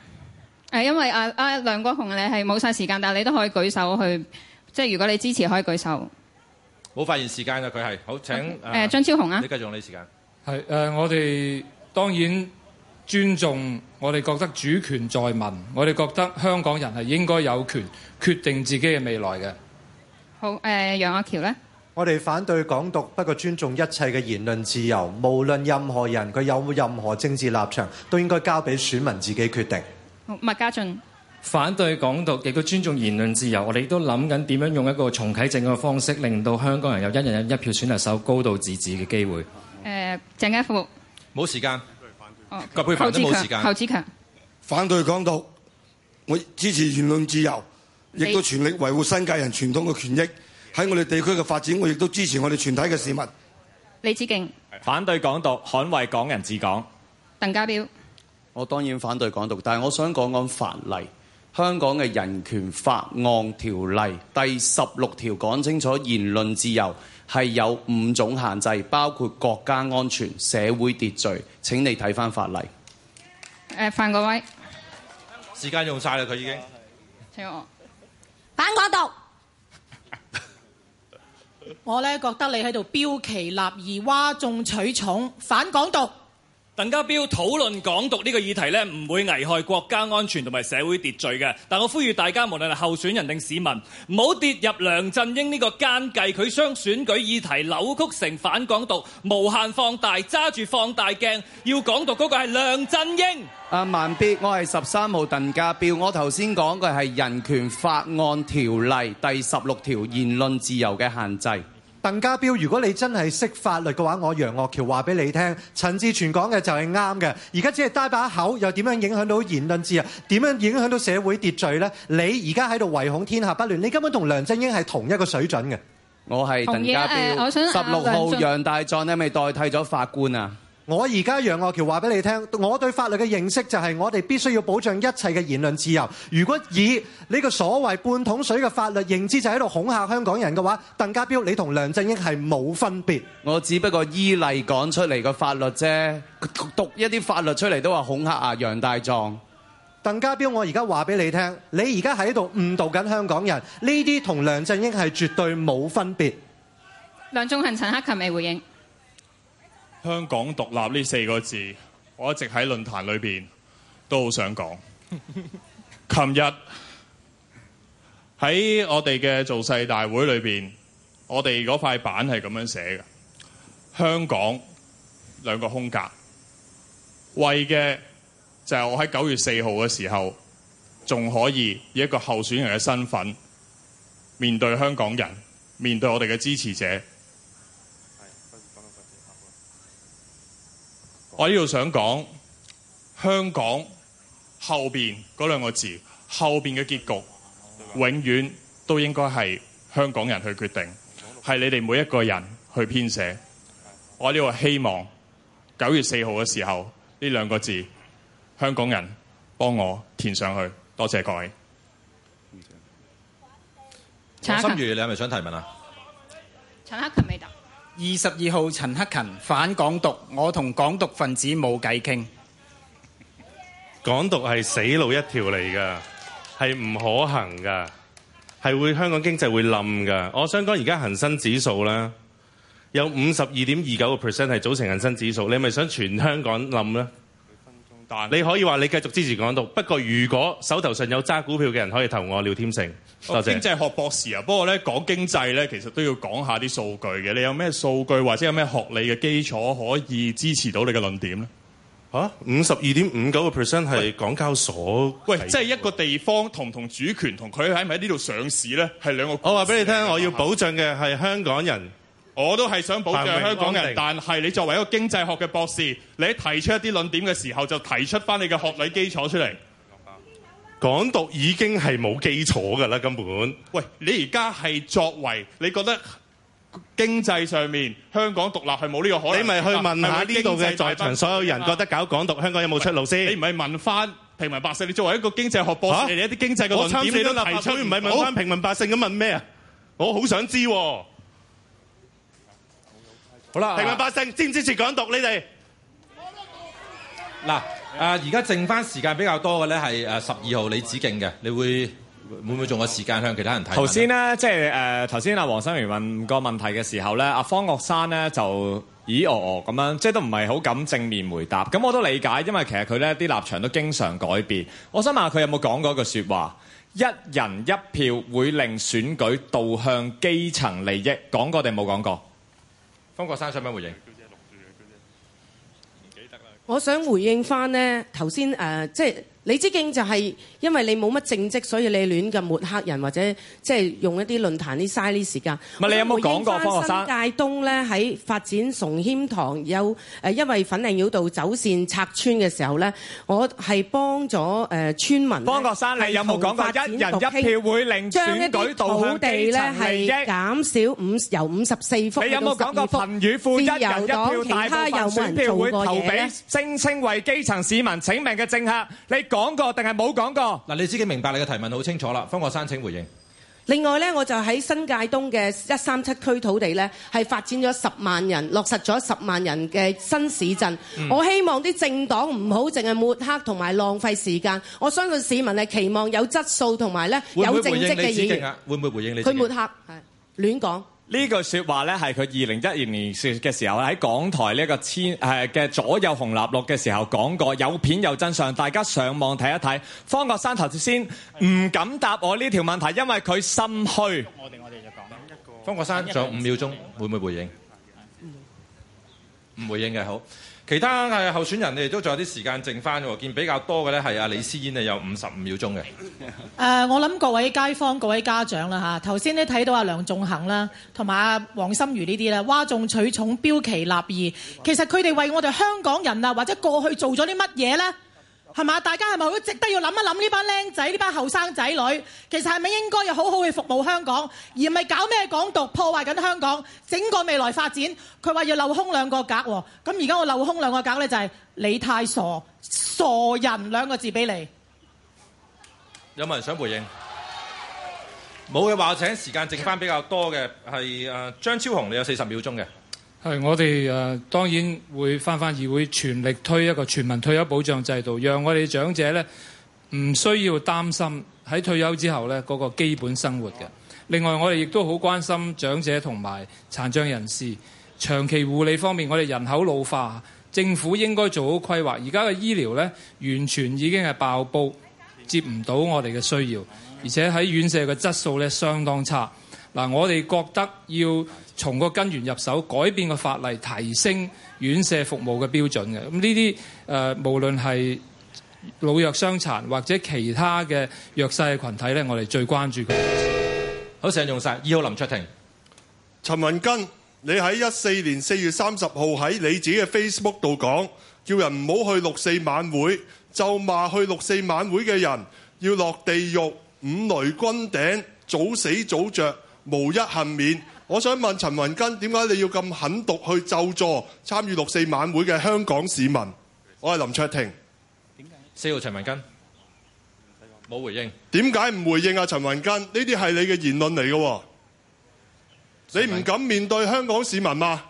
Speaker 23: 呃、因為阿、啊、梁國雄你係冇晒時間，但你都可以舉手去。即係如果你支持，可以舉手。
Speaker 4: 冇發言時間啦，佢係好請。誒、okay. 啊，張超雄啊，你繼續用你時間。
Speaker 15: 係誒、呃，我哋當然尊重我哋覺得主權在民，我哋覺得香港人係應該有權決定自己嘅未來嘅。
Speaker 23: 好，誒、呃，楊阿橋楊岳橋咧。
Speaker 16: 我哋反對港獨，不過尊重一切嘅言論自由，無論任何人佢有冇任何政治立場，都應該交俾選民自己決定。
Speaker 23: 麥家俊。
Speaker 17: 反對港獨，亦都尊重言論自由。我哋亦都諗緊點樣用一個重啟政嘅方式，令到香港人有一人一票選特首、高度自治嘅機會。
Speaker 23: 誒、呃，鄭家富冇時間。哦，侯志強，侯志強，
Speaker 20: 反對港獨，我支持言論自由，亦都全力維護新界人傳統嘅權益。喺我哋地區嘅發展，我亦都支持我哋全體嘅市民。
Speaker 23: 李梓敬，反
Speaker 27: 對
Speaker 21: 港獨，捍衞港人治港。
Speaker 23: 鄧家彪，
Speaker 21: 我當然反對港獨，但係我想講講法例。香港嘅《人權法案條例》第十六條講清楚，言論自由係有五種限制，包括國家安全、社會秩序。請你睇返法例。
Speaker 23: 誒、呃，范國威，
Speaker 4: 時間用晒喇，佢已經。
Speaker 23: 請我反港獨。
Speaker 8: 我咧覺得你喺度標奇立異、嘩眾取寵，反港獨。
Speaker 3: 鄧家彪，討論港獨呢個議題呢，唔會危害國家安全同埋社會秩序嘅。但我呼籲大家，無論係候選人定市民，唔好跌入梁振英呢個奸計，佢將選舉議題扭曲成反港獨，無限放大，揸住放大鏡，要港獨嗰個係梁振英。
Speaker 21: 阿、啊、慢必我係十三號鄧家彪，我頭先講嘅係《人權法案條例》第十六條言論自由嘅限制。
Speaker 16: 鄧家彪，如果你真係識法律嘅話，我楊岳橋話俾你聽，陳志全講嘅就係啱嘅。而家只係齋把口，又點樣影響到言論自由？點樣影響到社會秩序呢？你而家喺度唯恐天下不亂，你根本同梁振英係同一
Speaker 21: 個水準嘅。我係鄧家彪，十六號楊大壯，你係咪代替咗法官啊？
Speaker 16: 我而家楊岳橋話俾你聽，我對法律嘅認識就係我哋必須要保障一切嘅言論自由。如果以你個所謂半桶水嘅法律認知就喺度恐嚇香港人嘅話，鄧家彪，你同梁振英係冇分別。
Speaker 21: 我只不過依例講出嚟嘅法律啫，讀一啲法律出嚟都話恐嚇啊，楊大狀，
Speaker 16: 鄧家彪，我而家話俾你聽，你而家喺度誤導緊香港人，呢啲同梁振英係絕對冇分別。
Speaker 23: 梁頌恆、陳克勤未回應。
Speaker 24: 香港獨立呢四個字，我一直喺論壇裏面都好想講。琴日喺我哋嘅造勢大會裏面，我哋嗰塊板係咁樣寫嘅：香港兩個空格，為嘅就係我喺九月四號嘅時候，仲可以以一個候選人嘅身份面對香港人，面對我哋嘅支持者。我呢度想講香港後邊嗰兩個字，後邊嘅結局永遠都應該係香港人去決定，係你哋每一個人去編寫。我呢度希望九月四號嘅時候，呢兩個字香港人幫我填上去，多謝各位。陳心如，你係咪想提
Speaker 25: 問啊？陳克勤，未答。二十二號，陳克勤反港獨，我同港獨分子冇偈傾。
Speaker 12: 港獨係死路一條嚟噶，係唔可行噶，係會香港經濟會冧噶。我想講而家恒生指數啦，有五十二點二九個 percent 係組成恒生指數，你係咪想全香港冧咧？但你可以話你繼續支持港獨，不過如果手頭上有揸股票嘅人可以投我廖添成，多謝、哦、經濟
Speaker 24: 學博士啊，不過呢講經濟呢，其實都要講下啲數據嘅。你有咩數據或者有咩學理嘅基礎可以支持到你嘅論點呢？五十二點五九個 percent 係港交所。喂，即係、就是、一個地方同唔同主權，同佢喺唔喺呢度上市呢？係兩個。我話俾你聽，我要保障嘅係香港人。我都係想保障香港人，是是但係你作為一個經濟學嘅博士，你喺提出一啲論點嘅時候，就提出翻你嘅學理基礎出嚟。港獨已經係冇基礎噶啦，根本。喂，你而家係作為你覺得經濟上面香港獨立係冇呢個可能？你咪去問下呢度嘅在場是是所有人，覺得搞港獨香港有冇出路先？你唔係問翻平民百姓？你作為一個經濟學博士，啊、你一啲經濟嘅論點你都提出，唔係問翻
Speaker 12: 平民百姓咁問咩啊？我
Speaker 4: 好想知。好啦，平民
Speaker 12: 發聲支唔支持港獨？你
Speaker 24: 哋
Speaker 4: 嗱，啊，而家剩翻時間比較多嘅咧，係誒十二號李梓敬嘅，你會會唔會仲有時間向其他人睇頭
Speaker 27: 先咧？即係誒頭先啊，黃、呃、生問個問題嘅時候咧，阿方岳山咧就咦哦哦咁樣，即係都唔係好敢正面回答。咁我都理解，因為其實佢咧啲立場都經常改變。我想問下佢有冇講過一句說話：一人一票會令選舉導向基層利益。講過定冇講過？方國珊，想唔想
Speaker 10: 回應？我想回應返呢，頭先誒即李之敬就係因為你冇乜政績，所以你亂咁抹黑人或者即係用一啲論壇啲嘥啲時間。唔係你有冇講過方國珊？新界東咧喺發展崇謙堂有誒，因為粉嶺繞道走線拆村嘅時候咧，我係幫咗誒村民。方國珊，你有冇講過一人一票會令選舉導向變？將一啲土地咧係減少五由五十四幅到二十二幅。你有冇講過貧與富一人一票大部分選票會投俾
Speaker 27: 聲稱為基層市民請命嘅政客？你？講過定係冇講過？
Speaker 4: 嗱，你自己明白你嘅提問好清楚啦，方國珊請回應。
Speaker 10: 另外咧，我就喺新界東嘅一三七區土地咧，係發展咗十萬人，落實咗十萬人嘅新市鎮。嗯、我希望啲政黨唔好淨係抹黑同埋浪費時間。我相信市民係期望有質素同埋咧有政績嘅議員。
Speaker 27: 會唔會回應
Speaker 4: 你、啊？佢抹
Speaker 10: 黑，亂講。
Speaker 27: 呢句説話咧係佢二零一二年説嘅時候喺港台呢個千誒嘅左右紅立綠嘅時候講過，有片有真相，大家上網睇一睇。方國珊頭先唔敢答我呢條問題，因為佢心虛。我哋我哋就
Speaker 25: 講
Speaker 4: 一個。方國珊仲有五秒鐘會唔會回應？唔、嗯、回應嘅好。其他是候選人你哋都仲有啲時間剩返喎，見比較多嘅咧係阿李思嫣有五十五秒鐘嘅、
Speaker 8: 呃。我諗各位街坊、各位家長啦，頭先睇到阿梁仲恒啦，同埋阿黃心如呢啲啦，嘩眾取寵、標奇立異、嗯，其實佢哋為我哋香港人啊，或者過去做咗啲乜嘢呢？係嘛？大家係咪好值得要諗一諗呢班僆仔、呢班後生仔女？其實係咪應該要好好去服務香港，而唔係搞咩港獨破壞緊香港整個未來發展？佢話要漏空兩個格，咁而家我漏空兩個格就係你太傻、傻人兩個字俾你。
Speaker 4: 有冇人想回應？冇嘅話，我請時間剩返比較多嘅係張超雄，你有四十秒鐘嘅。
Speaker 15: 係，我哋誒、呃、當然會翻翻議會，全力推一個全民退休保障制度，讓我哋長者呢唔需要擔心喺退休之後呢嗰、嗰個基本生活嘅。另外，我哋亦都好關心長者同埋殘障人士長期護理方面，我哋人口老化，政府應該做好規劃。而家嘅醫療呢完全已經係爆煲，接唔到我哋嘅需要，而且喺院舍嘅質素呢相當差。嗱，我哋覺得要從個根源入手，改變個法例，提升院舍服務嘅標準嘅。咁呢啲誒無論係老弱傷殘或者其他嘅弱勢嘅群體咧，我哋最關注。好，成用晒二號林卓廷，
Speaker 11: 陳文根，你喺一四年四月三十號，喺你自己嘅 Facebook 度講，叫人唔好去六四晚會，就罵去六四晚會嘅人要落地獄五雷轟頂，早死早着。無一幸免。我想問陳雲根，點解你要咁狠毒去咒助參與六四晚會嘅香港市民？我係林卓廷。
Speaker 4: 點解？四號陳雲根冇回應。
Speaker 11: 點解唔回應啊？陳雲根，呢啲係你嘅言論嚟嘅，你唔敢面對香港市民嘛？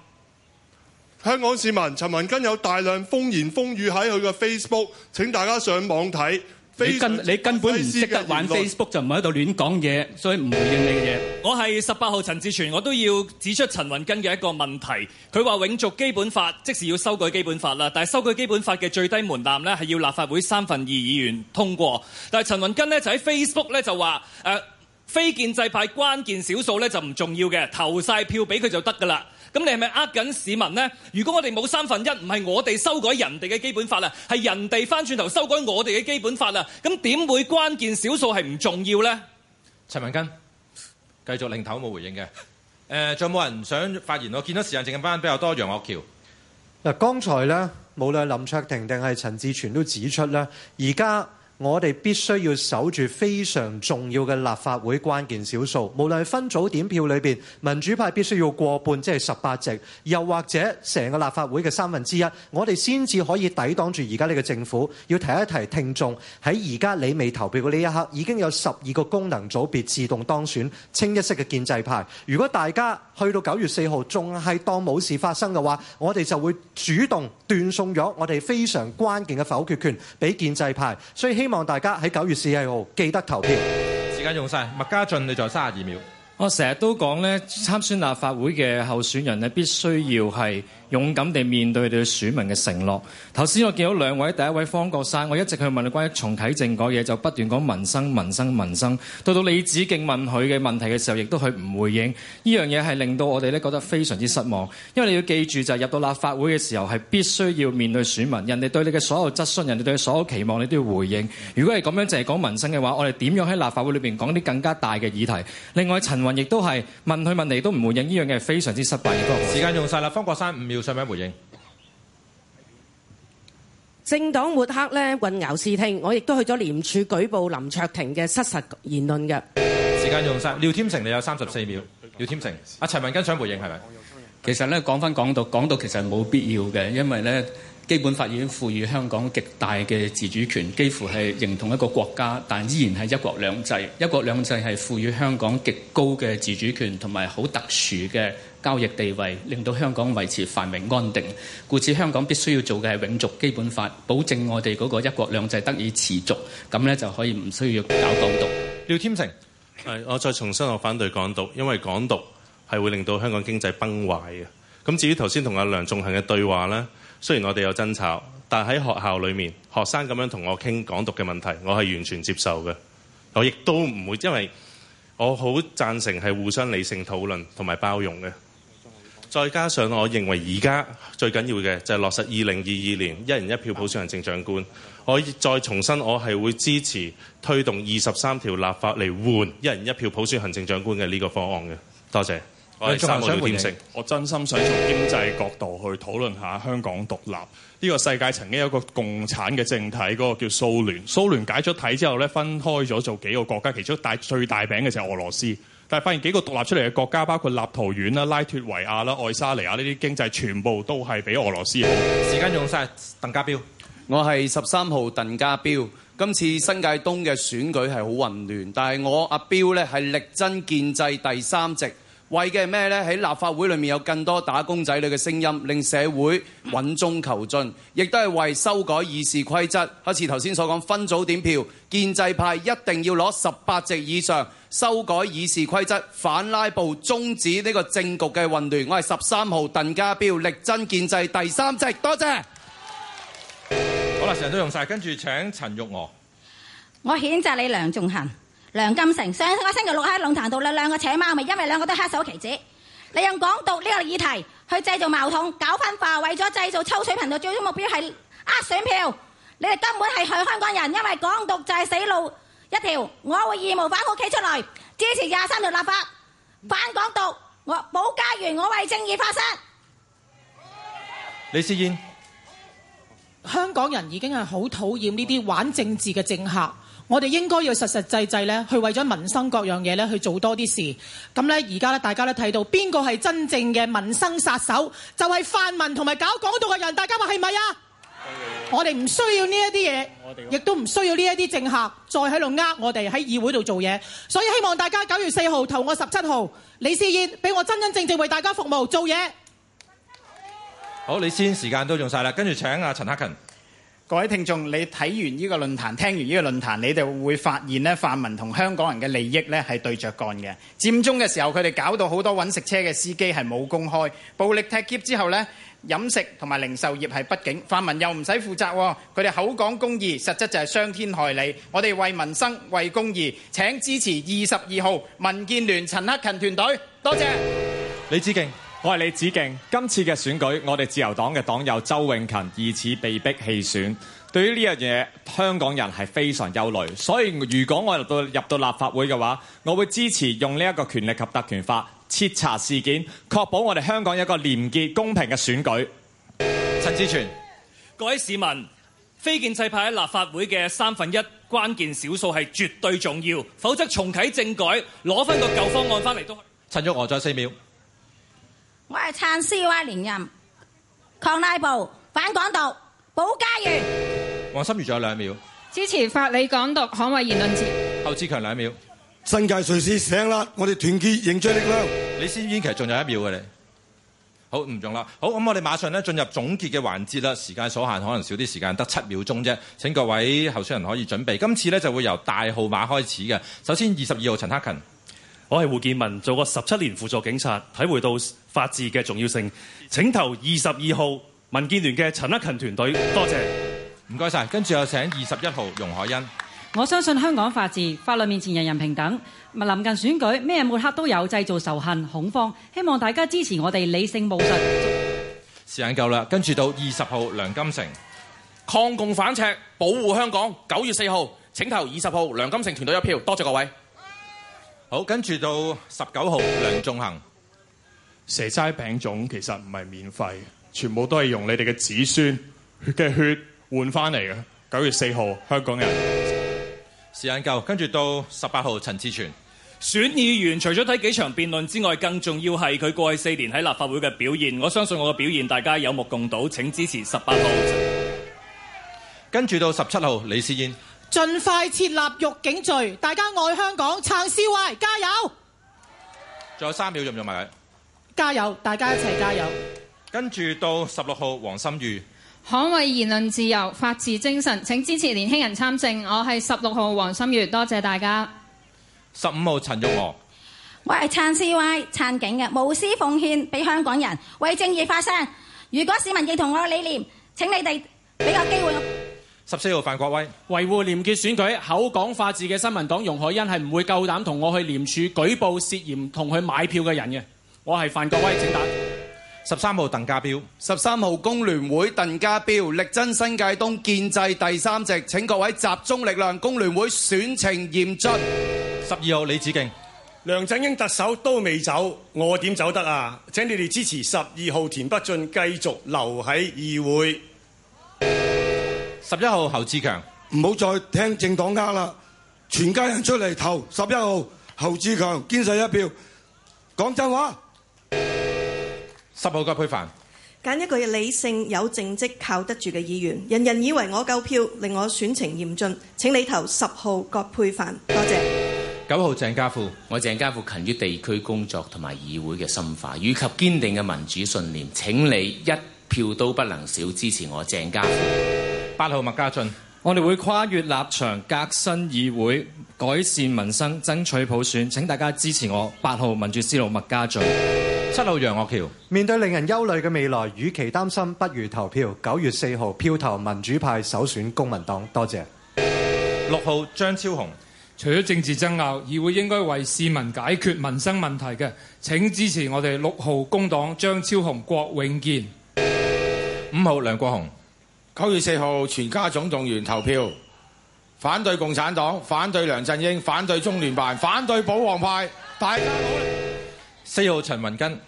Speaker 11: 香港市民，陳雲根有大量風言風語喺佢嘅 Facebook，請大家上網睇。你根你根本
Speaker 13: 唔識得玩 Facebook 就唔喺度亂講嘢，所以唔會應你嘅嘢。
Speaker 3: 我係十八號陳志全，我都要指出陳雲根嘅一個問題。佢話永續基本法即使要修改基本法啦，但係修改基本法嘅最低門檻呢，係要立法會三分二議員通過。但係陳雲根呢，就喺 Facebook 呢，就話、呃、非建制派關鍵少數呢，就唔重要嘅，投晒票俾佢就得㗎啦。咁你係咪呃緊市民呢？如果我哋冇三分一，唔係我哋修改人哋嘅基本法啦，係人哋翻轉頭修改我哋嘅基本法啦，咁點會關鍵少數係唔重要呢？
Speaker 4: 陳文根，繼續領頭冇回應嘅。仲、呃、有冇人想發言？我見到時間剩緊翻比較多，楊岳橋。
Speaker 16: 嗱，剛才呢，無論林卓廷定係陳志全都指出呢，而家，我哋必須要守住非常重要嘅立法會關鍵少數，無論係分組點票裏邊，民主派必須要過半，即係十八席，又或者成個立法會嘅三分之一，我哋先至可以抵擋住而家呢個政府。要提一提聽眾，喺而家你未投票嘅呢一刻，已經有十二個功能組別自動當選，清一色嘅建制派。如果大家去到九月四號仲係當冇事發生嘅話，我哋就會主動斷送咗我哋非常關鍵嘅否決權俾建制派，所以希望大家喺九月四號記得投票。
Speaker 17: 時間用晒，麥家俊，你仲有三十二秒。我成日都講咧，參選立法會嘅候選人咧必須要係。勇敢地面對對選民嘅承諾。頭先我見到兩位，第一位方國珊，我一直去問關於重啟政嗰嘢，就不斷講民生、民生、民生。到到李子敬問佢嘅問題嘅時候，亦都佢唔回應。依樣嘢係令到我哋咧覺得非常之失望。因為你要記住、就是，就入到立法會嘅時候係必須要面對選民，人哋對你嘅所有質詢，人哋對你所有期望，你都要回應。如果係咁樣淨係講民生嘅話，我哋點樣喺立法會裏面講啲更加大嘅議題？另外陳雲亦都係問佢問題都唔回應，依樣嘢係非常之失敗嘅。時間用曬啦，方國珊。五秒鐘。有咩回應？
Speaker 10: 政黨抹黑呢，混淆視聽。我亦都去咗廉署舉報林卓廷嘅失實言論嘅。
Speaker 4: 時間用晒，廖添成你有三十四秒。廖添成，阿、啊、陳文根想回應係咪？
Speaker 13: 其實呢，講翻講到講到，其實係冇必要嘅，因為呢，基本法已經賦予香港極大嘅自主權，幾乎係形同一個國家，但依然係一國兩制。一國兩制係賦予香港極高嘅自主權，同埋好特殊嘅。交易地位令到香港維持繁榮安定，故此香港必須要做嘅係永續基本法，保證我哋嗰個一國兩制得以持續，咁咧就可以唔需要搞港獨。廖天成，我再重新我反對港獨，因為港獨
Speaker 12: 係會令到香港經濟崩壞嘅。咁至於頭先同阿梁仲恒嘅對話咧，雖然我哋有爭吵，但喺學校裏面，學生咁樣同我傾港獨嘅問題，我係完全接受嘅，我亦都唔會，因為我好贊成係互相理性討論同埋包容嘅。再加上，我認為而家最緊要嘅就係落實二零二二年一人一票普選行政長官。我再重申，我係會支持推動二十三條立法嚟換一人一票普選行政長官嘅呢個方案嘅。多謝，我係三個
Speaker 24: 我真心想從經濟角度去討論下香港獨立。呢個世界曾經有一個共產嘅政體嗰個叫蘇聯，蘇聯解咗體之後咧，分開咗做幾個國家，其中帶最大餅嘅就係俄羅斯。但係發現幾個獨立出嚟嘅國家，包括立陶宛啦、拉脫維亞啦、愛沙尼亞呢啲經濟，全部都係比俄羅斯好。
Speaker 21: 時間用曬，鄧家彪，我係十三號鄧家彪。今次新界東嘅選舉係好混亂，但係我阿彪呢係力爭建制第三席。為嘅係咩呢？喺立法會裏面有更多打工仔女嘅聲音，令社會穩中求進，亦都係為修改議事規則。好似頭先所講，分組點票，建制派一定要攞十八席以上修改議事規則，反拉布，終止呢個政局嘅混亂。我係十三號鄧家彪，力爭建制第三席，多謝。
Speaker 4: 好啦，時間都用曬，跟住請陳玉娥。
Speaker 7: 我譴責你梁頌恆。梁金成上個星期六喺論壇度咧，兩個扯貓尾，因為兩個都黑手棋子，利用港獨呢個議題去製造矛盾、搞分化，為咗製造抽水頻道，最終目標係呃選票。你哋根本係害香港人，因為港獨就係死路一條。我會義無反顧企出嚟，支持廿三條立法，反港獨，我保家園，我為正義發聲。
Speaker 4: 李思燕，
Speaker 8: 香港人已經係好討厭呢啲玩政治嘅政客。我哋應該要實實際際咧去為咗民生各樣嘢咧去做多啲事。咁咧而家咧大家都睇到邊個係真正嘅民生殺手？就係泛民同埋搞港獨嘅人。大家話係咪啊？我哋唔需要呢一啲嘢，亦都唔需要呢一啲政客再喺度呃我哋喺議會度做嘢。所以希望大家九月四號投我十七號李思燕，俾我真真正正為大家服務做嘢。
Speaker 4: 好，你先時間都用晒啦，跟住請阿陳克勤。
Speaker 25: 各位聽眾，你睇完呢個論壇，聽完呢個論壇，你哋會發現呢，泛民同香港人嘅利益呢，係對着幹嘅。佔中嘅時候，佢哋搞到好多搵食車嘅司機係冇公開。暴力
Speaker 27: 我係李梓敬，今次嘅選舉，我哋自由黨嘅黨友周永勤疑似被逼棄選，對於呢樣嘢，香港人係非常憂慮。所以如果我入到立法會嘅話，我會支持用呢一個權力及特權法徹查事件，確保我哋香港有一個廉潔公平嘅選舉。陳志全，
Speaker 3: 各位市民，非建制派喺立法會嘅三分一關鍵少數係絕對重要，否則重啟政改攞翻個舊方案翻嚟都。陳玉娥再四秒。
Speaker 7: 我係撐 CY 連任，抗拉布，反港獨，保家園。
Speaker 20: 黃心瑜仲有兩秒。
Speaker 7: 支持法理港獨，捍衞
Speaker 23: 言論自由。
Speaker 20: 侯志強兩秒。新界睡獅醒啦，我哋團結凝聚力量。
Speaker 4: 李偲嫣其實仲有一秒嘅你。好，唔用啦。好，咁我哋馬上咧進入總結嘅環節啦。時間所限，可能少啲時間，得七秒鐘啫。請各位候選人可以準備。今次咧就會由
Speaker 3: 大號碼開始嘅。首先，二十二號陳克勤。我係胡建文，做過十七年輔助警察，體會到法治嘅重要性。請投二十二號民建聯嘅陳克勤團隊。多謝，唔該晒。跟住有請二十一號容海恩。
Speaker 9: 我相信香港法治，法律面前人人平等。臨近選舉，咩抹黑都有製造仇恨、恐慌，希望大家支持我哋理性務實。
Speaker 4: 時間夠啦，跟住到二十號
Speaker 6: 梁金成，
Speaker 9: 抗共反赤，保護香港。九月四號請投二十號
Speaker 6: 梁金成團隊一票。多謝各位。好，跟住到十九號梁仲恒，
Speaker 24: 蛇齋餅粽其實唔係免費，全部都係用你哋嘅子孫嘅血換翻嚟嘅。九月四號，香港人
Speaker 4: 時
Speaker 3: 間夠，跟住到十八號陳志全，選議員除咗睇幾場辯論之外，更重要係佢過去四年喺立法會嘅表現。我相信我嘅表現，大家有目共睹，請支持十八號。跟住到十七號李思燕。
Speaker 8: 盡快設立辱警罪，大家愛香港，撐 CY，加油！
Speaker 4: 仲有三秒，用唔用埋佢？
Speaker 23: 加油，大家一齊加油！
Speaker 4: 跟住到十六號黃心裕，
Speaker 23: 捍衞言論自由、法治精神，請支持年輕人參政。我係十六號黃心
Speaker 7: 裕，多謝大家。
Speaker 4: 十五號陳玉娥。
Speaker 7: 我係撐 CY、撐警嘅，無私奉獻俾香港人，為正義發聲。如果市民認同我理念，請你哋俾個機
Speaker 22: 會。十四號范國威，維護廉潔選舉，口講法治嘅新聞黨容海恩係唔會夠膽同我去廉署舉報涉嫌同佢買票嘅人嘅。
Speaker 21: 我係范國威，請答。十三號鄧家彪，十三號工聯會鄧家彪力爭新界東建制第三席，請各位集中力量工聯會選情嚴峻。
Speaker 4: 十二號李梓敬，
Speaker 21: 梁振英特首都未走，
Speaker 5: 我點走得啊？請你哋支持十二號田北俊繼續留喺議會。
Speaker 20: 十一號侯志強，唔好再聽政黨呃啦，全家人出嚟投十一號侯志強，堅上一票，講真話。十
Speaker 4: 號郭佩凡，
Speaker 19: 揀一個理性、有政績、靠得住嘅議員。人人以為我夠票，令我選情嚴峻，請你投十號郭佩凡。多謝。
Speaker 18: 九號鄭家富，我鄭家富勤於地區工作同埋議會嘅深化，以及堅定嘅民主信念，請你一票都不能少支持我鄭家富。八號麥家俊，我哋會跨越立場，革新議
Speaker 17: 會，改善民生，爭取普選，請大家支持我。八號民主思路麥家俊。
Speaker 16: 七號楊岳橋，面對令人憂慮嘅未來，與其擔心，不如投票。九月四號，票投民主派首選，公民黨。多謝。六號張超
Speaker 15: 雄，除咗政治爭拗，議會應該為市民解決民生問題嘅，請支
Speaker 14: 持我哋六號工黨張超雄郭永健。五號梁國雄。九月四號，全家總動員投票，反對共產黨，反
Speaker 13: 對梁振英，反對中聯辦，反對保皇派。大家好。四號陳雲根，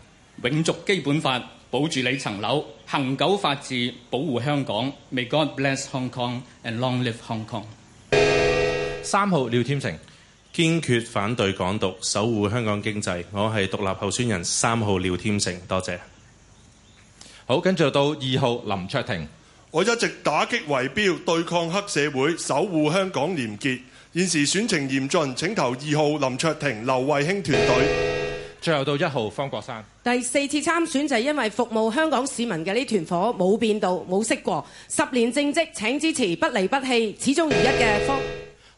Speaker 13: 永續基本法，保住你層樓，恒久法治，保護香港。May God bless Hong Kong and Long Live Hong Kong。三
Speaker 12: 號廖天成，堅決反對港獨，守護香港經濟。我係獨立候選人，三號廖天成，多謝。好，跟住到二號林卓廷。
Speaker 11: 我一直打擊圍標，對抗黑社會，守護香港廉潔。現時選情嚴峻，請投二號林卓廷、劉慧卿團隊。
Speaker 4: 最後到一號方國珊。
Speaker 10: 第四次參選就係因為服務香港市民嘅呢團火冇變到，冇熄過。十年政績，請支持不離不棄、始終如一嘅方。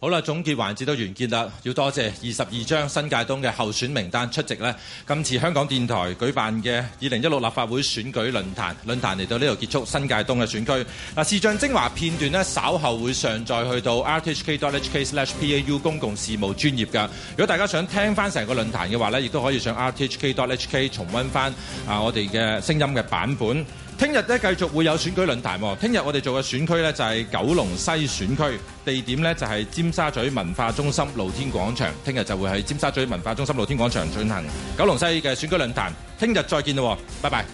Speaker 4: 好啦，總結環節都完結啦，要多謝二十二張新界東嘅候選名單出席呢，今次香港電台舉辦嘅二零一六立法會選舉論壇，論壇嚟到呢度結束新界東嘅選區。嗱、啊，視像精華片段呢，稍後會上載去到 rthk.hk/pau 公共事務專業嘅。如果大家想聽翻成個論壇嘅話呢，亦都可以上 rthk.hk 重溫翻啊我哋嘅聲音嘅版本。聽日咧繼續會有選舉論壇，聽日我哋做嘅選區咧就係九龍西選區，地點咧就係尖沙咀文化中心露天廣場，聽日就會喺尖沙咀文化中心露天廣場進行九龍西嘅選舉論壇，聽日再見喎，拜拜。